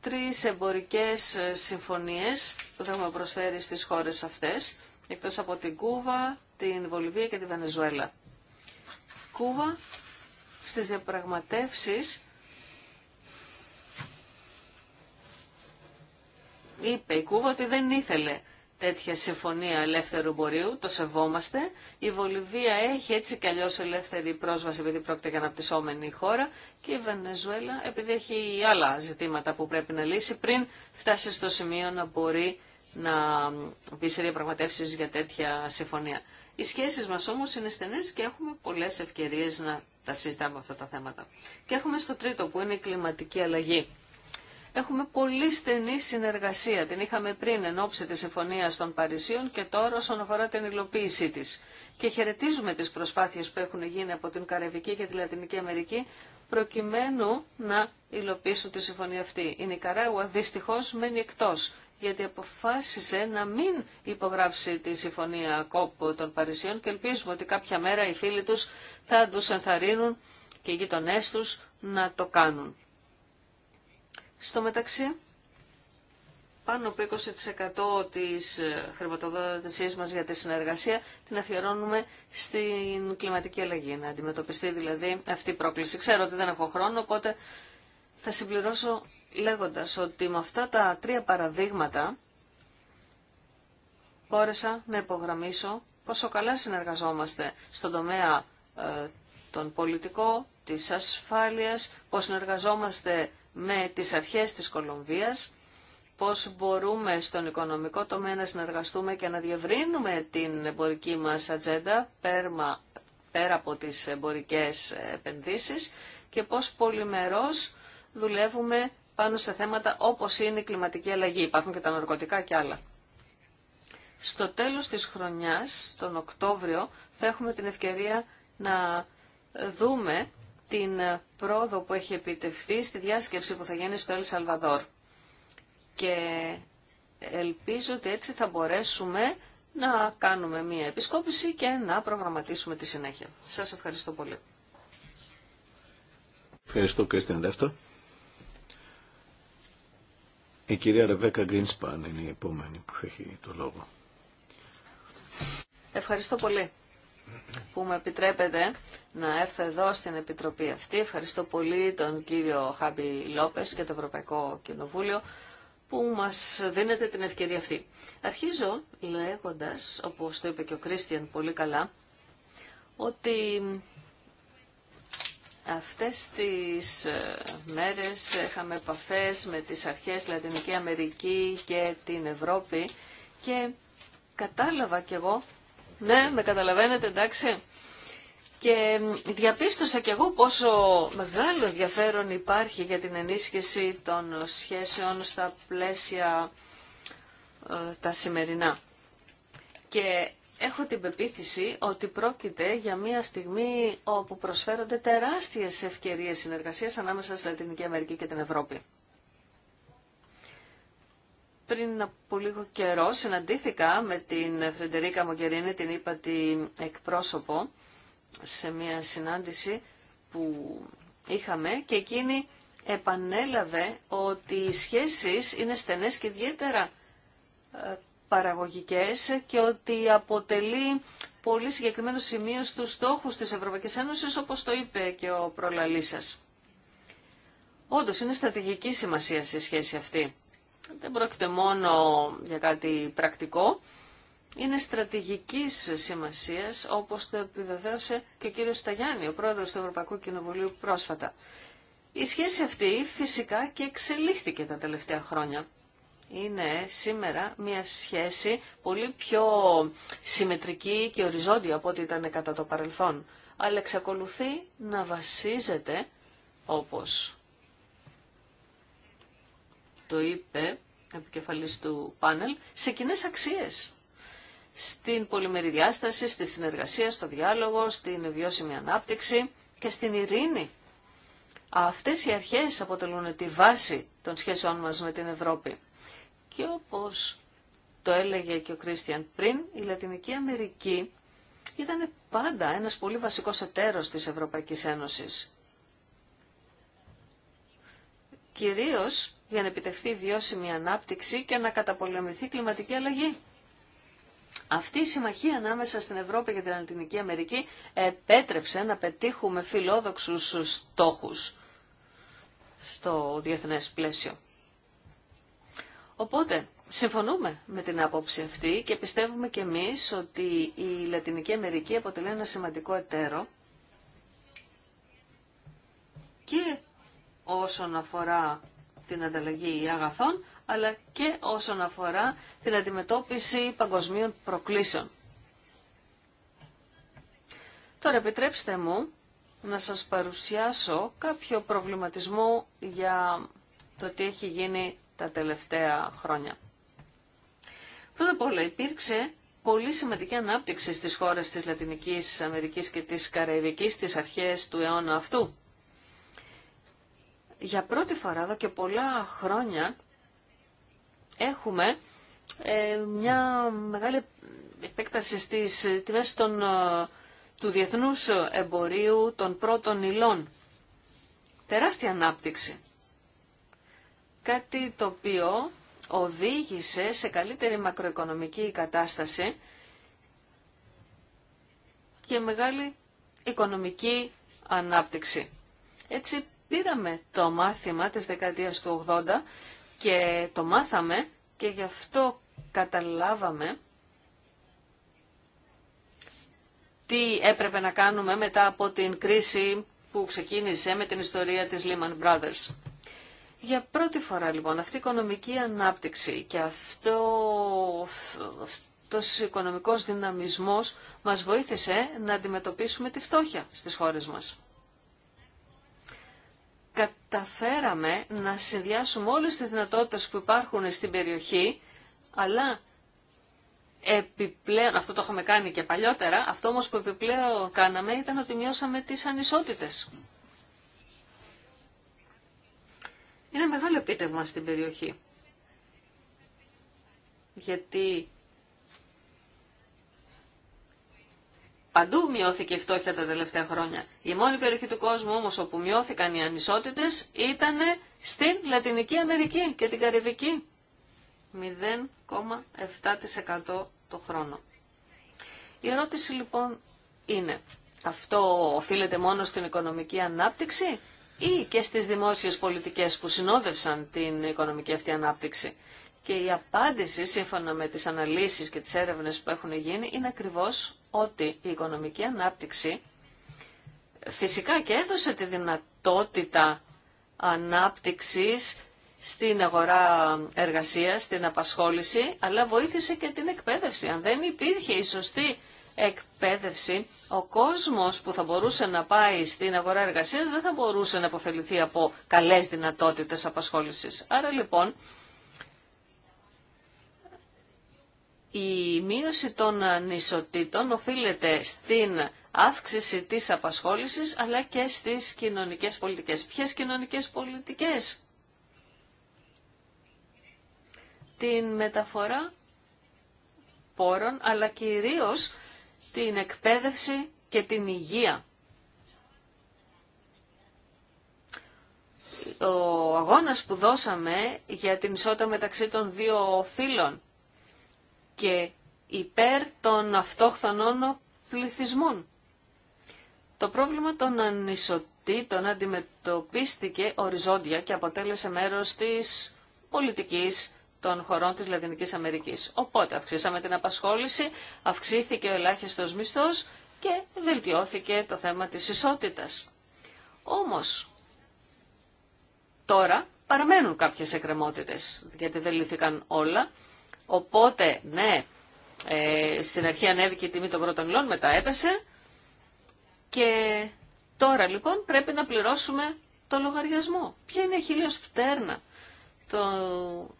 τρεις εμπορικές ε, συμφωνίες που θα έχουμε προσφέρει στις χώρες αυτές, εκτός από την Κούβα, την Βολιβία και τη Βενεζουέλα. Κούβα στις διαπραγματεύσεις είπε η Κούβα ότι δεν ήθελε τέτοια συμφωνία ελεύθερου μπορείου, το σεβόμαστε. Η Βολιβία έχει έτσι κι αλλιώς ελεύθερη πρόσβαση επειδή πρόκειται για αναπτυσσόμενη χώρα και η Βενεζουέλα επειδή έχει άλλα ζητήματα που πρέπει να λύσει πριν φτάσει στο σημείο να μπορεί να πει σε διαπραγματεύσεις για τέτοια συμφωνία. Οι σχέσεις μας όμως είναι στενές και έχουμε πολλές ευκαιρίες να τα συζητάμε αυτά τα θέματα. Και έρχομαι στο τρίτο που είναι η κλιματική αλλαγή. Έχουμε πολύ στενή συνεργασία. Την είχαμε πριν εν ώψη τη Συμφωνία των Παρισίων και τώρα όσον αφορά την υλοποίησή τη. Και χαιρετίζουμε τι προσπάθειε που έχουν γίνει από την Καραϊβική και τη Λατινική Αμερική προκειμένου να υλοποιήσουν τη συμφωνία αυτή. Η Νικαράγουα δυστυχώ μένει εκτό γιατί αποφάσισε να μην υπογράψει τη συμφωνία κόπο των Παρισιών και ελπίζουμε ότι κάποια μέρα οι φίλοι τους θα τους ενθαρρύνουν και οι γείτονέ του να το κάνουν. Στο μεταξύ, πάνω από 20% της ε, χρηματοδότησής μας για τη συνεργασία την αφιερώνουμε στην κλιματική αλλαγή, να αντιμετωπιστεί δηλαδή αυτή η πρόκληση. Ξέρω ότι δεν έχω χρόνο, οπότε θα συμπληρώσω λέγοντας ότι με αυτά τα τρία παραδείγματα μπόρεσα να υπογραμμίσω πόσο καλά συνεργαζόμαστε στον τομέα ε, των πολιτικό, της ασφάλειας, πώς συνεργαζόμαστε με τις αρχές της Κολομβίας, πώς μπορούμε στον οικονομικό τομέα να συνεργαστούμε και να διευρύνουμε την εμπορική μας ατζέντα πέρα, από τις εμπορικές επενδύσεις και πώς πολυμερώς δουλεύουμε πάνω σε θέματα όπως είναι η κλιματική αλλαγή. Υπάρχουν και τα ναρκωτικά και άλλα. Στο τέλος της χρονιάς, τον Οκτώβριο, θα έχουμε την ευκαιρία να δούμε την πρόοδο που έχει επιτευχθεί στη διάσκεψη που θα γίνει στο Ελ Σαλβαδόρ. Και ελπίζω ότι έτσι θα μπορέσουμε να κάνουμε μία επισκόπηση και να προγραμματίσουμε τη συνέχεια. Σας ευχαριστώ πολύ. Ευχαριστώ και στην δεύτερο. Η κυρία Ρεβέκα Γκρινσπάν είναι η επόμενη που έχει το λόγο. Ευχαριστώ πολύ που με επιτρέπετε να έρθω εδώ στην Επιτροπή αυτή. Ευχαριστώ πολύ τον κύριο Χάμπι Λόπες και το Ευρωπαϊκό Κοινοβούλιο που μας δίνετε την ευκαιρία αυτή. Αρχίζω λέγοντας, όπως το είπε και ο Κρίστιαν πολύ καλά, ότι Αυτές τις ε, μέρες είχαμε επαφές με τις αρχές Λατινική Αμερική και την Ευρώπη και κατάλαβα κι εγώ, ναι με καταλαβαίνετε εντάξει, και διαπίστωσα κι εγώ πόσο μεγάλο ενδιαφέρον υπάρχει για την ενίσχυση των σχέσεων στα πλαίσια ε, τα σημερινά. Και Έχω την πεποίθηση ότι πρόκειται για μια στιγμή όπου προσφέρονται τεράστιες ευκαιρίες συνεργασίας ανάμεσα στη Λατινική Αμερική και την Ευρώπη. Πριν από λίγο καιρό συναντήθηκα με την Φρεντερίκα Μογκερίνη, την είπα την εκπρόσωπο, σε μια συνάντηση που είχαμε και εκείνη επανέλαβε ότι οι σχέσεις είναι στενές και ιδιαίτερα ε, παραγωγικές και ότι αποτελεί πολύ συγκεκριμένο σημείο στους στόχους της Ευρωπαϊκής Ένωσης, όπως το είπε και ο προλαλής σας. Όντω είναι στρατηγική σημασία σε σχέση αυτή. Δεν πρόκειται μόνο για κάτι πρακτικό, είναι στρατηγικής σημασίας, όπως το επιβεβαίωσε και ο κύριος Σταγιάννη, ο πρόεδρος του Ευρωπαϊκού Κοινοβουλίου πρόσφατα. Η σχέση αυτή φυσικά και εξελίχθηκε τα τελευταία χρόνια είναι σήμερα μια σχέση πολύ πιο συμμετρική και οριζόντια από ό,τι ήταν κατά το παρελθόν. Αλλά εξακολουθεί να βασίζεται, όπως το είπε επικεφαλής του πάνελ, σε κοινέ αξίες. Στην πολυμερή διάσταση, στη συνεργασία, στο διάλογο, στην βιώσιμη ανάπτυξη και στην ειρήνη. Αυτές οι αρχές αποτελούν τη βάση των σχέσεών μας με την Ευρώπη. Και όπως το έλεγε και ο Κρίστιαν πριν, η Λατινική Αμερική ήταν πάντα ένας πολύ βασικός εταίρος της Ευρωπαϊκής Ένωσης. Κυρίως για να επιτευχθεί βιώσιμη ανάπτυξη και να καταπολεμηθεί κλιματική αλλαγή. Αυτή η συμμαχία ανάμεσα στην Ευρώπη και την Λατινική Αμερική επέτρεψε να πετύχουμε φιλόδοξους στόχους στο διεθνές πλαίσιο. Οπότε, συμφωνούμε με την άποψη αυτή και πιστεύουμε και εμείς ότι η Λατινική Αμερική αποτελεί ένα σημαντικό εταίρο και όσον αφορά την ανταλλαγή αγαθών, αλλά και όσον αφορά την αντιμετώπιση παγκοσμίων προκλήσεων. Τώρα επιτρέψτε μου να σας παρουσιάσω κάποιο προβληματισμό για το τι έχει γίνει τα τελευταία χρόνια. Πρώτα απ' όλα υπήρξε πολύ σημαντική ανάπτυξη στις χώρες της Λατινικής Αμερικής και της Καραϊβικής στις αρχές του αιώνα αυτού. Για πρώτη φορά εδώ και πολλά χρόνια έχουμε ε, μια μεγάλη επέκταση στις τιμές των, ε, του διεθνούς εμπορίου των πρώτων υλών. Τεράστια ανάπτυξη. Κάτι το οποίο οδήγησε σε καλύτερη μακροοικονομική κατάσταση και μεγάλη οικονομική ανάπτυξη. Έτσι πήραμε το μάθημα της δεκαετίας του 80 και το μάθαμε και γι' αυτό καταλάβαμε τι έπρεπε να κάνουμε μετά από την κρίση που ξεκίνησε με την ιστορία της Lehman Brothers. Για πρώτη φορά λοιπόν αυτή η οικονομική ανάπτυξη και αυτό, αυτός ο οικονομικός δυναμισμός μας βοήθησε να αντιμετωπίσουμε τη φτώχεια στις χώρες μας. Καταφέραμε να συνδυάσουμε όλες τις δυνατότητες που υπάρχουν στην περιοχή, αλλά επιπλέον, αυτό το είχαμε κάνει και παλιότερα, αυτό όμως που επιπλέον κάναμε ήταν ότι μειώσαμε τις ανισότητες. Είναι μεγάλο επίτευγμα στην περιοχή. Γιατί παντού μειώθηκε η φτώχεια τα τελευταία χρόνια. Η μόνη περιοχή του κόσμου όμως όπου μειώθηκαν οι ανισότητες ήταν στην Λατινική Αμερική και την Καρυβική. 0,7% το χρόνο. Η ερώτηση λοιπόν είναι, αυτό οφείλεται μόνο στην οικονομική ανάπτυξη ή και στις δημόσιες πολιτικές που συνόδευσαν την οικονομική αυτή ανάπτυξη. Και η απάντηση, σύμφωνα με τις αναλύσεις και τις έρευνες που έχουν γίνει, είναι ακριβώς ότι η οικονομική ανάπτυξη φυσικά και έδωσε τη δυνατότητα ανάπτυξης στην αγορά εργασίας, στην απασχόληση, αλλά βοήθησε και την εκπαίδευση. Αν δεν υπήρχε η σωστή εκπαίδευση, ο κόσμος που θα μπορούσε να πάει στην αγορά εργασίας δεν θα μπορούσε να αποφεληθεί από καλές δυνατότητες απασχόλησης. Άρα λοιπόν η μείωση των ανισοτήτων οφείλεται στην αύξηση της απασχόλησης αλλά και στις κοινωνικές πολιτικές. Ποιες κοινωνικές πολιτικές? Την μεταφορά πόρων αλλά κυρίως την εκπαίδευση και την υγεία. Ο αγώνας που δώσαμε για την ισότητα μεταξύ των δύο φύλων και υπέρ των αυτόχθανών πληθυσμών. Το πρόβλημα των ανισοτήτων αντιμετωπίστηκε οριζόντια και αποτέλεσε μέρος της πολιτικής των χωρών της Λατινικής Αμερικής. Οπότε αυξήσαμε την απασχόληση, αυξήθηκε ο ελάχιστος μισθός και βελτιώθηκε το θέμα της ισότητας. Όμως, τώρα παραμένουν κάποιες εκκρεμότητες, γιατί δεν λύθηκαν όλα. Οπότε, ναι, ε, στην αρχή ανέβηκε η τιμή των πρώτων μετά έπεσε και τώρα λοιπόν πρέπει να πληρώσουμε το λογαριασμό. Ποια είναι η χιλίος πτέρνα το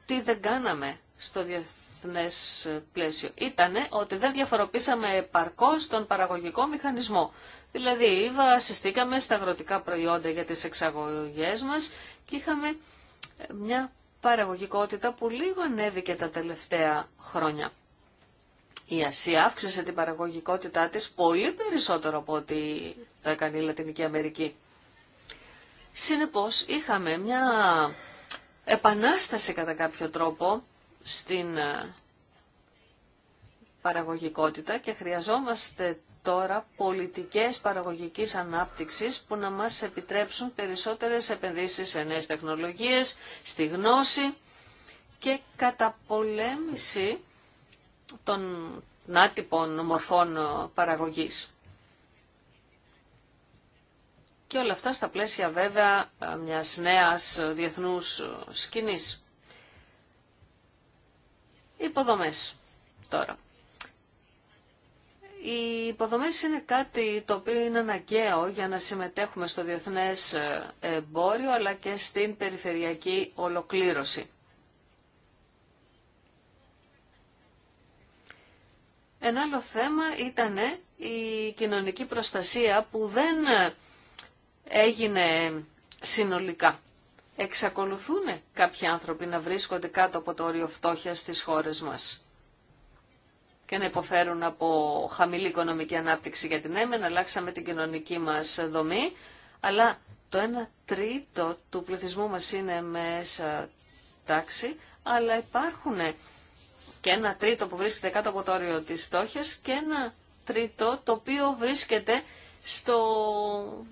τι δεν κάναμε στο διεθνές πλαίσιο. Ήτανε ότι δεν διαφοροποίησαμε επαρκώς τον παραγωγικό μηχανισμό. Δηλαδή βασιστήκαμε στα αγροτικά προϊόντα για τις εξαγωγές μας και είχαμε μια παραγωγικότητα που λίγο ανέβηκε τα τελευταία χρόνια. Η Ασία αύξησε την παραγωγικότητά της πολύ περισσότερο από ό,τι το έκανε η Λατινική Αμερική. Συνεπώς είχαμε μια επανάσταση κατά κάποιο τρόπο στην ε, παραγωγικότητα και χρειαζόμαστε τώρα πολιτικές παραγωγικής ανάπτυξης που να μας επιτρέψουν περισσότερες επενδύσεις σε νέες τεχνολογίες, στη γνώση και καταπολέμηση των άτυπων μορφών παραγωγής. Και όλα αυτά στα πλαίσια βέβαια μιας νέας διεθνούς σκηνής. Υποδομές τώρα. Οι υποδομές είναι κάτι το οποίο είναι αναγκαίο για να συμμετέχουμε στο διεθνές εμπόριο αλλά και στην περιφερειακή ολοκλήρωση. Ένα άλλο θέμα ήταν η κοινωνική προστασία που δεν έγινε συνολικά. Εξακολουθούν κάποιοι άνθρωποι να βρίσκονται κάτω από το όριο φτώχεια στις χώρες μας και να υποφέρουν από χαμηλή οικονομική ανάπτυξη για την έμενα, αλλάξαμε την κοινωνική μας δομή, αλλά το 1 τρίτο του πληθυσμού μας είναι μέσα τάξη, αλλά υπάρχουν και ένα τρίτο που βρίσκεται κάτω από το όριο της φτώχειας και ένα τρίτο το οποίο βρίσκεται στο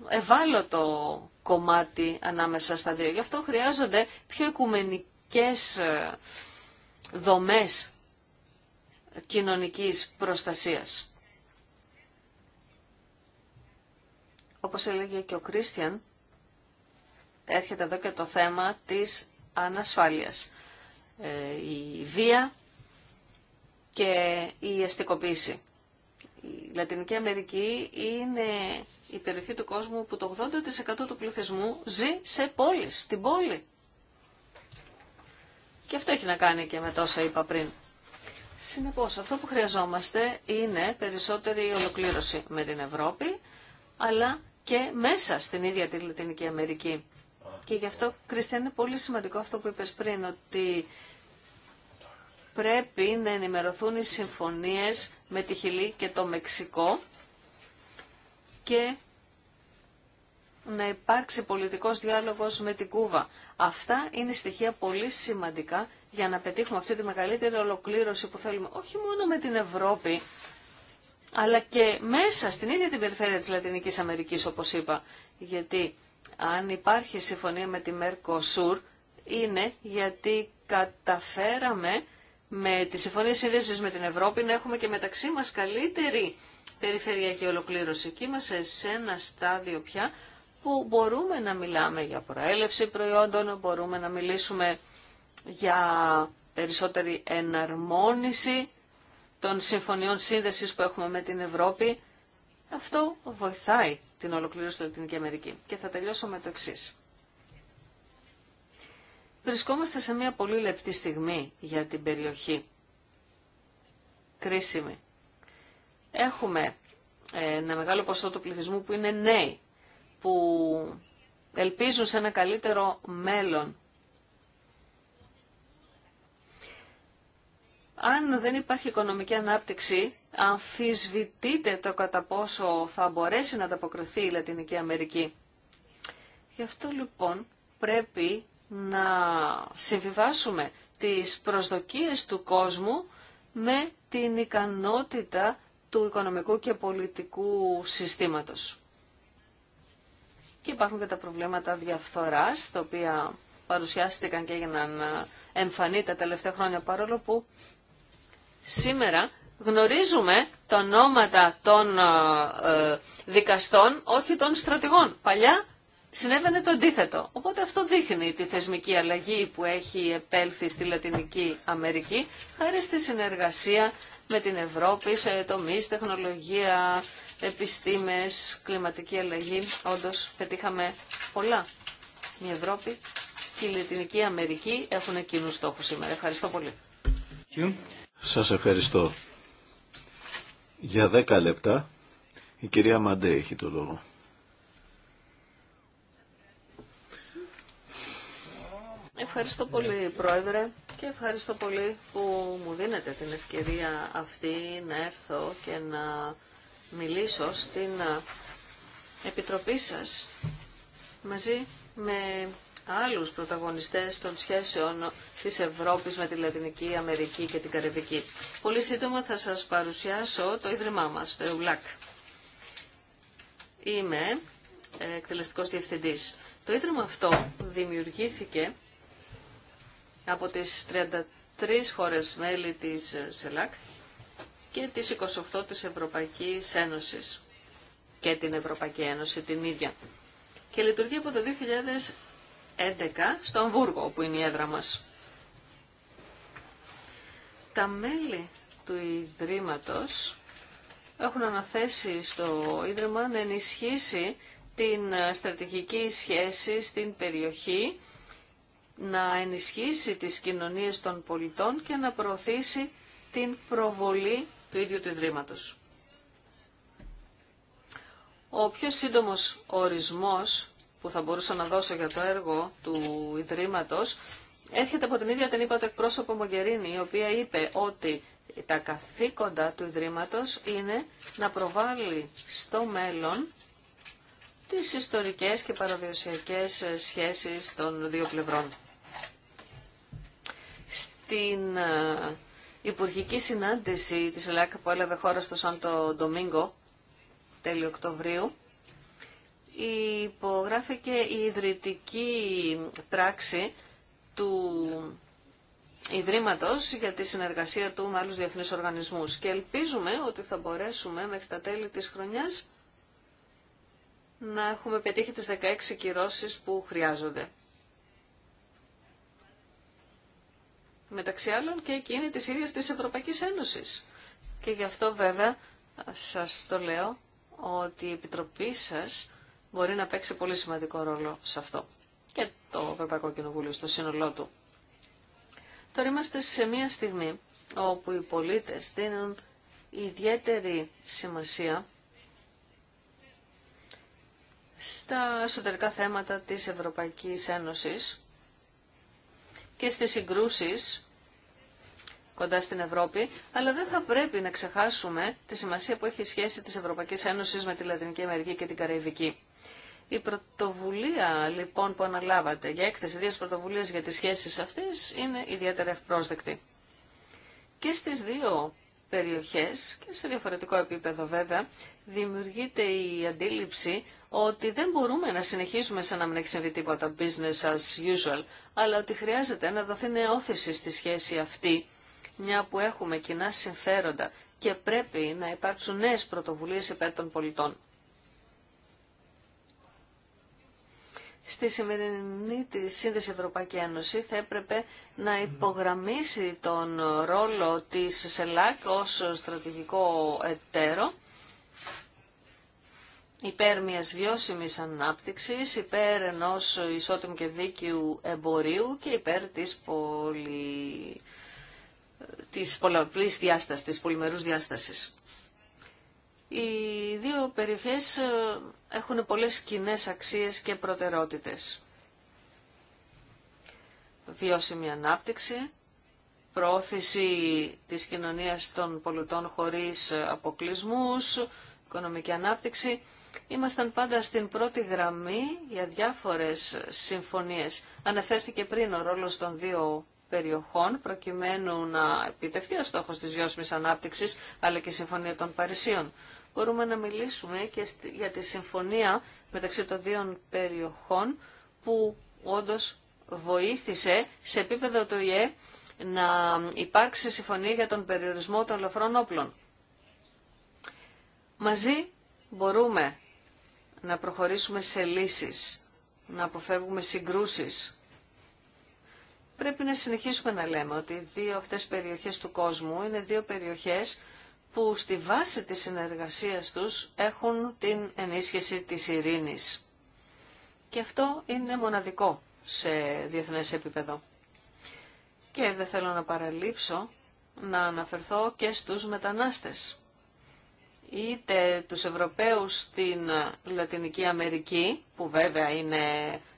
ευάλωτο κομμάτι ανάμεσα στα δύο. Γι' αυτό χρειάζονται πιο οικουμενικές ε, δομές κοινωνικής προστασίας. Όπως έλεγε και ο Κρίστιαν, έρχεται εδώ και το θέμα της ανασφάλειας. Ε, η βία και η αστικοποίηση. Λατινική Αμερική είναι η περιοχή του κόσμου που το 80% του πληθυσμού ζει σε πόλεις, στην πόλη. Και αυτό έχει να κάνει και με τόσα είπα πριν. Συνεπώς, αυτό που χρειαζόμαστε είναι περισσότερη ολοκλήρωση με την Ευρώπη, αλλά και μέσα στην ίδια τη Λατινική Αμερική. Και γι' αυτό, Κριστιαν, είναι πολύ σημαντικό αυτό που είπες πριν, ότι πρέπει να ενημερωθούν οι συμφωνίες με τη Χιλή και το Μεξικό και να υπάρξει πολιτικός διάλογος με την Κούβα. Αυτά είναι στοιχεία πολύ σημαντικά για να πετύχουμε αυτή τη μεγαλύτερη ολοκλήρωση που θέλουμε όχι μόνο με την Ευρώπη, αλλά και μέσα στην ίδια την περιφέρεια της Λατινικής Αμερικής, όπως είπα. Γιατί αν υπάρχει συμφωνία με τη Σούρ είναι γιατί καταφέραμε με τη Συμφωνία σύνδεση με την Ευρώπη να έχουμε και μεταξύ μας καλύτερη περιφερειακή ολοκλήρωση. Εκεί είμαστε σε ένα στάδιο πια που μπορούμε να μιλάμε για προέλευση προϊόντων, μπορούμε να μιλήσουμε για περισσότερη εναρμόνιση των συμφωνιών σύνδεσης που έχουμε με την Ευρώπη. Αυτό βοηθάει την ολοκλήρωση του Λατινική Αμερική. Και θα τελειώσω με το εξής. Βρισκόμαστε σε μια πολύ λεπτή στιγμή για την περιοχή. Κρίσιμη. Έχουμε ε, ένα μεγάλο ποσό του πληθυσμού που είναι νέοι, που ελπίζουν σε ένα καλύτερο μέλλον. Αν δεν υπάρχει οικονομική ανάπτυξη, αμφισβητείτε το κατά πόσο θα μπορέσει να ανταποκριθεί η Λατινική Αμερική. Γι' αυτό λοιπόν πρέπει να συμβιβάσουμε τις προσδοκίες του κόσμου με την ικανότητα του οικονομικού και πολιτικού συστήματος. Και υπάρχουν και τα προβλήματα διαφθοράς, τα οποία παρουσιάστηκαν και έγιναν ε, εμφανή τα τελευταία χρόνια, παρόλο που σήμερα γνωρίζουμε τα ονόματα των ε, ε, δικαστών, όχι των στρατηγών. Παλιά συνέβαινε το αντίθετο. Οπότε αυτό δείχνει τη θεσμική αλλαγή που έχει επέλθει στη Λατινική Αμερική χάρη στη συνεργασία με την Ευρώπη σε τομείς, τεχνολογία, επιστήμες, κλιματική αλλαγή. Όντως πετύχαμε πολλά. Η Ευρώπη και η Λατινική Αμερική έχουν κοινούς στόχους σήμερα. Ευχαριστώ πολύ. Σας ευχαριστώ. Για 10 λεπτά η κυρία Μαντέ έχει το λόγο. Ευχαριστώ πολύ, Πρόεδρε, και ευχαριστώ πολύ που μου δίνετε την ευκαιρία αυτή να έρθω και να μιλήσω στην Επιτροπή σας μαζί με άλλους πρωταγωνιστές των σχέσεων της Ευρώπης με τη Λατινική Αμερική και την Καρεβική. Πολύ σύντομα θα σας παρουσιάσω το Ίδρυμά μας, το ΕΟΛΑΚ. Είμαι εκτελεστικός διευθυντής. Το Ίδρυμα αυτό δημιουργήθηκε από τις 33 χώρες μέλη της ε, ΣΕΛΑΚ και τις 28 της Ευρωπαϊκής Ένωσης και την Ευρωπαϊκή Ένωση την ίδια. Και λειτουργεί από το 2011 στο Αμβούργο, που είναι η έδρα μας. Τα μέλη του Ιδρύματος έχουν αναθέσει στο Ίδρυμα να ενισχύσει την ε, στρατηγική σχέση στην περιοχή να ενισχύσει τις κοινωνίες των πολιτών και να προωθήσει την προβολή του ίδιου του Ιδρύματος. Ο πιο σύντομος ορισμός που θα μπορούσα να δώσω για το έργο του Ιδρύματος έρχεται από την ίδια την είπα το εκπρόσωπο Μογκερίνη, η οποία είπε ότι τα καθήκοντα του Ιδρύματος είναι να προβάλλει στο μέλλον τις ιστορικές και παραδοσιακές σχέσεις των δύο πλευρών την ε, υπουργική συνάντηση της ΕΛΑΚ που έλαβε χώρα στο Σάντο Ντομίνγκο τέλη Οκτωβρίου υπογράφηκε η ιδρυτική πράξη του Ιδρύματος για τη συνεργασία του με άλλους διεθνείς οργανισμούς και ελπίζουμε ότι θα μπορέσουμε μέχρι τα τέλη της χρονιάς να έχουμε πετύχει τις 16 κυρώσεις που χρειάζονται. μεταξύ άλλων και εκείνη της ίδιας της Ευρωπαϊκής Ένωσης. Και γι' αυτό βέβαια σας το λέω ότι η Επιτροπή σας μπορεί να παίξει πολύ σημαντικό ρόλο σε αυτό και το Ευρωπαϊκό Κοινοβούλιο στο σύνολό του. Τώρα είμαστε σε μια στιγμή όπου οι πολίτες δίνουν ιδιαίτερη σημασία στα εσωτερικά θέματα της Ευρωπαϊκής Ένωσης και στις συγκρούσεις κοντά στην Ευρώπη, αλλά δεν θα πρέπει να ξεχάσουμε τη σημασία που έχει η σχέση της Ευρωπαϊκής Ένωσης με τη Λατινική Αμερική και την Καραϊβική. Η πρωτοβουλία λοιπόν που αναλάβατε για έκθεση δύο πρωτοβουλίες για τις σχέσεις αυτές είναι ιδιαίτερα ευπρόσδεκτη. Και στις δύο περιοχές και σε διαφορετικό επίπεδο βέβαια, δημιουργείται η αντίληψη ότι δεν μπορούμε να συνεχίσουμε σαν να μην έχει συμβεί τίποτα business as usual, αλλά ότι χρειάζεται να δοθεί νεόθεση στη σχέση αυτή, μια που έχουμε κοινά συμφέροντα και πρέπει να υπάρξουν νέες πρωτοβουλίες υπέρ των πολιτών. στη σημερινή τη σύνδεση Ευρωπαϊκή Ένωση θα έπρεπε να υπογραμμίσει τον ρόλο της ΣΕΛΑΚ ως στρατηγικό εταίρο υπέρ μιας βιώσιμης ανάπτυξης, υπέρ ενός ισότιμου και δίκαιου εμπορίου και υπέρ της, πολυ... της πολλαπλής διάστασης, της πολυμερούς διάστασης. Οι δύο περιοχές ε, έχουν πολλές κοινέ αξίες και προτεραιότητες: Βιώσιμη ανάπτυξη, προώθηση της κοινωνίας των πολιτών χωρίς ε, αποκλεισμούς, οικονομική ανάπτυξη. Ήμασταν πάντα στην πρώτη γραμμή για διάφορες ε, συμφωνίες. Αναφέρθηκε πριν ο ρόλος των δύο περιοχών προκειμένου να επιτευχθεί ο στόχος της βιώσιμης ανάπτυξης αλλά και η Συμφωνία των Παρισίων μπορούμε να μιλήσουμε και για τη συμφωνία μεταξύ των δύο περιοχών που όντως βοήθησε σε επίπεδο του ΙΕ να υπάρξει συμφωνία για τον περιορισμό των λαφρών όπλων. Μαζί μπορούμε να προχωρήσουμε σε λύσεις, να αποφεύγουμε συγκρούσεις. Πρέπει να συνεχίσουμε να λέμε ότι οι δύο αυτές περιοχές του κόσμου είναι δύο περιοχές που στη βάση της συνεργασίας τους έχουν την ενίσχυση της ειρήνης. Και αυτό είναι μοναδικό σε διεθνές επίπεδο. Και δεν θέλω να παραλείψω να αναφερθώ και στους μετανάστες. Είτε τους Ευρωπαίους στην Λατινική Αμερική, που βέβαια είναι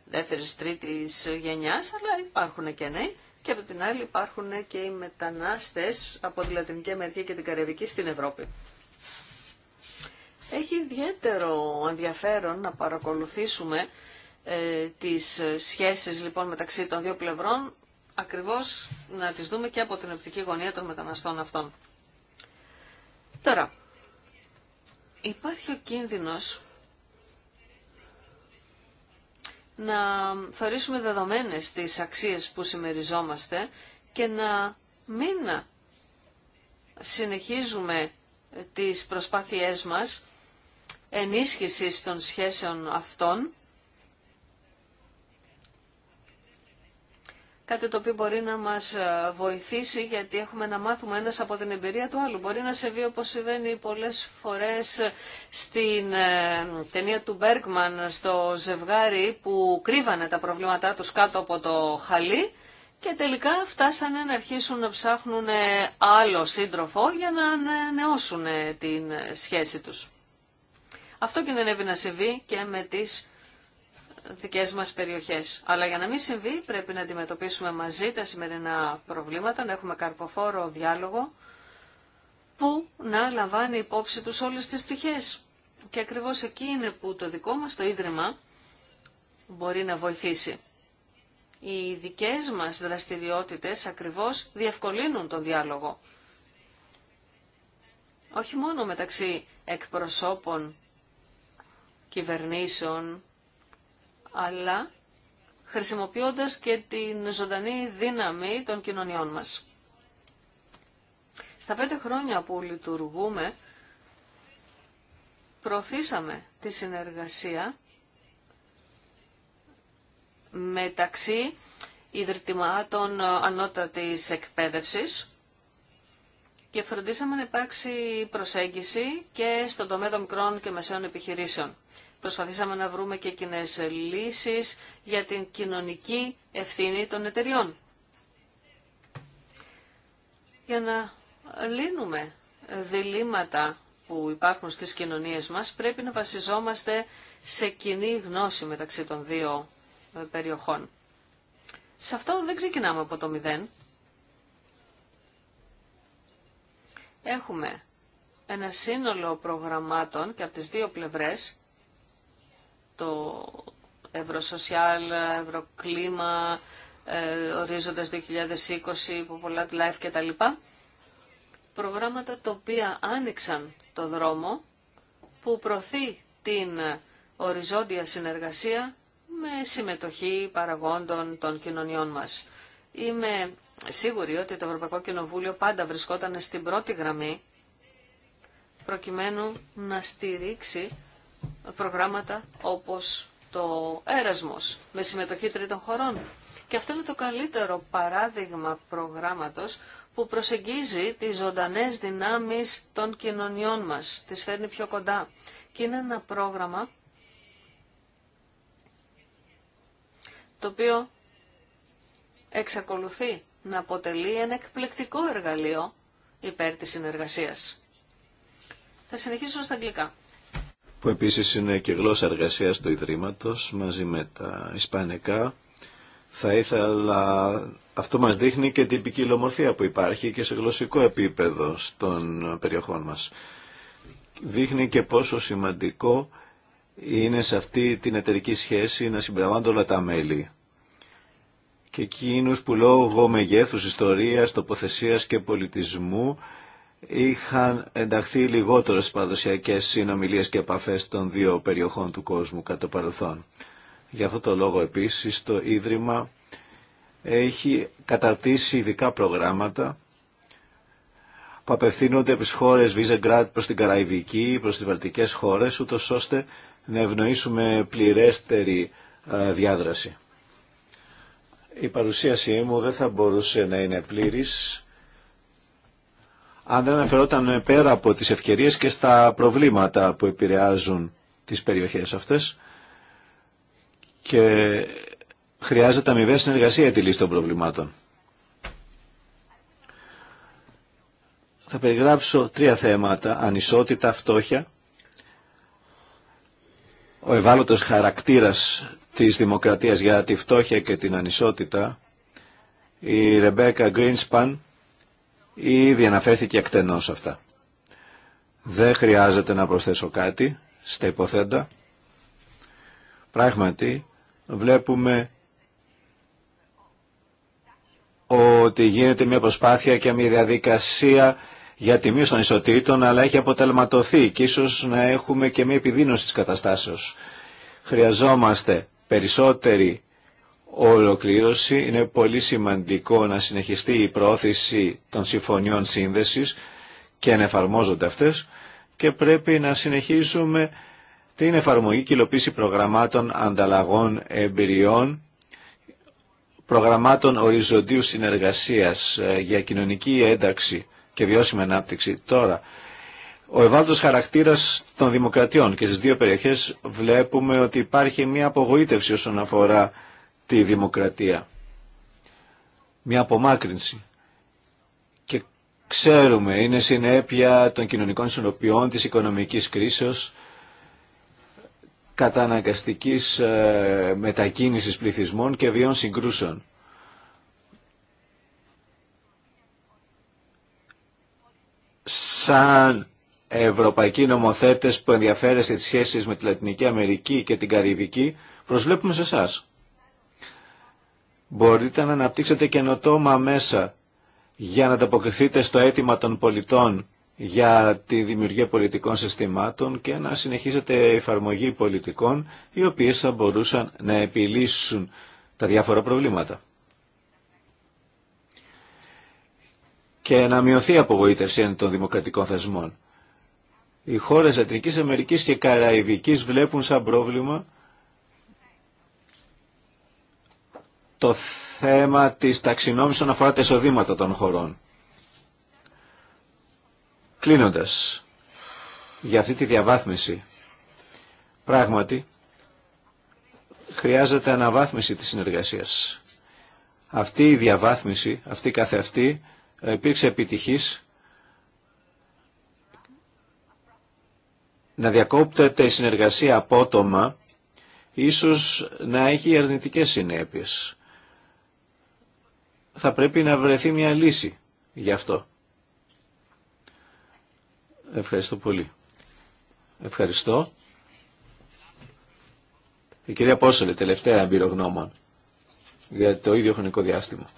δεύτερης, τρίτης γενιάς, αλλά υπάρχουν και νέοι, και από την άλλη υπάρχουν και οι μετανάστες από τη Λατινική Αμερική και την Καραϊβική στην Ευρώπη. Έχει ιδιαίτερο ενδιαφέρον να παρακολουθήσουμε ε, τις σχέσεις λοιπόν μεταξύ των δύο πλευρών, ακριβώς να τις δούμε και από την οπτική γωνία των μεταναστών αυτών. Τώρα, υπάρχει ο κίνδυνος να θεωρήσουμε δεδομένες τις αξίες που συμμεριζόμαστε και να μην συνεχίζουμε τις προσπάθειές μας ενίσχυσης των σχέσεων αυτών κάτι το οποίο μπορεί να μας ε, βοηθήσει γιατί έχουμε να μάθουμε ένας από την εμπειρία του άλλου. Μπορεί να σε βεί όπως συμβαίνει πολλές φορές ε, στην ε, ταινία του Μπέρκμαν στο ζευγάρι που κρύβανε τα προβλήματά τους κάτω από το χαλί και τελικά φτάσανε να αρχίσουν να ψάχνουν άλλο σύντροφο για να νεώσουν την σχέση τους. Αυτό κινδυνεύει να συμβεί και με τις Δικέ μας περιοχές. Αλλά για να μην συμβεί πρέπει να αντιμετωπίσουμε μαζί τα σημερινά προβλήματα, να έχουμε καρποφόρο διάλογο που να λαμβάνει υπόψη τους όλες τις πτυχές. Και ακριβώς εκεί είναι που το δικό μας το Ίδρυμα μπορεί να βοηθήσει. Οι δικές μας δραστηριότητες ακριβώς διευκολύνουν τον διάλογο. Όχι μόνο μεταξύ εκπροσώπων κυβερνήσεων, αλλά χρησιμοποιώντας και την ζωντανή δύναμη των κοινωνιών μας. Στα πέντε χρόνια που λειτουργούμε, προωθήσαμε τη συνεργασία μεταξύ ιδρυτημάτων ανώτατης εκπαίδευσης και φροντίσαμε να υπάρξει προσέγγιση και στον τομέα των μικρών και μεσαίων επιχειρήσεων. Προσπαθήσαμε να βρούμε και κοινέ λύσεις για την κοινωνική ευθύνη των εταιριών. Για να λύνουμε διλήμματα που υπάρχουν στις κοινωνίες μας, πρέπει να βασιζόμαστε σε κοινή γνώση μεταξύ των δύο ε, περιοχών. Σε αυτό δεν ξεκινάμε από το μηδέν. Έχουμε ένα σύνολο προγραμμάτων και από τις δύο πλευρές το ευρωσοσιάλ, ευρωκλίμα, ε, ορίζοντας 2020, που πολλά life κτλ. Προγράμματα τα οποία άνοιξαν το δρόμο που προωθεί την οριζόντια συνεργασία με συμμετοχή παραγόντων των κοινωνιών μας. Είμαι σίγουρη ότι το Ευρωπαϊκό Κοινοβούλιο πάντα βρισκόταν στην πρώτη γραμμή προκειμένου να στηρίξει προγράμματα όπως το Έρασμος με συμμετοχή τρίτων χωρών. Και αυτό είναι το καλύτερο παράδειγμα προγράμματος που προσεγγίζει τις ζωντανές δυνάμεις των κοινωνιών μας, τις φέρνει πιο κοντά. Και είναι ένα πρόγραμμα το οποίο εξακολουθεί να αποτελεί ένα εκπληκτικό εργαλείο υπέρ της συνεργασίας. Θα συνεχίσω στα αγγλικά που επίσης είναι και γλώσσα εργασίας του Ιδρύματος μαζί με τα Ισπανικά. Θα ήθελα... Αυτό μας δείχνει και την ποικιλομορφία που υπάρχει και σε γλωσσικό επίπεδο των περιοχών μας. Δείχνει και πόσο σημαντικό είναι σε αυτή την εταιρική σχέση να συμπεριλαμβάνονται όλα τα μέλη και εκείνου που λόγω μεγέθους ιστορίας, τοποθεσίας και πολιτισμού είχαν ενταχθεί λιγότερο στις παραδοσιακές συνομιλίες και επαφές των δύο περιοχών του κόσμου κατά το παρελθόν. Γι' αυτό το λόγο επίσης το Ίδρυμα έχει καταρτήσει ειδικά προγράμματα που απευθύνονται από τις χώρες Βίζεγκράτ προς την Καραϊβική, προς τις Βαλτικές χώρες, ούτως ώστε να ευνοήσουμε πληρέστερη διάδραση. Η παρουσίασή μου δεν θα μπορούσε να είναι πλήρης αν δεν αναφερόταν πέρα από τις ευκαιρίες και στα προβλήματα που επηρεάζουν τις περιοχές αυτές και χρειάζεται αμοιβαία συνεργασία για τη λύση των προβλημάτων. Θα περιγράψω τρία θέματα, ανισότητα, φτώχεια, ο ευάλωτος χαρακτήρας της δημοκρατίας για τη φτώχεια και την ανισότητα, η Ρεμπέκα Γκρίνσπαν, Ήδη αναφέρθηκε εκτενώς αυτά. Δεν χρειάζεται να προσθέσω κάτι στα υποθέντα. Πράγματι, βλέπουμε ότι γίνεται μια προσπάθεια και μια διαδικασία για τιμή των ισοτήτων, αλλά έχει αποτελματωθεί και ίσως να έχουμε και μια επιδείνωση της καταστάσεως. Χρειαζόμαστε περισσότερη ολοκλήρωση. Είναι πολύ σημαντικό να συνεχιστεί η πρόθεση των συμφωνιών σύνδεσης και να εφαρμόζονται αυτές και πρέπει να συνεχίσουμε την εφαρμογή και υλοποίηση προγραμμάτων ανταλλαγών εμπειριών, προγραμμάτων οριζοντίου συνεργασίας ε, για κοινωνική ένταξη και βιώσιμη ανάπτυξη. Τώρα, ο ευάλωτος χαρακτήρας των δημοκρατιών και στις δύο περιοχές βλέπουμε ότι υπάρχει μια απογοήτευση όσον αφορά τη δημοκρατία. Μια απομάκρυνση. Και ξέρουμε, είναι συνέπεια των κοινωνικών συνοπιών, της οικονομικής κρίσεως, καταναγκαστικής ε, μετακίνησης πληθυσμών και βιών συγκρούσεων. Σαν ευρωπαϊκοί νομοθέτες που ενδιαφέρεστε τις σχέσεις με τη Λατινική Αμερική και την Καρυβική, προσβλέπουμε σε εσάς μπορείτε να αναπτύξετε καινοτόμα μέσα για να ανταποκριθείτε στο αίτημα των πολιτών για τη δημιουργία πολιτικών συστημάτων και να συνεχίσετε εφαρμογή πολιτικών οι οποίες θα μπορούσαν να επιλύσουν τα διάφορα προβλήματα. Και να μειωθεί η απογοήτευση των δημοκρατικών θεσμών. Οι χώρες Ατρικής Αμερικής και Καραϊβικής βλέπουν σαν πρόβλημα το θέμα της ταξινόμησης όσον αφορά τα εισοδήματα των χωρών. Κλείνοντας για αυτή τη διαβάθμιση, πράγματι χρειάζεται αναβάθμιση της συνεργασίας. Αυτή η διαβάθμιση, αυτή καθεαυτή, υπήρξε επιτυχής να διακόπτεται η συνεργασία απότομα ίσως να έχει αρνητικές συνέπειες θα πρέπει να βρεθεί μια λύση γι' αυτό. Ευχαριστώ πολύ. Ευχαριστώ. Η κυρία Πόσολη, τελευταία εμπειρογνώμων για το ίδιο χρονικό διάστημα.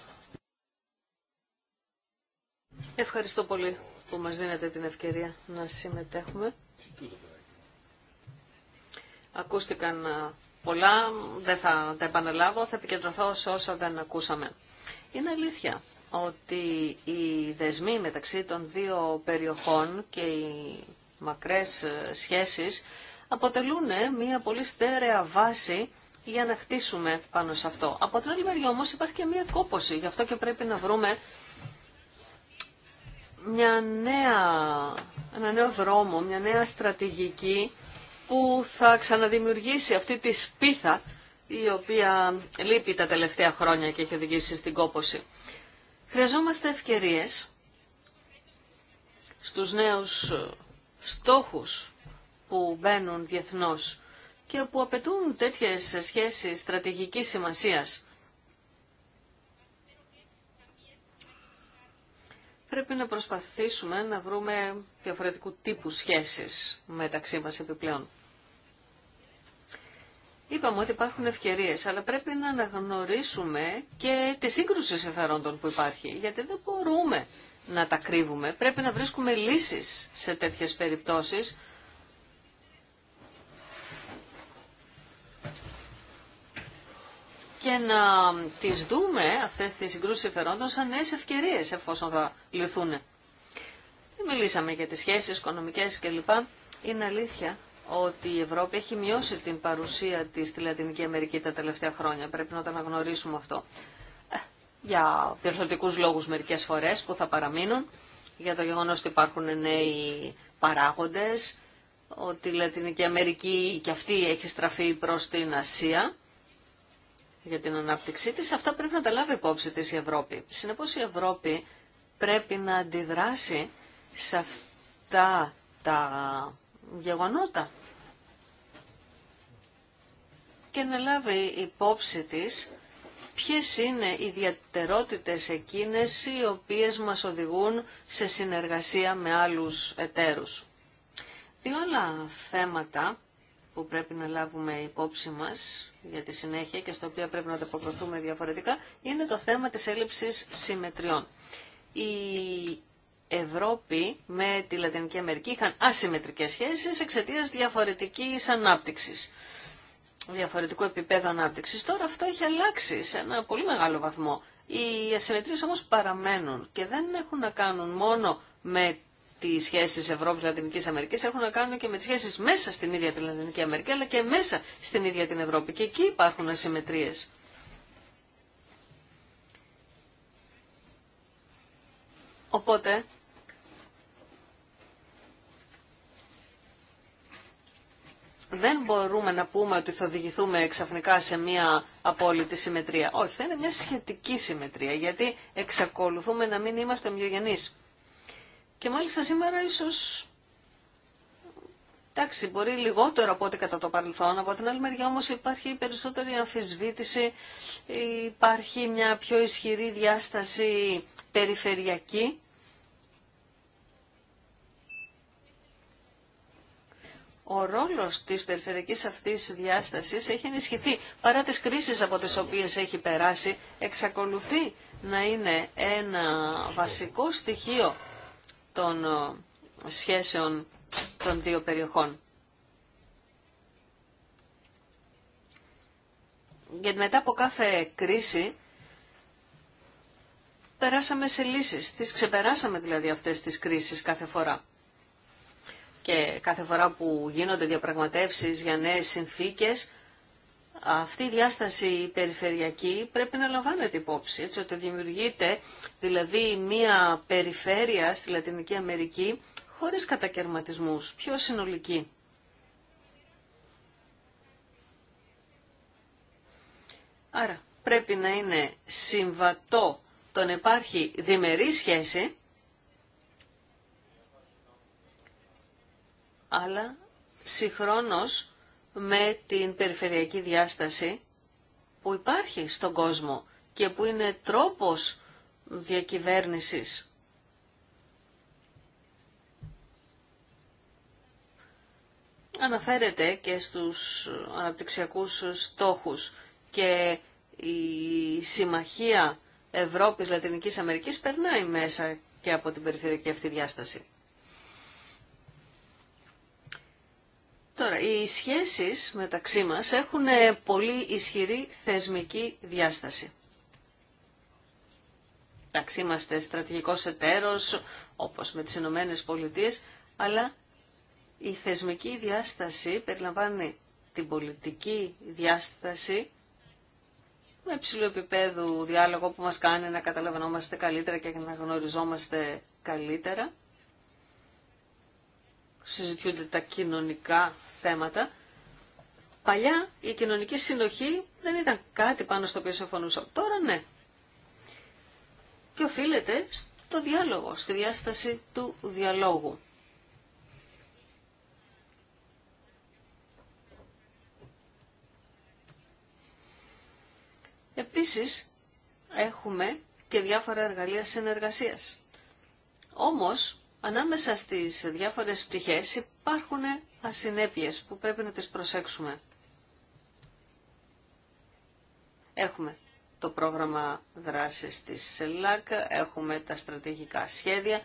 Ευχαριστώ πολύ που μας δίνετε την ευκαιρία να συμμετέχουμε. Ακούστηκαν ε, πολλά, δεν θα τα επαναλάβω, θα επικεντρωθώ σε όσα δεν ακούσαμε. Είναι αλήθεια ότι οι δεσμοί μεταξύ των δύο περιοχών και οι μακρές ε, σχέσεις αποτελούν ε, μια πολύ στέρεα βάση για να χτίσουμε πάνω σε αυτό. Από την άλλη μεριά όμως υπάρχει και μια κόπωση, γι' αυτό και πρέπει να βρούμε μια νέα, ένα νέο δρόμο, μια νέα στρατηγική που θα ξαναδημιουργήσει αυτή τη σπίθα η οποία λείπει τα τελευταία χρόνια και έχει οδηγήσει στην κόπωση. Χρειαζόμαστε ευκαιρίες στους νέους στόχους που μπαίνουν διεθνώς και που απαιτούν τέτοιες σχέσεις στρατηγικής σημασίας. Πρέπει να προσπαθήσουμε να βρούμε διαφορετικού τύπου σχέσεις μεταξύ μας επιπλέον. Είπαμε ότι υπάρχουν ευκαιρίες, αλλά πρέπει να αναγνωρίσουμε και τη σύγκρουση συμφερόντων που υπάρχει, γιατί δεν μπορούμε να τα κρύβουμε. Πρέπει να βρίσκουμε λύσεις σε τέτοιες περιπτώσεις, και να τις δούμε αυτές τις συγκρούσεις συμφερόντων σαν νέες ευκαιρίες εφόσον θα λυθούν. Δεν μιλήσαμε για τις σχέσεις οικονομικές κλπ. Είναι αλήθεια ότι η Ευρώπη έχει μειώσει την παρουσία της στη Λατινική Αμερική τα τελευταία χρόνια. Πρέπει να τα αναγνωρίσουμε αυτό. Ε, για διορθωτικούς λόγους μερικές φορές που θα παραμείνουν, για το γεγονός ότι υπάρχουν νέοι παράγοντες, ότι η Λατινική Αμερική και αυτή έχει στραφεί προς την Ασία για την ανάπτυξή της, αυτά πρέπει να τα λάβει υπόψη της η Ευρώπη. Συνεπώς η Ευρώπη πρέπει να αντιδράσει σε αυτά τα γεγονότα και να λάβει υπόψη της ποιες είναι οι ιδιαιτερότητες εκείνες οι οποίες μας οδηγούν σε συνεργασία με άλλους εταίρους. Δύο άλλα θέματα που πρέπει να λάβουμε υπόψη μας για τη συνέχεια και στο οποίο πρέπει να ανταποκριθούμε διαφορετικά είναι το θέμα της έλλειψης συμμετριών. Η Ευρώπη με τη Λατινική Αμερική είχαν ασυμμετρικές σχέσεις εξαιτίας διαφορετικής ανάπτυξης διαφορετικού επίπεδου ανάπτυξη. Τώρα αυτό έχει αλλάξει σε ένα πολύ μεγάλο βαθμό. Οι ασυμμετρίες όμως παραμένουν και δεν έχουν να κάνουν μόνο με τις σχεσεις ευρωπη Ευρώπη-Λατινική Αμερική έχουν να κάνουν και με τις σχέσεις μέσα στην ίδια την Λατινική Αμερική, αλλά και μέσα στην ίδια την Ευρώπη. Και εκεί υπάρχουν ασυμμετρίε. Οπότε δεν μπορούμε να πούμε ότι θα οδηγηθούμε ξαφνικά σε μια απόλυτη συμμετρία. Όχι, θα είναι μια σχετική συμμετρία, γιατί εξακολουθούμε να μην είμαστε ομοιογενείς. Και μάλιστα σήμερα ίσως, εντάξει, μπορεί λιγότερο από ό,τι κατά το παρελθόν, από την άλλη μεριά όμως υπάρχει περισσότερη αμφισβήτηση, υπάρχει μια πιο ισχυρή διάσταση περιφερειακή, ο ρόλος της περιφερειακής αυτής διάστασης έχει ενισχυθεί. Παρά τις κρίσεις από τις οποίες έχει περάσει, εξακολουθεί να είναι ένα βασικό στοιχείο των ε, σχέσεων των δύο περιοχών. Γιατί μετά από κάθε κρίση περάσαμε σε λύσεις. Τις ξεπεράσαμε δηλαδή αυτές τις κρίσεις κάθε φορά και κάθε φορά που γίνονται διαπραγματεύσεις για νέες συνθήκες, αυτή η διάσταση περιφερειακή πρέπει να λαμβάνεται υπόψη, έτσι ότι δημιουργείται δηλαδή μία περιφέρεια στη Λατινική Αμερική χωρίς κατακαιρματισμούς, πιο συνολική. Άρα πρέπει να είναι συμβατό το να υπάρχει διμερή σχέση αλλά συγχρόνως με την περιφερειακή διάσταση που υπάρχει στον κόσμο και που είναι τρόπος διακυβέρνησης. Αναφέρεται και στους αναπτυξιακούς στόχους και η Συμμαχία Ευρώπης Λατινικής Αμερικής περνάει μέσα και από την περιφερειακή αυτή διάσταση. Τώρα, οι σχέσεις μεταξύ μας έχουν πολύ ισχυρή θεσμική διάσταση. Εντάξει, είμαστε στρατηγικός εταίρος, όπως με τις Ηνωμένε Πολιτείες, αλλά η θεσμική διάσταση περιλαμβάνει την πολιτική διάσταση με υψηλού επίπεδου διάλογο που μας κάνει να καταλαβαίνόμαστε καλύτερα και να γνωριζόμαστε καλύτερα συζητιούνται τα κοινωνικά θέματα. Παλιά η κοινωνική συνοχή δεν ήταν κάτι πάνω στο οποίο συμφωνούσαμε. Τώρα ναι. Και οφείλεται στο διάλογο, στη διάσταση του διαλόγου. Επίσης, έχουμε και διάφορα εργαλεία συνεργασίας. Όμως, Ανάμεσα στις διάφορες πτυχές υπάρχουν ασυνέπειες που πρέπει να τις προσέξουμε. Έχουμε το πρόγραμμα δράσης της ΣΕΛΑΚ, έχουμε τα στρατηγικά σχέδια,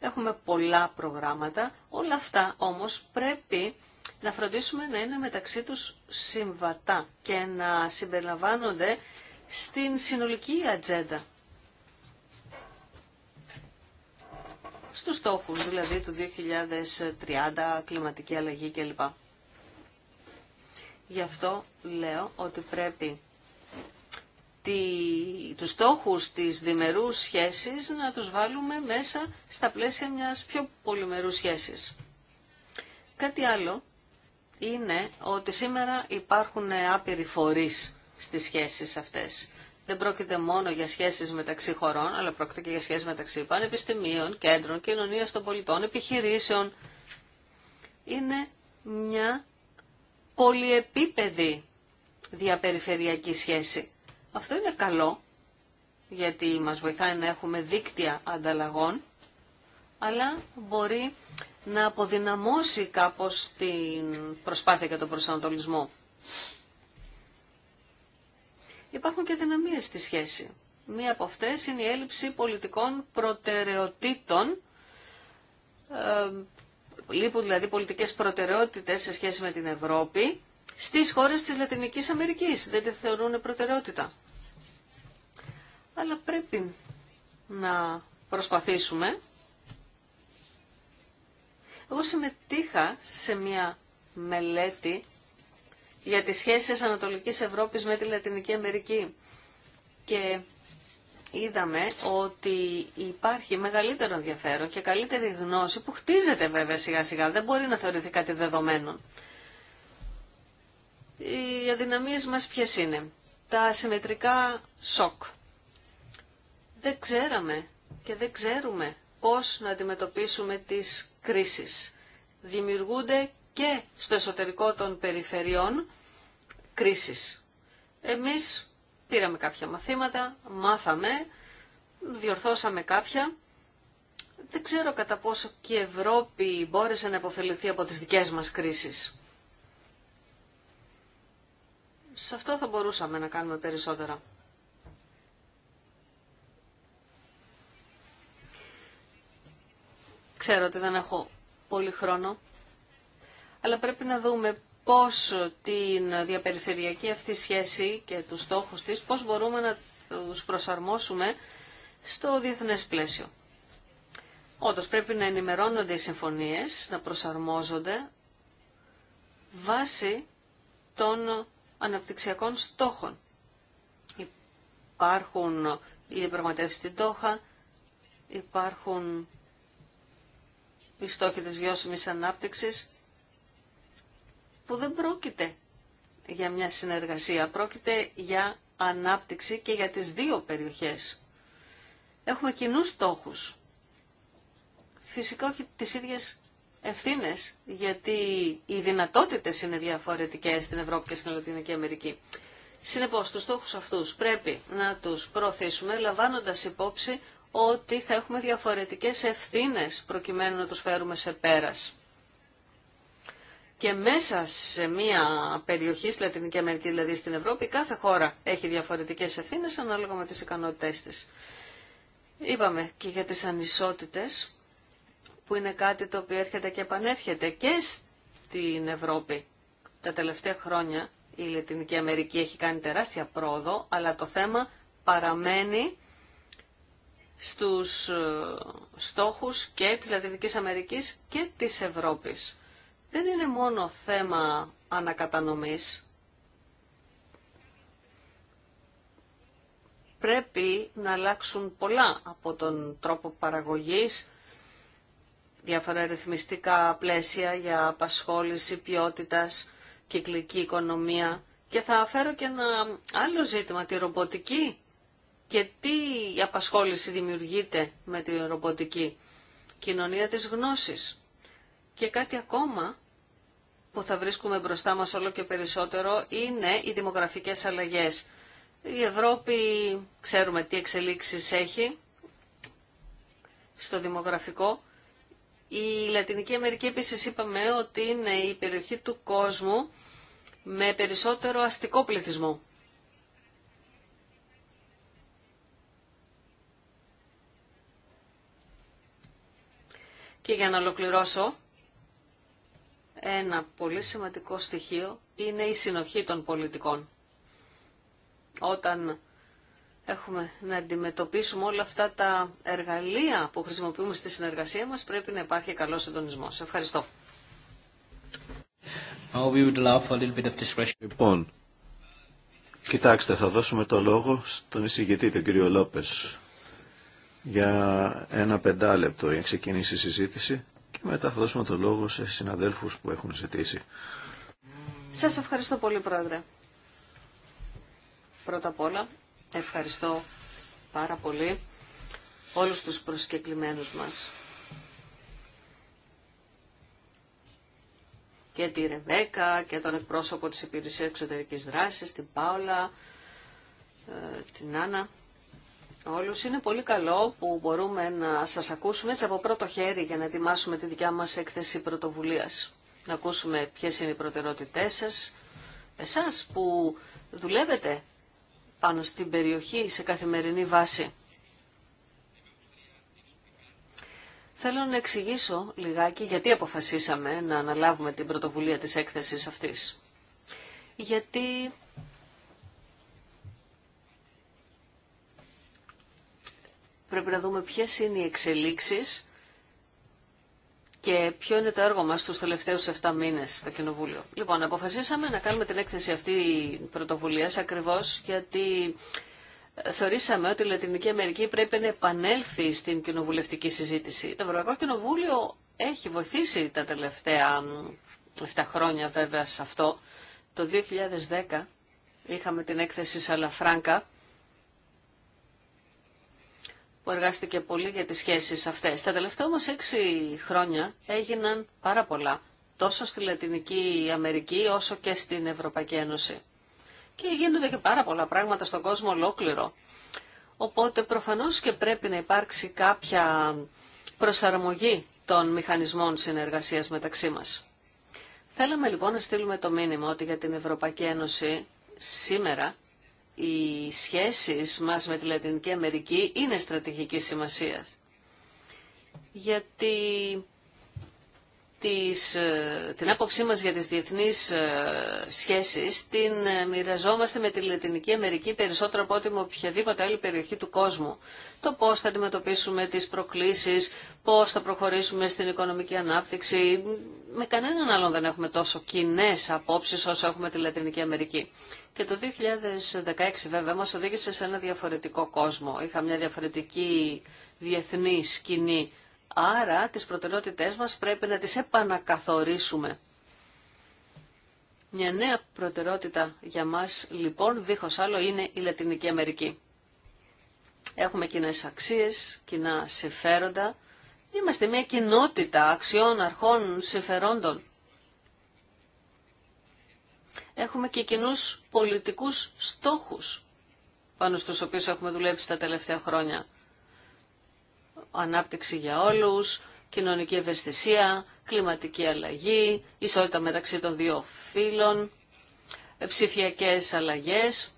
έχουμε πολλά προγράμματα. Όλα αυτά όμως πρέπει να φροντίσουμε να είναι μεταξύ τους συμβατά και να συμπεριλαμβάνονται στην συνολική ατζέντα. στους στόχους, δηλαδή του 2030, κλιματική αλλαγή κλπ. Γι' αυτό λέω ότι πρέπει τη, τους στόχους της διμερούς σχέσης να τους βάλουμε μέσα στα πλαίσια μιας πιο πολυμερούς σχέσης. Κάτι άλλο είναι ότι σήμερα υπάρχουν άπειροι φορείς στις σχέσεις αυτές δεν πρόκειται μόνο για σχέσεις μεταξύ χωρών, αλλά πρόκειται και για σχέσεις μεταξύ πανεπιστημίων, κέντρων, κοινωνία των πολιτών, επιχειρήσεων. Είναι μια πολυεπίπεδη διαπεριφερειακή σχέση. Αυτό είναι καλό, γιατί μας βοηθάει να έχουμε δίκτυα ανταλλαγών, αλλά μπορεί να αποδυναμώσει κάπως την προσπάθεια για τον προσανατολισμό. Υπάρχουν και δυναμίες στη σχέση. Μία από αυτές είναι η έλλειψη πολιτικών προτεραιοτήτων, ε, λείπουν δηλαδή πολιτικές προτεραιότητες σε σχέση με την Ευρώπη, στις χώρες της Λατινικής Αμερικής. Δεν τη θεωρούν προτεραιότητα. Αλλά πρέπει να προσπαθήσουμε. Εγώ συμμετείχα σε μια μελέτη για τις σχέσεις Ανατολικής Ευρώπης με τη Λατινική Αμερική. Και είδαμε ότι υπάρχει μεγαλύτερο ενδιαφέρον και καλύτερη γνώση που χτίζεται βέβαια σιγά σιγά, δεν μπορεί να θεωρηθεί κάτι δεδομένο. Οι αδυναμίες μας ποιε είναι. Τα συμμετρικά σοκ. Δεν ξέραμε και δεν ξέρουμε πώς να αντιμετωπίσουμε τις κρίσεις. Δημιουργούνται και στο εσωτερικό των περιφερειών κρίσης. Εμείς πήραμε κάποια μαθήματα, μάθαμε, διορθώσαμε κάποια. Δεν ξέρω κατά πόσο και η Ευρώπη μπόρεσε να υποφεληθεί από τις δικές μας κρίσεις. Σε αυτό θα μπορούσαμε να κάνουμε περισσότερα. Ξέρω ότι δεν έχω πολύ χρόνο αλλά πρέπει να δούμε πώς την διαπεριφερειακή αυτή σχέση και τους στόχους της, πώς μπορούμε να τους προσαρμόσουμε στο διεθνές πλαίσιο. Όντως πρέπει να ενημερώνονται οι συμφωνίες, να προσαρμόζονται βάσει των αναπτυξιακών στόχων. Υπάρχουν οι διαπραγματεύσει στην Τόχα, υπάρχουν οι στόχοι της βιώσιμης ανάπτυξης που δεν πρόκειται για μια συνεργασία, πρόκειται για ανάπτυξη και για τις δύο περιοχές. Έχουμε κοινούς στόχους. Φυσικά όχι τις ίδιες ευθύνες, γιατί οι δυνατότητες είναι διαφορετικές στην Ευρώπη και στην Λατινική Αμερική. Συνεπώς, τους στόχους αυτούς πρέπει να τους προωθήσουμε, λαμβάνοντας υπόψη ότι θα έχουμε διαφορετικές ευθύνες προκειμένου να τους φέρουμε σε πέρας και μέσα σε μια περιοχή στη Λατινική Αμερική, δηλαδή στην Ευρώπη, κάθε χώρα έχει διαφορετικές ευθύνε ανάλογα με τις ικανότητε τη. Είπαμε και για τις ανισότητες, που είναι κάτι το οποίο έρχεται και επανέρχεται και στην Ευρώπη. Τα τελευταία χρόνια η Λατινική Αμερική έχει κάνει τεράστια πρόοδο, αλλά το θέμα παραμένει στους ε, στόχους και της Λατινικής Αμερικής και της Ευρώπης δεν είναι μόνο θέμα ανακατανομής. Πρέπει να αλλάξουν πολλά από τον τρόπο παραγωγής, διάφορα ρυθμιστικά πλαίσια για απασχόληση ποιότητας, κυκλική οικονομία και θα φέρω και ένα άλλο ζήτημα, τη ρομποτική και τι απασχόληση δημιουργείται με τη ρομποτική. Κοινωνία της γνώσης. Και κάτι ακόμα που θα βρίσκουμε μπροστά μας όλο και περισσότερο είναι οι δημογραφικές αλλαγές. Η Ευρώπη ξέρουμε τι εξελίξεις έχει στο δημογραφικό. Η Λατινική Αμερική επίσης είπαμε ότι είναι η περιοχή του κόσμου με περισσότερο αστικό πληθυσμό. Και για να ολοκληρώσω, ένα πολύ σημαντικό στοιχείο είναι η συνοχή των πολιτικών. Όταν έχουμε να αντιμετωπίσουμε όλα αυτά τα εργαλεία που χρησιμοποιούμε στη συνεργασία μας, πρέπει να υπάρχει καλός συντονισμό. Ευχαριστώ. Λοιπόν, κοιτάξτε, θα δώσουμε το λόγο στον εισηγητή, τον κύριο Λόπες, για ένα πεντάλεπτο για να ξεκινήσει η συζήτηση και μετά θα δώσουμε το λόγο σε συναδέλφους που έχουν ζητήσει. Σας ευχαριστώ πολύ Πρόεδρε. Πρώτα απ' όλα ευχαριστώ πάρα πολύ όλους τους προσκεκλημένους μας. Και τη Ρεβέκα και τον εκπρόσωπο της Υπηρεσίας Εξωτερικής Δράσης, την Πάολα, ε, την Άννα όλους. Είναι πολύ καλό που μπορούμε να σας ακούσουμε έτσι από πρώτο χέρι για να ετοιμάσουμε τη δικιά μας έκθεση πρωτοβουλίας. Να ακούσουμε ποιες είναι οι προτεραιότητές σας. Εσάς που δουλεύετε πάνω στην περιοχή σε καθημερινή βάση. Θέλω να εξηγήσω λιγάκι γιατί αποφασίσαμε να αναλάβουμε την πρωτοβουλία της έκθεσης αυτής. Γιατί Πρέπει να δούμε ποιες είναι οι εξελίξεις και ποιο είναι το έργο μας τους τελευταίους 7 μήνες στο Κοινοβούλιο. Λοιπόν, αποφασίσαμε να κάνουμε την έκθεση αυτή πρωτοβουλία ακριβώς γιατί ε, θεωρήσαμε ότι η Λατινική Αμερική πρέπει να επανέλθει στην κοινοβουλευτική συζήτηση. Το Ευρωπαϊκό Κοινοβούλιο έχει βοηθήσει τα τελευταία 7 χρόνια βέβαια σε αυτό. Το 2010 είχαμε την έκθεση Σαλαφράνκα που εργάστηκε πολύ για τις σχέσεις αυτές. Τα τελευταία όμως έξι χρόνια έγιναν πάρα πολλά, τόσο στη Λατινική Αμερική όσο και στην Ευρωπαϊκή Ένωση. Και γίνονται και πάρα πολλά πράγματα στον κόσμο ολόκληρο. Οπότε προφανώς και πρέπει να υπάρξει κάποια προσαρμογή των μηχανισμών συνεργασίας μεταξύ μας. Θέλαμε λοιπόν να στείλουμε το μήνυμα ότι για την Ευρωπαϊκή Ένωση σήμερα οι σχέσεις μας με τη Λατινική Αμερική είναι στρατηγική σημασία. Γιατί τις, ε, την άποψή μας για τις διεθνείς ε, σχέσεις την ε, μοιραζόμαστε με τη Λατινική Αμερική περισσότερο από ό,τι με οποιαδήποτε άλλη περιοχή του κόσμου. Το πώς θα αντιμετωπίσουμε τις προκλήσεις, πώς θα προχωρήσουμε στην οικονομική ανάπτυξη. Με κανέναν άλλον δεν έχουμε τόσο κοινέ απόψει όσο έχουμε τη Λατινική Αμερική. Και το 2016 βέβαια μας οδήγησε σε ένα διαφορετικό κόσμο. Είχα μια διαφορετική διεθνή σκηνή Άρα τις προτεραιότητές μας πρέπει να τις επανακαθορίσουμε. Μια νέα προτεραιότητα για μας λοιπόν δίχως άλλο είναι η Λατινική Αμερική. Έχουμε κοινέ αξίες, κοινά συμφέροντα. Είμαστε μια κοινότητα αξιών, αρχών, συμφερόντων. Έχουμε και κοινού πολιτικούς στόχους πάνω στους οποίους έχουμε δουλέψει τα τελευταία χρόνια ανάπτυξη για όλους, κοινωνική ευαισθησία, κλιματική αλλαγή, ισότητα μεταξύ των δύο φύλων, ε, ψηφιακέ αλλαγές.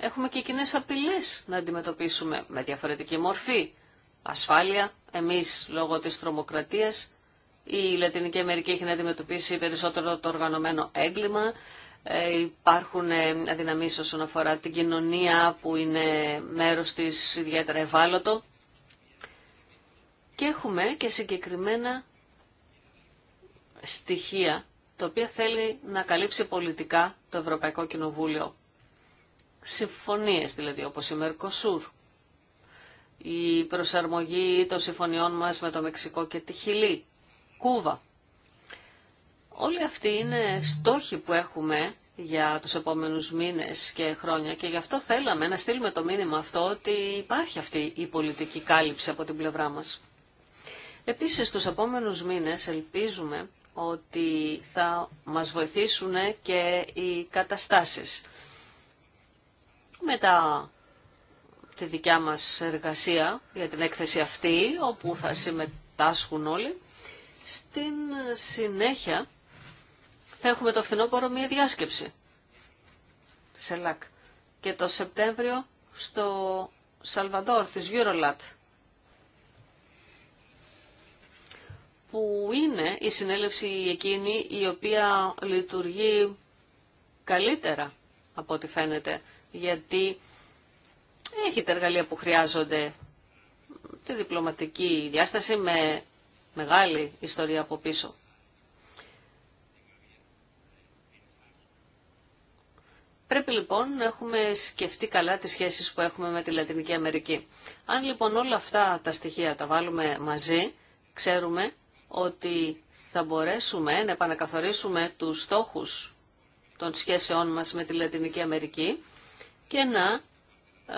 Έχουμε και κοινέ απειλές να αντιμετωπίσουμε με διαφορετική μορφή. Ασφάλεια, εμείς λόγω της τρομοκρατίας, η Λατινική Αμερική έχει να αντιμετωπίσει περισσότερο το οργανωμένο έγκλημα, ε, υπάρχουν ε, αδυναμίες όσον αφορά την κοινωνία που είναι μέρος της ιδιαίτερα ευάλωτο. Και έχουμε και συγκεκριμένα στοιχεία τα οποία θέλει να καλύψει πολιτικά το Ευρωπαϊκό Κοινοβούλιο. Συμφωνίες δηλαδή όπως η Μερκοσούρ, η προσαρμογή των συμφωνιών μας με το Μεξικό και τη Χιλή, Κούβα. Όλοι αυτοί είναι στόχοι που έχουμε για τους επόμενους μήνες και χρόνια και γι' αυτό θέλαμε να στείλουμε το μήνυμα αυτό ότι υπάρχει αυτή η πολιτική κάλυψη από την πλευρά μας. Επίσης, στους επόμενους μήνες ελπίζουμε ότι θα μας βοηθήσουν και οι καταστάσεις. Μετά τη δικιά μας εργασία για την έκθεση αυτή, όπου θα συμμετάσχουν όλοι, στην συνέχεια θα έχουμε το φθινόπωρο μία διάσκεψη σε ΛΑΚ και το Σεπτέμβριο στο Σαλβαδόρ της Eurolat που είναι η συνέλευση εκείνη η οποία λειτουργεί καλύτερα από ό,τι φαίνεται, γιατί έχει τα εργαλεία που χρειάζονται, τη διπλωματική διάσταση με μεγάλη ιστορία από πίσω. Πρέπει λοιπόν να έχουμε σκεφτεί καλά τις σχέσεις που έχουμε με τη Λατινική Αμερική. Αν λοιπόν όλα αυτά τα στοιχεία τα βάλουμε μαζί, ξέρουμε ότι θα μπορέσουμε να επανακαθορίσουμε τους στόχους των σχέσεών μας με τη Λατινική Αμερική και να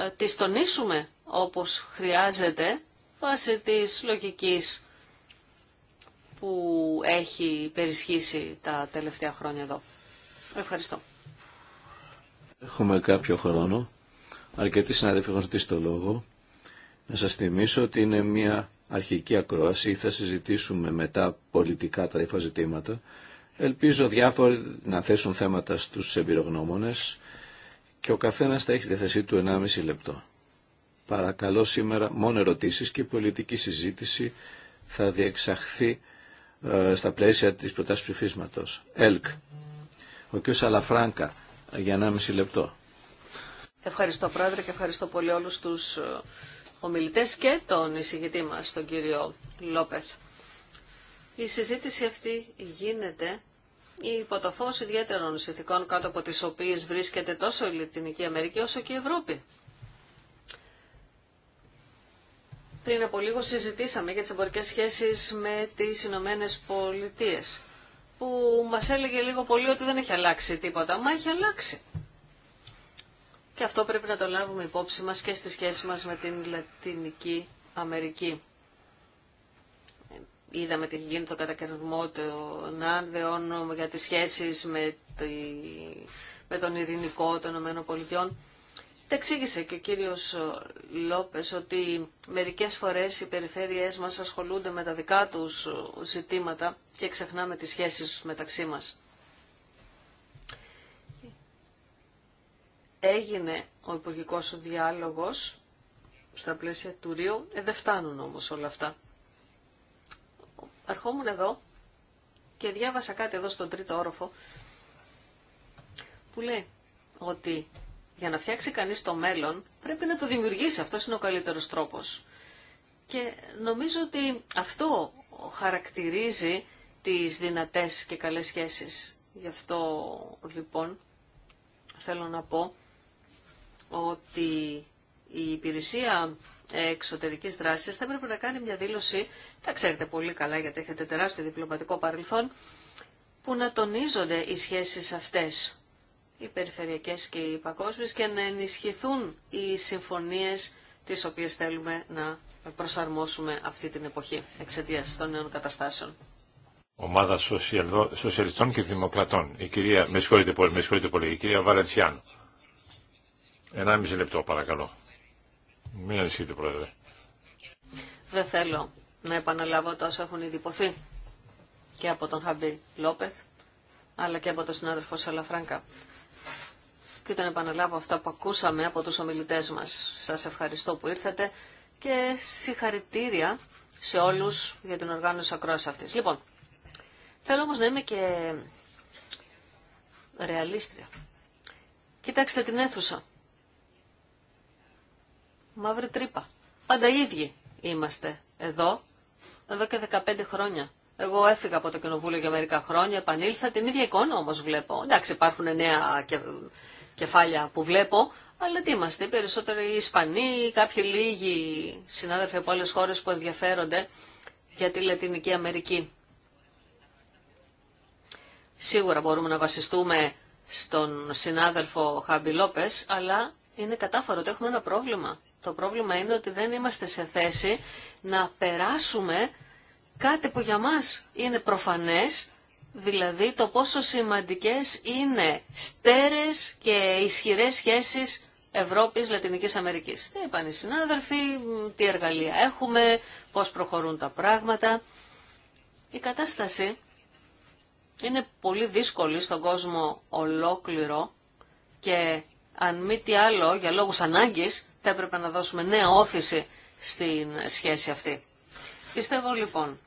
ε, τις τονίσουμε όπως χρειάζεται βάσει της λογικής που έχει περισχύσει τα τελευταία χρόνια εδώ. Ευχαριστώ. Έχουμε κάποιο χρόνο. Αρκετοί συνάδελφοι έχουν ζητήσει το λόγο. Να σας θυμίσω ότι είναι μια αρχική ακρόαση, θα συζητήσουμε μετά πολιτικά τα διάφορα ζητήματα. Ελπίζω διάφοροι να θέσουν θέματα στους εμπειρογνώμονες και ο καθένας θα έχει τη θέση του 1,5 λεπτό. Παρακαλώ σήμερα μόνο ερωτήσεις και η πολιτική συζήτηση θα διεξαχθεί ε, στα πλαίσια της προτάσης ψηφίσματος. ΕΛΚ. Ο κ. Σαλαφράγκα για 1,5 λεπτό. Ευχαριστώ Πρόεδρε και ευχαριστώ πολύ όλους τους ε, ομιλητές και τον εισηγητή μας, τον κύριο Λόπεθ. Η συζήτηση αυτή γίνεται υπό το φως ιδιαίτερων συνθηκών κάτω από τις οποίες βρίσκεται τόσο η Λιτινική Αμερική όσο και η Ευρώπη. Πριν από λίγο συζητήσαμε για τις εμπορικές σχέσεις με τις Ηνωμένε Πολιτείες που μας έλεγε λίγο πολύ ότι δεν έχει αλλάξει τίποτα, μα έχει αλλάξει. Και αυτό πρέπει να το λάβουμε υπόψη μας και στη σχέση μας με την Λατινική Αμερική. Είδαμε τι γίνεται το κατακαιρμό των Άνδεων για τις σχέσεις με, τη... με τον Ειρηνικό των ΗΠΑ. Τα εξήγησε και ο κύριος Λόπες ότι μερικές φορές οι περιφέρειές μας ασχολούνται με τα δικά τους ζητήματα και ξεχνάμε τις σχέσεις μεταξύ μας. έγινε ο υπουργικό διάλογος στα πλαίσια του Ρίου. Ε, δεν φτάνουν όμως όλα αυτά. Ερχόμουν εδώ και διάβασα κάτι εδώ στον τρίτο όροφο που λέει ότι για να φτιάξει κανείς το μέλλον πρέπει να το δημιουργήσει. Αυτός είναι ο καλύτερος τρόπος. Και νομίζω ότι αυτό χαρακτηρίζει τις δυνατές και καλές σχέσεις. Γι' αυτό λοιπόν θέλω να πω ότι η υπηρεσία εξωτερικής δράσης θα έπρεπε να κάνει μια δήλωση, τα ξέρετε πολύ καλά γιατί έχετε τεράστιο διπλωματικό παρελθόν, που να τονίζονται οι σχέσεις αυτές, οι περιφερειακές και οι παγκόσμιες, και να ενισχυθούν οι συμφωνίες τις οποίες θέλουμε να προσαρμόσουμε αυτή την εποχή εξαιτία των νέων καταστάσεων. Ομάδα Σοσιαλιστών και Δημοκρατών. Η κυρία, με συγχωρείτε πολύ, η κυρία μισή λεπτό παρακαλώ. Μην ανησυχείτε πρόεδρε. Δεν θέλω να επαναλάβω τα όσα έχουν ήδη και από τον Χαμπί Λόπεθ αλλά και από τον συνάδελφο Σαλαφράγκα. Και όταν επαναλάβω αυτά που ακούσαμε από τους ομιλητές μας. Σας ευχαριστώ που ήρθατε και συγχαρητήρια σε όλους για την οργάνωση ακρόαση αυτής. Λοιπόν, θέλω όμως να είμαι και ρεαλίστρια. Κοιτάξτε την αίθουσα μαύρη τρύπα. Πάντα ίδιοι είμαστε εδώ, εδώ και 15 χρόνια. Εγώ έφυγα από το κοινοβούλιο για μερικά χρόνια, επανήλθα, την ίδια εικόνα όμως βλέπω. Εντάξει, υπάρχουν νέα κεφάλια που βλέπω, αλλά τι είμαστε, περισσότεροι Ισπανοί, κάποιοι λίγοι συνάδελφοι από άλλες χώρες που ενδιαφέρονται για τη Λατινική Αμερική. Σίγουρα μπορούμε να βασιστούμε στον συνάδελφο Χάμπι Λόπες, αλλά είναι κατάφορο ότι έχουμε ένα πρόβλημα. Το πρόβλημα είναι ότι δεν είμαστε σε θέση να περάσουμε κάτι που για μας είναι προφανές, δηλαδή το πόσο σημαντικές είναι στέρες και ισχυρές σχέσεις Ευρώπης, Λατινικής Αμερικής. Τι είπαν οι συνάδελφοι, τι εργαλεία έχουμε, πώς προχωρούν τα πράγματα. Η κατάσταση είναι πολύ δύσκολη στον κόσμο ολόκληρο και αν μη τι άλλο, για λόγους ανάγκης, θα έπρεπε να δώσουμε νέα όθηση στην σχέση αυτή. Πιστεύω λοιπόν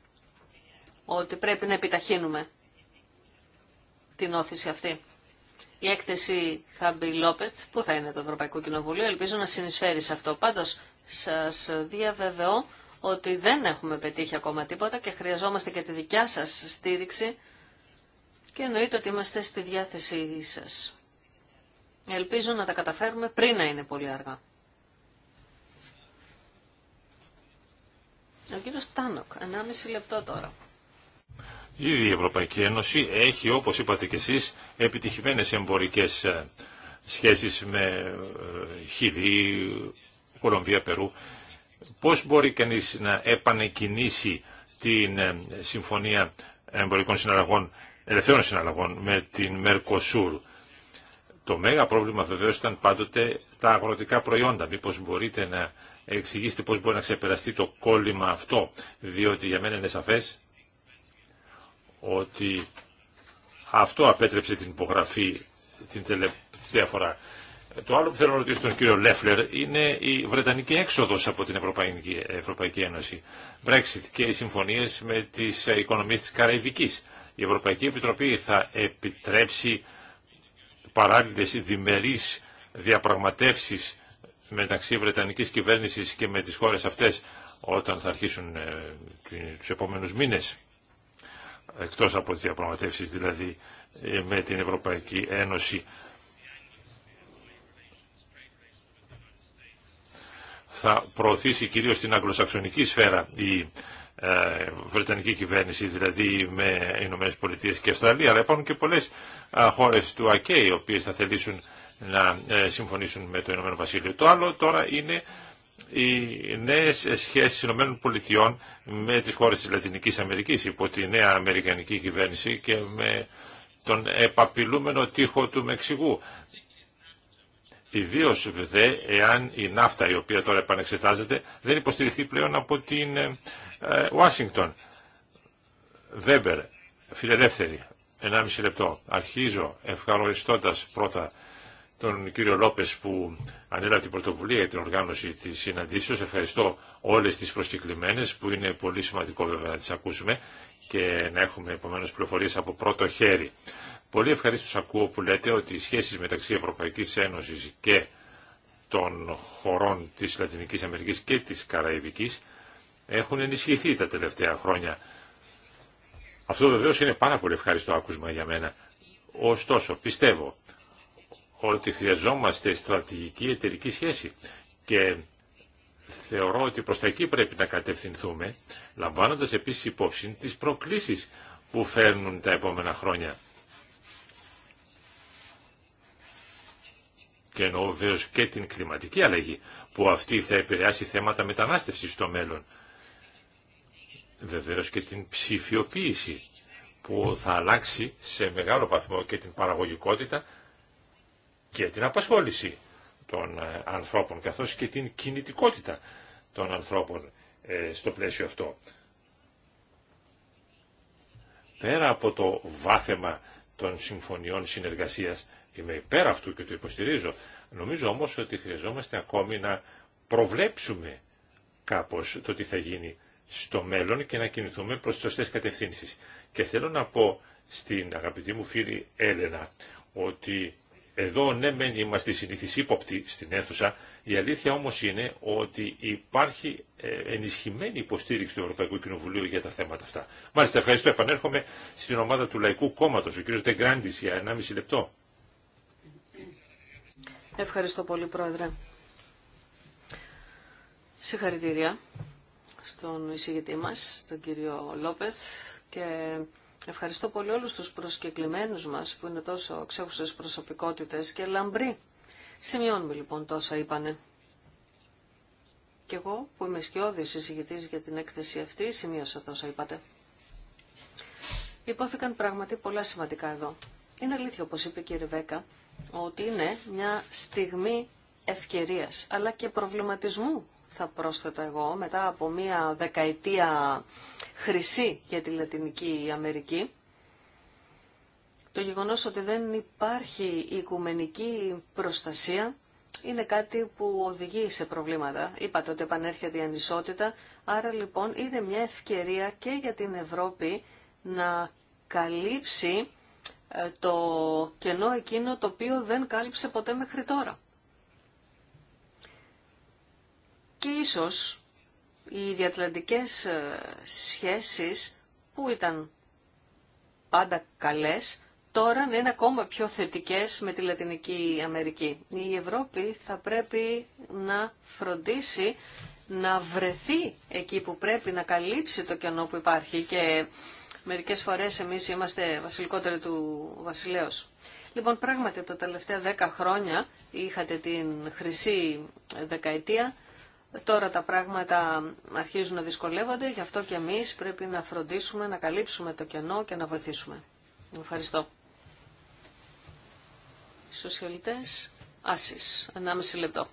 ότι πρέπει να επιταχύνουμε την όθηση αυτή. Η έκθεση Χάμπι Λόπετ, που θα είναι το Ευρωπαϊκό Κοινοβουλίο, ελπίζω να συνεισφέρει σε αυτό. Πάντως, σας διαβεβαιώ ότι δεν έχουμε πετύχει ακόμα τίποτα και χρειαζόμαστε και τη δικιά σας στήριξη και εννοείται ότι είμαστε στη διάθεσή σας. Ελπίζω να τα καταφέρουμε πριν να είναι πολύ αργά. Ο κύριο Τάνοκ, 1,5 λεπτό τώρα. η Ευρωπαϊκή Ένωση έχει, όπως είπατε και εσείς, επιτυχημένες εμπορικές ε, σχέσεις με ε, Χιλή, Κολομβία, Περού. Πώς μπορεί κανείς να επανεκκινήσει την ε, Συμφωνία Εμπορικών Συναλλαγών, Ελευθέρων Συναλλαγών με την Μερκοσούρ. Το μέγα πρόβλημα βεβαίως ήταν πάντοτε τα αγροτικά προϊόντα. Μήπως μπορείτε να Εξηγήστε πώς μπορεί να ξεπεραστεί το κόλλημα αυτό, διότι για μένα είναι σαφές ότι αυτό απέτρεψε την υπογραφή την τελευταία φορά. Το άλλο που θέλω να ρωτήσω τον κύριο Λέφλερ είναι η Βρετανική έξοδος από την Ευρωπαϊκή, Ευρωπαϊκή Ένωση. Brexit και οι συμφωνίες με τις οικονομίες της Καραϊβικής. Η Ευρωπαϊκή Επιτροπή θα επιτρέψει παράλληλες διμερείς διαπραγματεύσεις μεταξύ Βρετανικής κυβέρνησης και με τις χώρες αυτές όταν θα αρχίσουν ε, τους επόμενους μήνες, εκτός από τις διαπραγματεύσεις δηλαδή ε, με την Ευρωπαϊκή Ένωση. Θα προωθήσει κυρίως την αγγλοσαξονική σφαίρα η ε, Βρετανική κυβέρνηση, δηλαδή με Ηνωμένες Πολιτείες και Αυστραλία, αλλά υπάρχουν και πολλές χώρες του ΑΚΕ οι οποίες θα θελήσουν να ε, συμφωνήσουν με το Ηνωμένο Βασίλειο. Το άλλο τώρα είναι οι νέες σχέσεις Ηνωμένων Πολιτειών με τις χώρες της Λατινικής Αμερικής υπό τη νέα Αμερικανική κυβέρνηση και με τον επαπειλούμενο τείχο του Μεξικού. Ιδίω βέβαια εάν η ναύτα η οποία τώρα επανεξετάζεται δεν υποστηριχθεί πλέον από την ε, Ουάσιγκτον. Βέμπερ, φιλελεύθερη, 1,5 λεπτό. Αρχίζω ευχαριστώντας πρώτα τον κύριο Λόπες που ανέλαβε την πρωτοβουλία για την οργάνωση της συναντήσεως. Ευχαριστώ όλες τις προσκεκλημένες που είναι πολύ σημαντικό βέβαια να τις ακούσουμε και να έχουμε επομένως πληροφορίες από πρώτο χέρι. Πολύ ευχαριστώ ακούω που λέτε ότι οι σχέσεις μεταξύ Ευρωπαϊκής Ένωσης και των χωρών της Λατινικής Αμερικής και της Καραϊβικής έχουν ενισχυθεί τα τελευταία χρόνια. Αυτό βεβαίως είναι πάρα πολύ ευχαριστώ άκουσμα για μένα. Ωστόσο, πιστεύω ότι χρειαζόμαστε στρατηγική εταιρική σχέση και θεωρώ ότι προς τα εκεί πρέπει να κατευθυνθούμε, λαμβάνοντας επίσης υπόψη τις προκλήσεις που φέρνουν τα επόμενα χρόνια. Και εννοώ βεβαίω και την κλιματική αλλαγή, που αυτή θα επηρεάσει θέματα μετανάστευσης στο μέλλον. Βεβαίως και την ψηφιοποίηση, που θα αλλάξει σε μεγάλο βαθμό και την παραγωγικότητα και την απασχόληση των ε, ανθρώπων καθώς και την κινητικότητα των ανθρώπων ε, στο πλαίσιο αυτό. Πέρα από το βάθεμα των συμφωνιών συνεργασίας, είμαι υπέρ αυτού και το υποστηρίζω, νομίζω όμως ότι χρειαζόμαστε ακόμη να προβλέψουμε κάπως το τι θα γίνει στο μέλλον και να κινηθούμε προς τις σωστές κατευθύνσεις. Και θέλω να πω στην αγαπητή μου φίλη Έλενα ότι εδώ ναι μεν είμαστε συνήθις ύποπτοι στην αίθουσα, η αλήθεια όμως είναι ότι υπάρχει ε, ενισχυμένη υποστήριξη του Ευρωπαϊκού Κοινοβουλίου για τα θέματα αυτά. Μάλιστα ευχαριστώ, επανέρχομαι στην ομάδα του Λαϊκού Κόμματος, ο κ. Τεγκράντης για 1,5 λεπτό. Ευχαριστώ πολύ Πρόεδρε. Συγχαρητήρια στον εισηγητή μας, τον κύριο Λόπεθ και Ευχαριστώ πολύ όλους τους προσκεκλημένους μας που είναι τόσο ξέχουσες προσωπικότητες και λαμπροί. Σημειώνουμε λοιπόν τόσα είπανε. Και εγώ που είμαι σκιώδη εισηγητής για την έκθεση αυτή σημείωσα τόσα είπατε. Υπόθηκαν πράγματι πολλά σημαντικά εδώ. Είναι αλήθεια όπως είπε η Βέκα, ότι είναι μια στιγμή ευκαιρίας αλλά και προβληματισμού θα πρόσθετα εγώ, μετά από μία δεκαετία χρυσή για τη Λατινική Αμερική, το γεγονός ότι δεν υπάρχει οικουμενική προστασία είναι κάτι που οδηγεί σε προβλήματα. Είπατε ότι επανέρχεται η ανισότητα, άρα λοιπόν είναι μια ευκαιρία και για την Ευρώπη να καλύψει ε, το κενό εκείνο το οποίο δεν κάλυψε ποτέ μέχρι τώρα. και ίσως οι διατλαντικές ε, σχέσεις που ήταν πάντα καλές τώρα είναι ακόμα πιο θετικές με τη Λατινική Αμερική. Η Ευρώπη θα πρέπει να φροντίσει να βρεθεί εκεί που πρέπει να καλύψει το κενό που υπάρχει και μερικές φορές εμείς είμαστε βασιλικότεροι του βασιλέως. Λοιπόν, πράγματι τα τελευταία δέκα χρόνια είχατε την χρυσή δεκαετία Τώρα τα πράγματα αρχίζουν να δυσκολεύονται, γι' αυτό και εμείς πρέπει να φροντίσουμε, να καλύψουμε το κενό και να βοηθήσουμε. Ευχαριστώ. Σοσιαλιτές, άσεις. 1,5 λεπτό.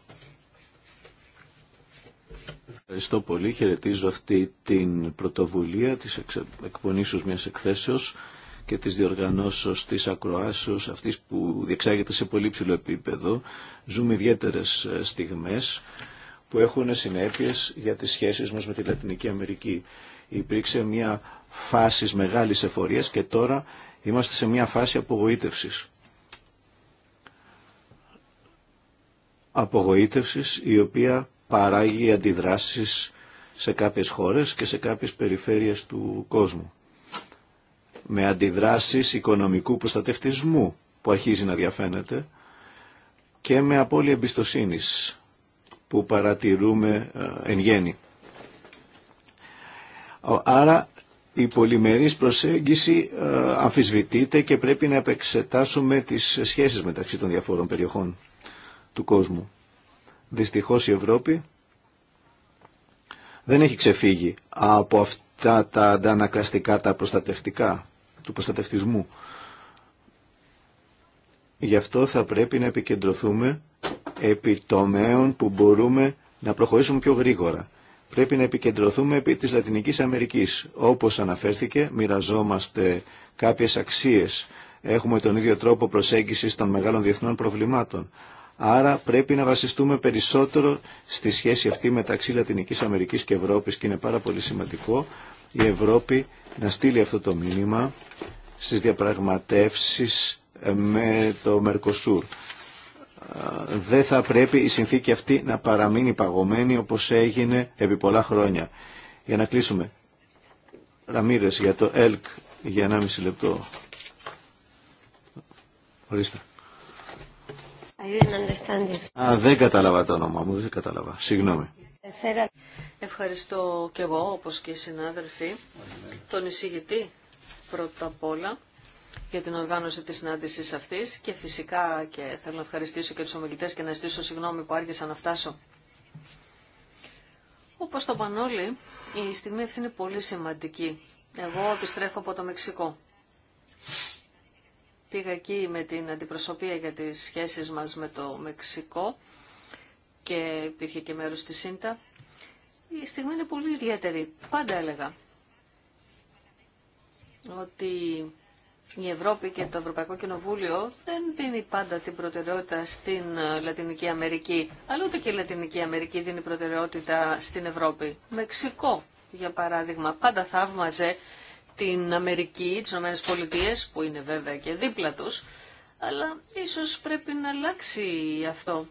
Ευχαριστώ πολύ. Χαιρετίζω αυτή την πρωτοβουλία της εκπονήσεως μιας εκθέσεως και της διοργανώσεως της ακροάσεως αυτής που διεξάγεται σε πολύ ψηλό επίπεδο. Ζούμε ιδιαίτερες ε, στιγμές που έχουν συνέπειες για τις σχέσεις μας με τη Λατινική Αμερική. Υπήρξε μια φάση μεγάλης εφορίας και τώρα είμαστε σε μια φάση απογοήτευσης. Απογοήτευσης η οποία παράγει αντιδράσεις σε κάποιες χώρες και σε κάποιες περιφέρειες του κόσμου. Με αντιδράσεις οικονομικού προστατευτισμού που αρχίζει να διαφαίνεται και με απώλεια εμπιστοσύνης που παρατηρούμε ε, εν γέννη. Άρα η πολυμερής προσέγγιση ε, αμφισβητείται και πρέπει να επεξετάσουμε τις σχέσεις μεταξύ των διαφόρων περιοχών του κόσμου. Δυστυχώς η Ευρώπη δεν έχει ξεφύγει από αυτά τα αντανακλαστικά, τα προστατευτικά, του προστατευτισμού. Γι' αυτό θα πρέπει να επικεντρωθούμε επιτομέων που μπορούμε να προχωρήσουμε πιο γρήγορα. Πρέπει να επικεντρωθούμε επί της Λατινικής Αμερικής. Όπως αναφέρθηκε, μοιραζόμαστε κάποιες αξίες. Έχουμε τον ίδιο τρόπο προσέγγισης των μεγάλων διεθνών προβλημάτων. Άρα πρέπει να βασιστούμε περισσότερο στη σχέση αυτή μεταξύ Λατινικής Αμερικής και Ευρώπης και είναι πάρα πολύ σημαντικό η Ευρώπη να στείλει αυτό το μήνυμα στις διαπραγματεύσεις με το Μερκοσούρ δεν θα πρέπει η συνθήκη αυτή να παραμείνει παγωμένη όπως έγινε επί πολλά χρόνια. Για να κλείσουμε. Ραμύρες για το ΕΛΚ για 1,5 λεπτό. Ορίστε. Α, δεν κατάλαβα το όνομα μου, δεν κατάλαβα. Συγγνώμη. Ευχαριστώ και εγώ, όπως και οι συνάδελφοι, τον εισηγητή πρώτα απ' όλα για την οργάνωση της συνάντησης αυτής και φυσικά και θέλω να ευχαριστήσω και τους ομιλητές και να ζητήσω συγγνώμη που άργησα να φτάσω. Όπως το πάνε η στιγμή αυτή είναι πολύ σημαντική. Εγώ επιστρέφω από το Μεξικό. Πήγα εκεί με την αντιπροσωπεία για τις σχέσεις μας με το Μεξικό και υπήρχε και μέρος της ΣΥΝΤΑ. Η στιγμή είναι πολύ ιδιαίτερη. Πάντα έλεγα ότι η Ευρώπη και το Ευρωπαϊκό Κοινοβούλιο δεν δίνει πάντα την προτεραιότητα στην ε, Λατινική Αμερική, αλλά ούτε και η Λατινική Αμερική δίνει προτεραιότητα στην Ευρώπη. Μεξικό, για παράδειγμα, πάντα θαύμαζε την Αμερική, τις Ηνωμένες Πολιτείες, που είναι βέβαια και δίπλα τους, αλλά ίσως πρέπει να αλλάξει αυτό.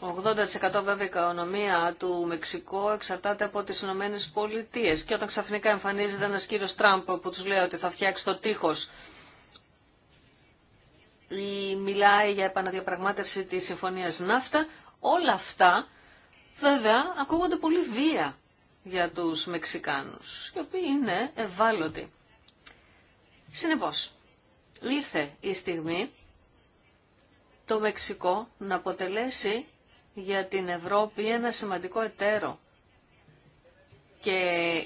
80% βέβαια η οικονομία του Μεξικού εξαρτάται από τις Ηνωμένε Πολιτείες και όταν ξαφνικά εμφανίζεται ένας κύριος Τραμπ που τους λέει ότι θα φτιάξει το τείχος ή μιλάει για επαναδιαπραγμάτευση της συμφωνίας Ναύτα, όλα αυτά βέβαια ακούγονται πολύ βία για τους Μεξικάνους, οι οποίοι είναι ευάλωτοι. Συνεπώς, ήρθε η στιγμή το Μεξικό να αποτελέσει για την Ευρώπη ένα σημαντικό εταίρο. Και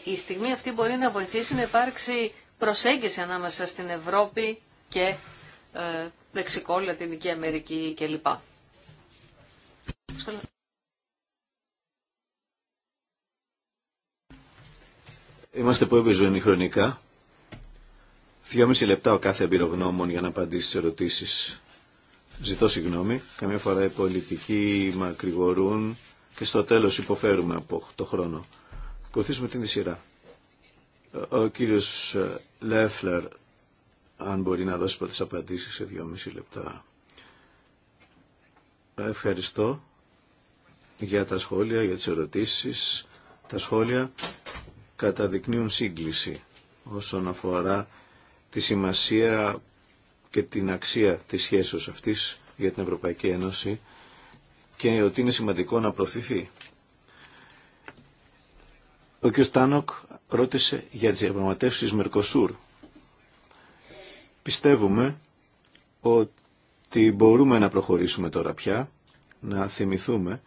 η στιγμή αυτή μπορεί να βοηθήσει να υπάρξει προσέγγιση ανάμεσα στην Ευρώπη και ε, Μεξικό, Λατινική Αμερική κλπ. Είμαστε που επιζωνή χρονικά. Δυόμιση λεπτά ο κάθε εμπειρογνώμων για να απαντήσει σε ερωτήσεις. Ζητώ συγγνώμη. Καμιά φορά οι πολιτικοί μακρηγορούν και στο τέλος υποφέρουμε από το χρόνο. Ακολουθήσουμε την σειρά. Ο κύριος Λέφλερ αν μπορεί να δώσει πρώτες απαντήσεις σε δυόμιση λεπτά. Ευχαριστώ για τα σχόλια, για τις ερωτήσεις. Τα σχόλια καταδεικνύουν σύγκληση όσον αφορά τη σημασία και την αξία της σχέσης αυτής για την Ευρωπαϊκή Ένωση και ότι είναι σημαντικό να προωθηθεί. Ο κ. Τάνοκ ρώτησε για τις διαπραγματεύσεις Μερκοσούρ Πιστεύουμε ότι μπορούμε να προχωρήσουμε τώρα πια, να θυμηθούμε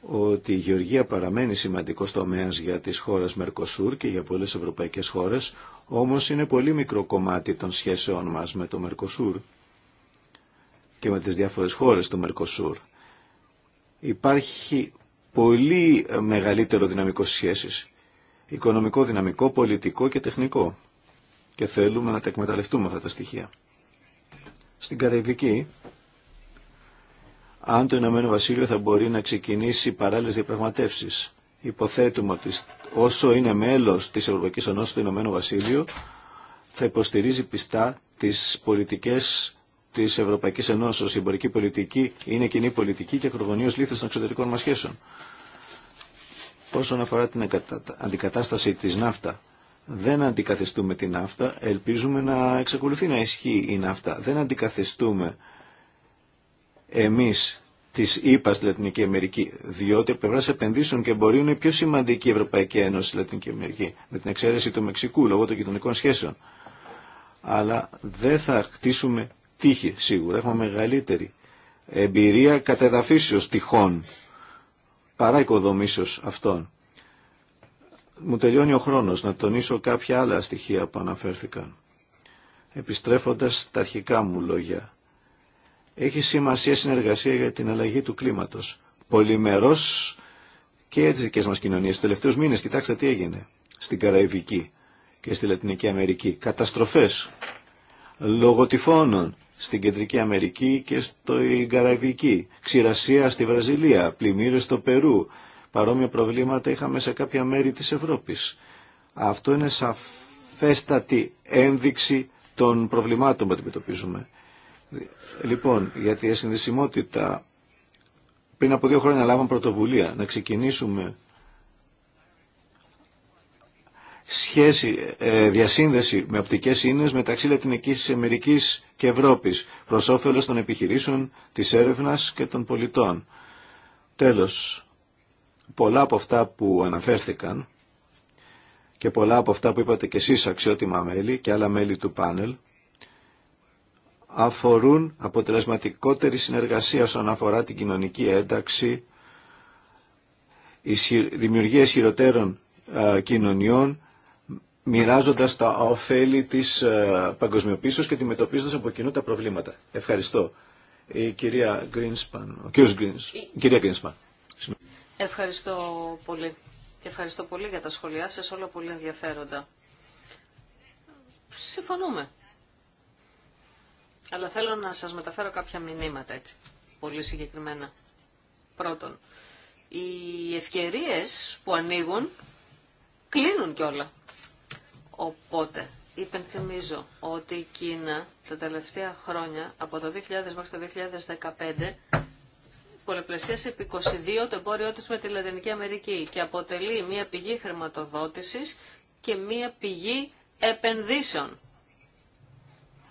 ότι η γεωργία παραμένει σημαντικός τομέας για τις χώρες Μερκοσούρ και για πολλές ευρωπαϊκές χώρες, όμως είναι πολύ μικρό κομμάτι των σχέσεών μας με το Μερκοσούρ και με τις διάφορες χώρες του Μερκοσούρ. Υπάρχει πολύ μεγαλύτερο δυναμικό σχέσεις, οικονομικό, δυναμικό, πολιτικό και τεχνικό και θέλουμε να τα εκμεταλλευτούμε αυτά τα στοιχεία. Στην Καραϊβική, αν το Ηνωμένο Βασίλειο θα μπορεί να ξεκινήσει παράλληλε διαπραγματεύσει. Υποθέτουμε ότι όσο είναι μέλο τη Ευρωπαϊκή Ενώση του Ηνωμένου Βασίλειου θα υποστηρίζει πιστά τι πολιτικέ τη Ευρωπαϊκή Ενώση. Η εμπορική πολιτική είναι κοινή πολιτική και ακρογωνίω λήθο των εξωτερικών μα σχέσεων. Όσον αφορά την αντικατάσταση τη ΝΑΦΤΑ, δεν αντικαθιστούμε την ναύτα, ελπίζουμε να εξακολουθεί να ισχύει η ναύτα. Δεν αντικαθιστούμε εμείς της ΕΠΑ στη Λατινική Αμερική, διότι από πλευρά επενδύσεων και εμπορίου είναι η πιο σημαντική Ευρωπαϊκή Ένωση στη Λατινική Αμερική, με την εξαίρεση του Μεξικού λόγω των κοινωνικών σχέσεων. Αλλά δεν θα χτίσουμε τύχη σίγουρα, έχουμε μεγαλύτερη εμπειρία κατεδαφίσεως τυχών παρά οικοδομήσεως αυτών. Μου τελειώνει ο χρόνος να τονίσω κάποια άλλα στοιχεία που αναφέρθηκαν. Επιστρέφοντας τα αρχικά μου λόγια. Έχει σημασία συνεργασία για την αλλαγή του κλίματος. Πολυμερός και έτσι δικές μας κοινωνίες. Στους τελευταίους μήνες κοιτάξτε τι έγινε στην Καραϊβική και στη Λατινική Αμερική. Καταστροφές λογοτυφώνων στην Κεντρική Αμερική και στην Καραϊβική. Ξηρασία στη Βραζιλία, πλημμύρες στο Περού Παρόμοια προβλήματα είχαμε σε κάποια μέρη της Ευρώπης. Αυτό είναι σαφέστατη ένδειξη των προβλημάτων που αντιμετωπίζουμε. Λοιπόν, για τη συνδυσιμότητα, πριν από δύο χρόνια λάβαμε πρωτοβουλία να ξεκινήσουμε σχέση, ε, διασύνδεση με οπτικές ίνες μεταξύ Λατινικής Αμερικής και Ευρώπης προς όφελος των επιχειρήσεων, της έρευνας και των πολιτών. Τέλος, πολλά από αυτά που αναφέρθηκαν και πολλά από αυτά που είπατε και εσείς αξιότιμα μέλη και άλλα μέλη του πάνελ αφορούν αποτελεσματικότερη συνεργασία όσον αφορά την κοινωνική ένταξη, δημιουργία ισχυροτέρων κοινωνιών, μοιράζοντας τα ωφέλη της παγκοσμιοποίησης και αντιμετωπίζοντας από κοινού τα προβλήματα. Ευχαριστώ. Η κυρία Γκρίνσπαν, ο κύριος Γκρίνσπαν. κυρία Γκρίνσπαν. Ευχαριστώ πολύ. Και ευχαριστώ πολύ για τα σχόλιά σας, όλα πολύ ενδιαφέροντα. Συμφωνούμε. Αλλά θέλω να σας μεταφέρω κάποια μηνύματα έτσι, πολύ συγκεκριμένα. Πρώτον, οι ευκαιρίες που ανοίγουν κλείνουν κιόλα. Οπότε, υπενθυμίζω ότι η Κίνα τα τελευταία χρόνια, από το 2000 μέχρι το 2015, πολλαπλασίασε επί 22 το εμπόριό της με τη Λατινική Αμερική και αποτελεί μια πηγή χρηματοδότησης και μια πηγή επενδύσεων.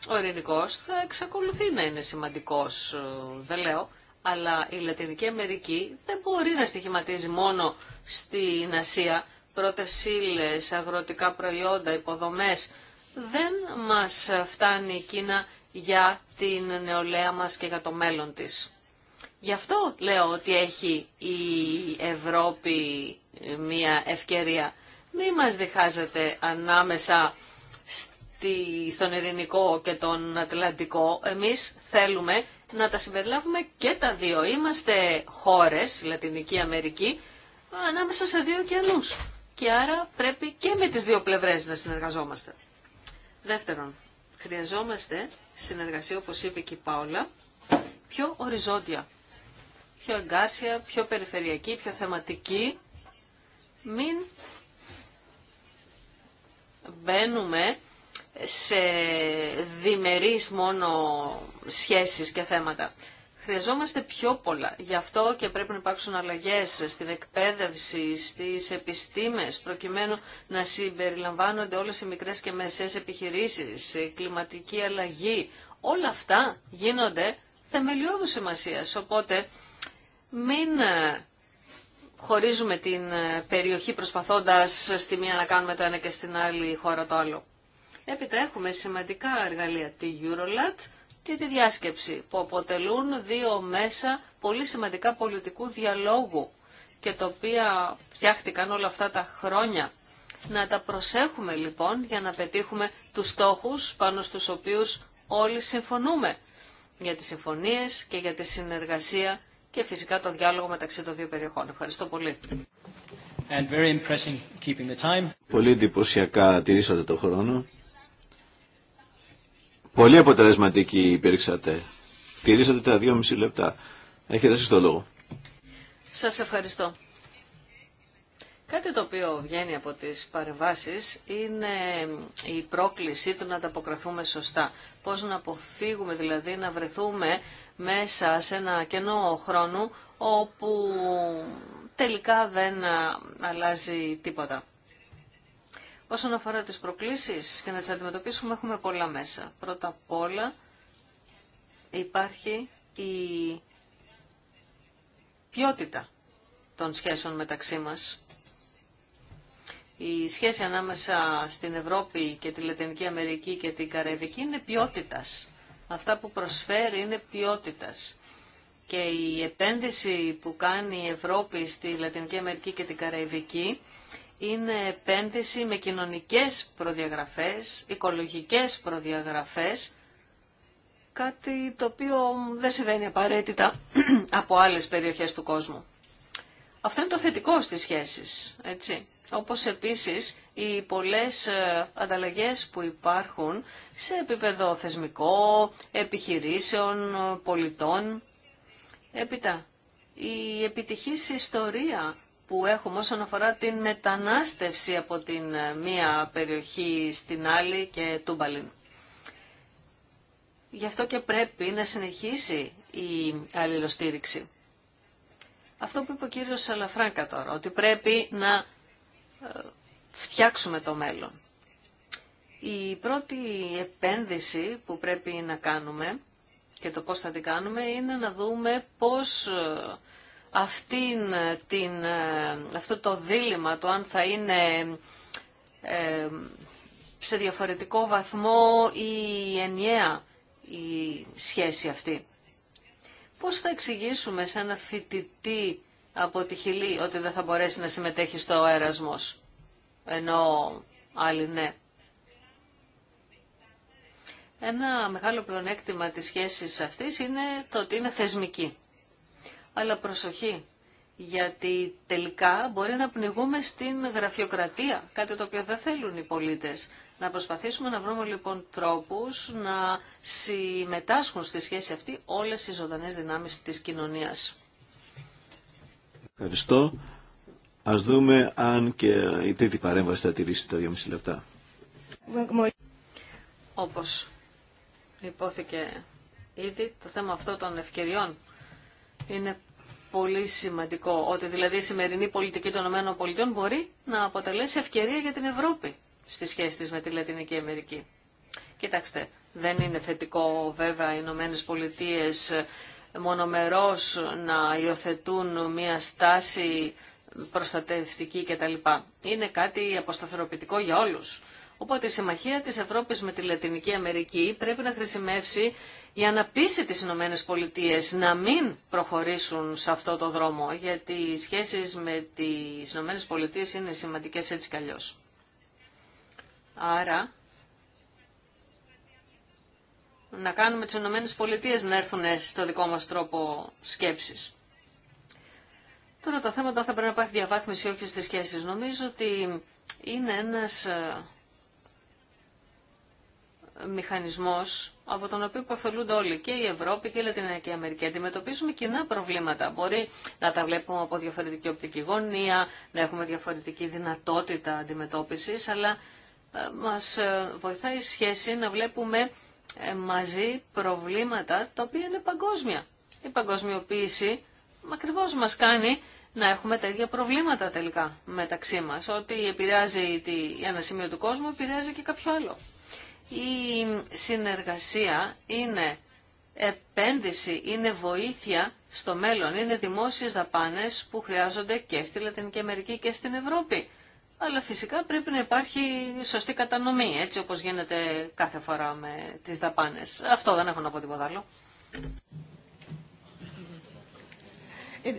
Ο ειρηνικός θα εξακολουθεί να είναι σημαντικός, ε, δεν λέω, αλλά η Λατινική Αμερική δεν μπορεί να στοιχηματίζει μόνο στην Ασία. Πρώτες αγροτικά προϊόντα, υποδομές. Δεν μας φτάνει η Κίνα για την νεολαία μας και για το μέλλον της. Γι' αυτό λέω ότι έχει η Ευρώπη μία ευκαιρία. Μη μας διχάζετε ανάμεσα στη, στον Ειρηνικό και τον Ατλαντικό. Εμείς θέλουμε να τα συμπεριλάβουμε και τα δύο. Είμαστε χώρες, Λατινική Αμερική, ανάμεσα σε δύο ωκεανούς. Και άρα πρέπει και με τις δύο πλευρές να συνεργαζόμαστε. Δεύτερον, χρειαζόμαστε συνεργασία, όπως είπε και η Πάολα, πιο οριζόντια πιο εγκάσια, πιο περιφερειακή, πιο θεματική. Μην μπαίνουμε σε διμερείς μόνο σχέσεις και θέματα. Χρειαζόμαστε πιο πολλά. Γι' αυτό και πρέπει να υπάρξουν αλλαγές στην εκπαίδευση, στις επιστήμες, προκειμένου να συμπεριλαμβάνονται όλες οι μικρές και μεσές επιχειρήσεις, κλιματική αλλαγή. Όλα αυτά γίνονται θεμελιώδους σημασία. Οπότε μην ε, χωρίζουμε την ε, περιοχή προσπαθώντας ε, στη μία να κάνουμε το ένα και στην άλλη χώρα το άλλο. Έπειτα έχουμε σημαντικά εργαλεία, τη Eurolat και τη διάσκεψη, που αποτελούν δύο μέσα πολύ σημαντικά πολιτικού διαλόγου και τα οποία φτιάχτηκαν όλα αυτά τα χρόνια. Να τα προσέχουμε λοιπόν για να πετύχουμε τους στόχους πάνω στους οποίους όλοι συμφωνούμε για τις συμφωνίες και για τη συνεργασία και φυσικά το διάλογο μεταξύ των δύο περιοχών. Ευχαριστώ πολύ. And very keeping the time. Πολύ εντυπωσιακά τηρήσατε το χρόνο. Πολύ αποτελεσματική υπήρξατε. Τηρήσατε τα δύο μισή λεπτά. Έχετε εσείς το λόγο. Σας ευχαριστώ. Κάτι το οποίο βγαίνει από τις παρεμβάσεις είναι η πρόκληση του να τα αποκραθούμε σωστά. Πώς να αποφύγουμε δηλαδή να βρεθούμε μέσα σε ένα κενό χρόνου όπου τελικά δεν ε, αλλάζει τίποτα. Όσον αφορά τις προκλήσεις και να τις αντιμετωπίσουμε έχουμε πολλά μέσα. Πρώτα απ' όλα υπάρχει η ποιότητα των σχέσεων μεταξύ μας. Η σχέση ανάμεσα στην Ευρώπη και τη Λατινική Αμερική και την Καραϊβική είναι ποιότητας. Αυτά που προσφέρει είναι ποιότητας. Και η επένδυση που κάνει η Ευρώπη στη Λατινική Αμερική και την Καραϊβική είναι επένδυση με κοινωνικές προδιαγραφές, οικολογικές προδιαγραφές, κάτι το οποίο δεν συμβαίνει απαραίτητα [CLEARS THROAT] από άλλες περιοχές του κόσμου. Αυτό είναι το θετικό στις σχέσεις, έτσι όπως επίσης οι πολλές ε, ανταλλαγές που υπάρχουν σε επίπεδο θεσμικό, επιχειρήσεων, ε, πολιτών. Έπειτα, η επιτυχής ιστορία που έχουμε όσον αφορά την μετανάστευση από την ε, μία περιοχή στην άλλη και τούμπαλιν. Γι' αυτό και πρέπει να συνεχίσει η αλληλοστήριξη. Αυτό που είπε ο κύριος Σαλαφράγκα τώρα, ότι πρέπει να φτιάξουμε το μέλλον. Η πρώτη επένδυση που πρέπει να κάνουμε και το πώς θα την κάνουμε είναι να δούμε πώς ε, αυτήν, την, ε, αυτό το δίλημα το αν θα είναι ε, σε διαφορετικό βαθμό ή ενιαία η σχέση αυτή. Πώς θα εξηγήσουμε σε ένα φοιτητή από τη Χιλή ότι δεν θα μπορέσει να συμμετέχει στο Ερασμός. Ενώ άλλοι ναι. Ένα μεγάλο πλονέκτημα της σχέσης αυτής είναι το ότι είναι θεσμική. Αλλά προσοχή, γιατί τελικά μπορεί να πνιγούμε στην γραφειοκρατία, κάτι το οποίο δεν θέλουν οι πολίτες. Να προσπαθήσουμε να βρούμε λοιπόν τρόπους να συμμετάσχουν στη σχέση αυτή όλες οι ζωντανές δυνάμεις της κοινωνίας. Ευχαριστώ. Ας δούμε αν και η τρίτη παρέμβαση θα τηρήσει τα 2,5 λεπτά. Όπω υπόθηκε ήδη, το θέμα αυτό των ευκαιριών είναι πολύ σημαντικό. Ότι δηλαδή η σημερινή πολιτική των ΗΠΑ μπορεί να αποτελέσει ευκαιρία για την Ευρώπη στη σχέση της με τη Λατινική Αμερική. Κοιτάξτε, δεν είναι θετικό βέβαια οι Ηνωμένε μονομερός να υιοθετούν μια στάση προστατευτική κτλ. Είναι κάτι αποσταθεροποιητικό για όλους. Οπότε η συμμαχία της Ευρώπης με τη Λατινική Αμερική πρέπει να χρησιμεύσει για να πείσει τις Ηνωμένες Πολιτείες να μην προχωρήσουν σε αυτό το δρόμο, γιατί οι σχέσεις με τις Ηνωμένες Πολιτείες είναι σημαντικές έτσι κι Άρα να κάνουμε τις Ηνωμένες Πολιτείες να έρθουν στο δικό μας τρόπο σκέψης. Τώρα το θέμα θα πρέπει να υπάρχει διαβάθμιση όχι στις σχέσεις. Νομίζω ότι είναι ένας ε, μηχανισμός από τον οποίο υποφελούνται όλοι και η Ευρώπη και η Λατινική Αμερική. Αντιμετωπίζουμε κοινά προβλήματα. Μπορεί να τα βλέπουμε από διαφορετική οπτική γωνία, να έχουμε διαφορετική δυνατότητα αντιμετώπισης, αλλά ε, μας ε, βοηθάει η σχέση να βλέπουμε ε, μαζί προβλήματα τα οποία είναι παγκόσμια. Η παγκοσμιοποίηση ακριβώ μας κάνει να έχουμε τα ίδια προβλήματα τελικά μεταξύ μας. Ό,τι επηρεάζει τη, σημείο του κόσμου επηρεάζει και κάποιο άλλο. Η συνεργασία είναι επένδυση, είναι βοήθεια στο μέλλον, είναι δημόσιες δαπάνες που χρειάζονται και στη Λατινική Αμερική και στην Ευρώπη αλλά φυσικά πρέπει να υπάρχει σωστή κατανομή, έτσι όπως γίνεται κάθε φορά με τις δαπάνες. Αυτό δεν έχω να πω τίποτα άλλο. Ε,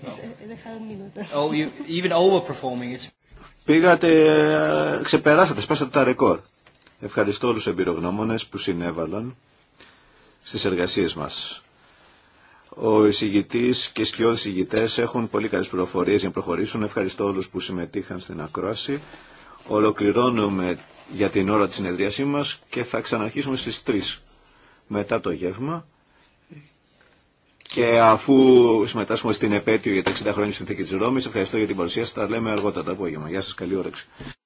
ε, oh, Πήγατε, ε, ξεπεράσατε, σπάσατε τα ρεκόρ. Ευχαριστώ όλους τους εμπειρογνώμονες που συνέβαλαν στις εργασίες μας. Ο εισηγητή και οι σκιώδει εισηγητέ έχουν πολύ καλέ πληροφορίε για να προχωρήσουν. Ευχαριστώ όλου που συμμετείχαν στην ακρόαση. Ολοκληρώνουμε για την ώρα τη συνεδρίασή μα και θα ξαναρχίσουμε στι 3 μετά το γεύμα. Και αφού συμμετάσχουμε στην επέτειο για τα 60 χρόνια τη συνθήκη τη Ρώμη, ευχαριστώ για την παρουσία σα. Τα λέμε αργότερα το απόγευμα. Γεια σα, καλή όρεξη.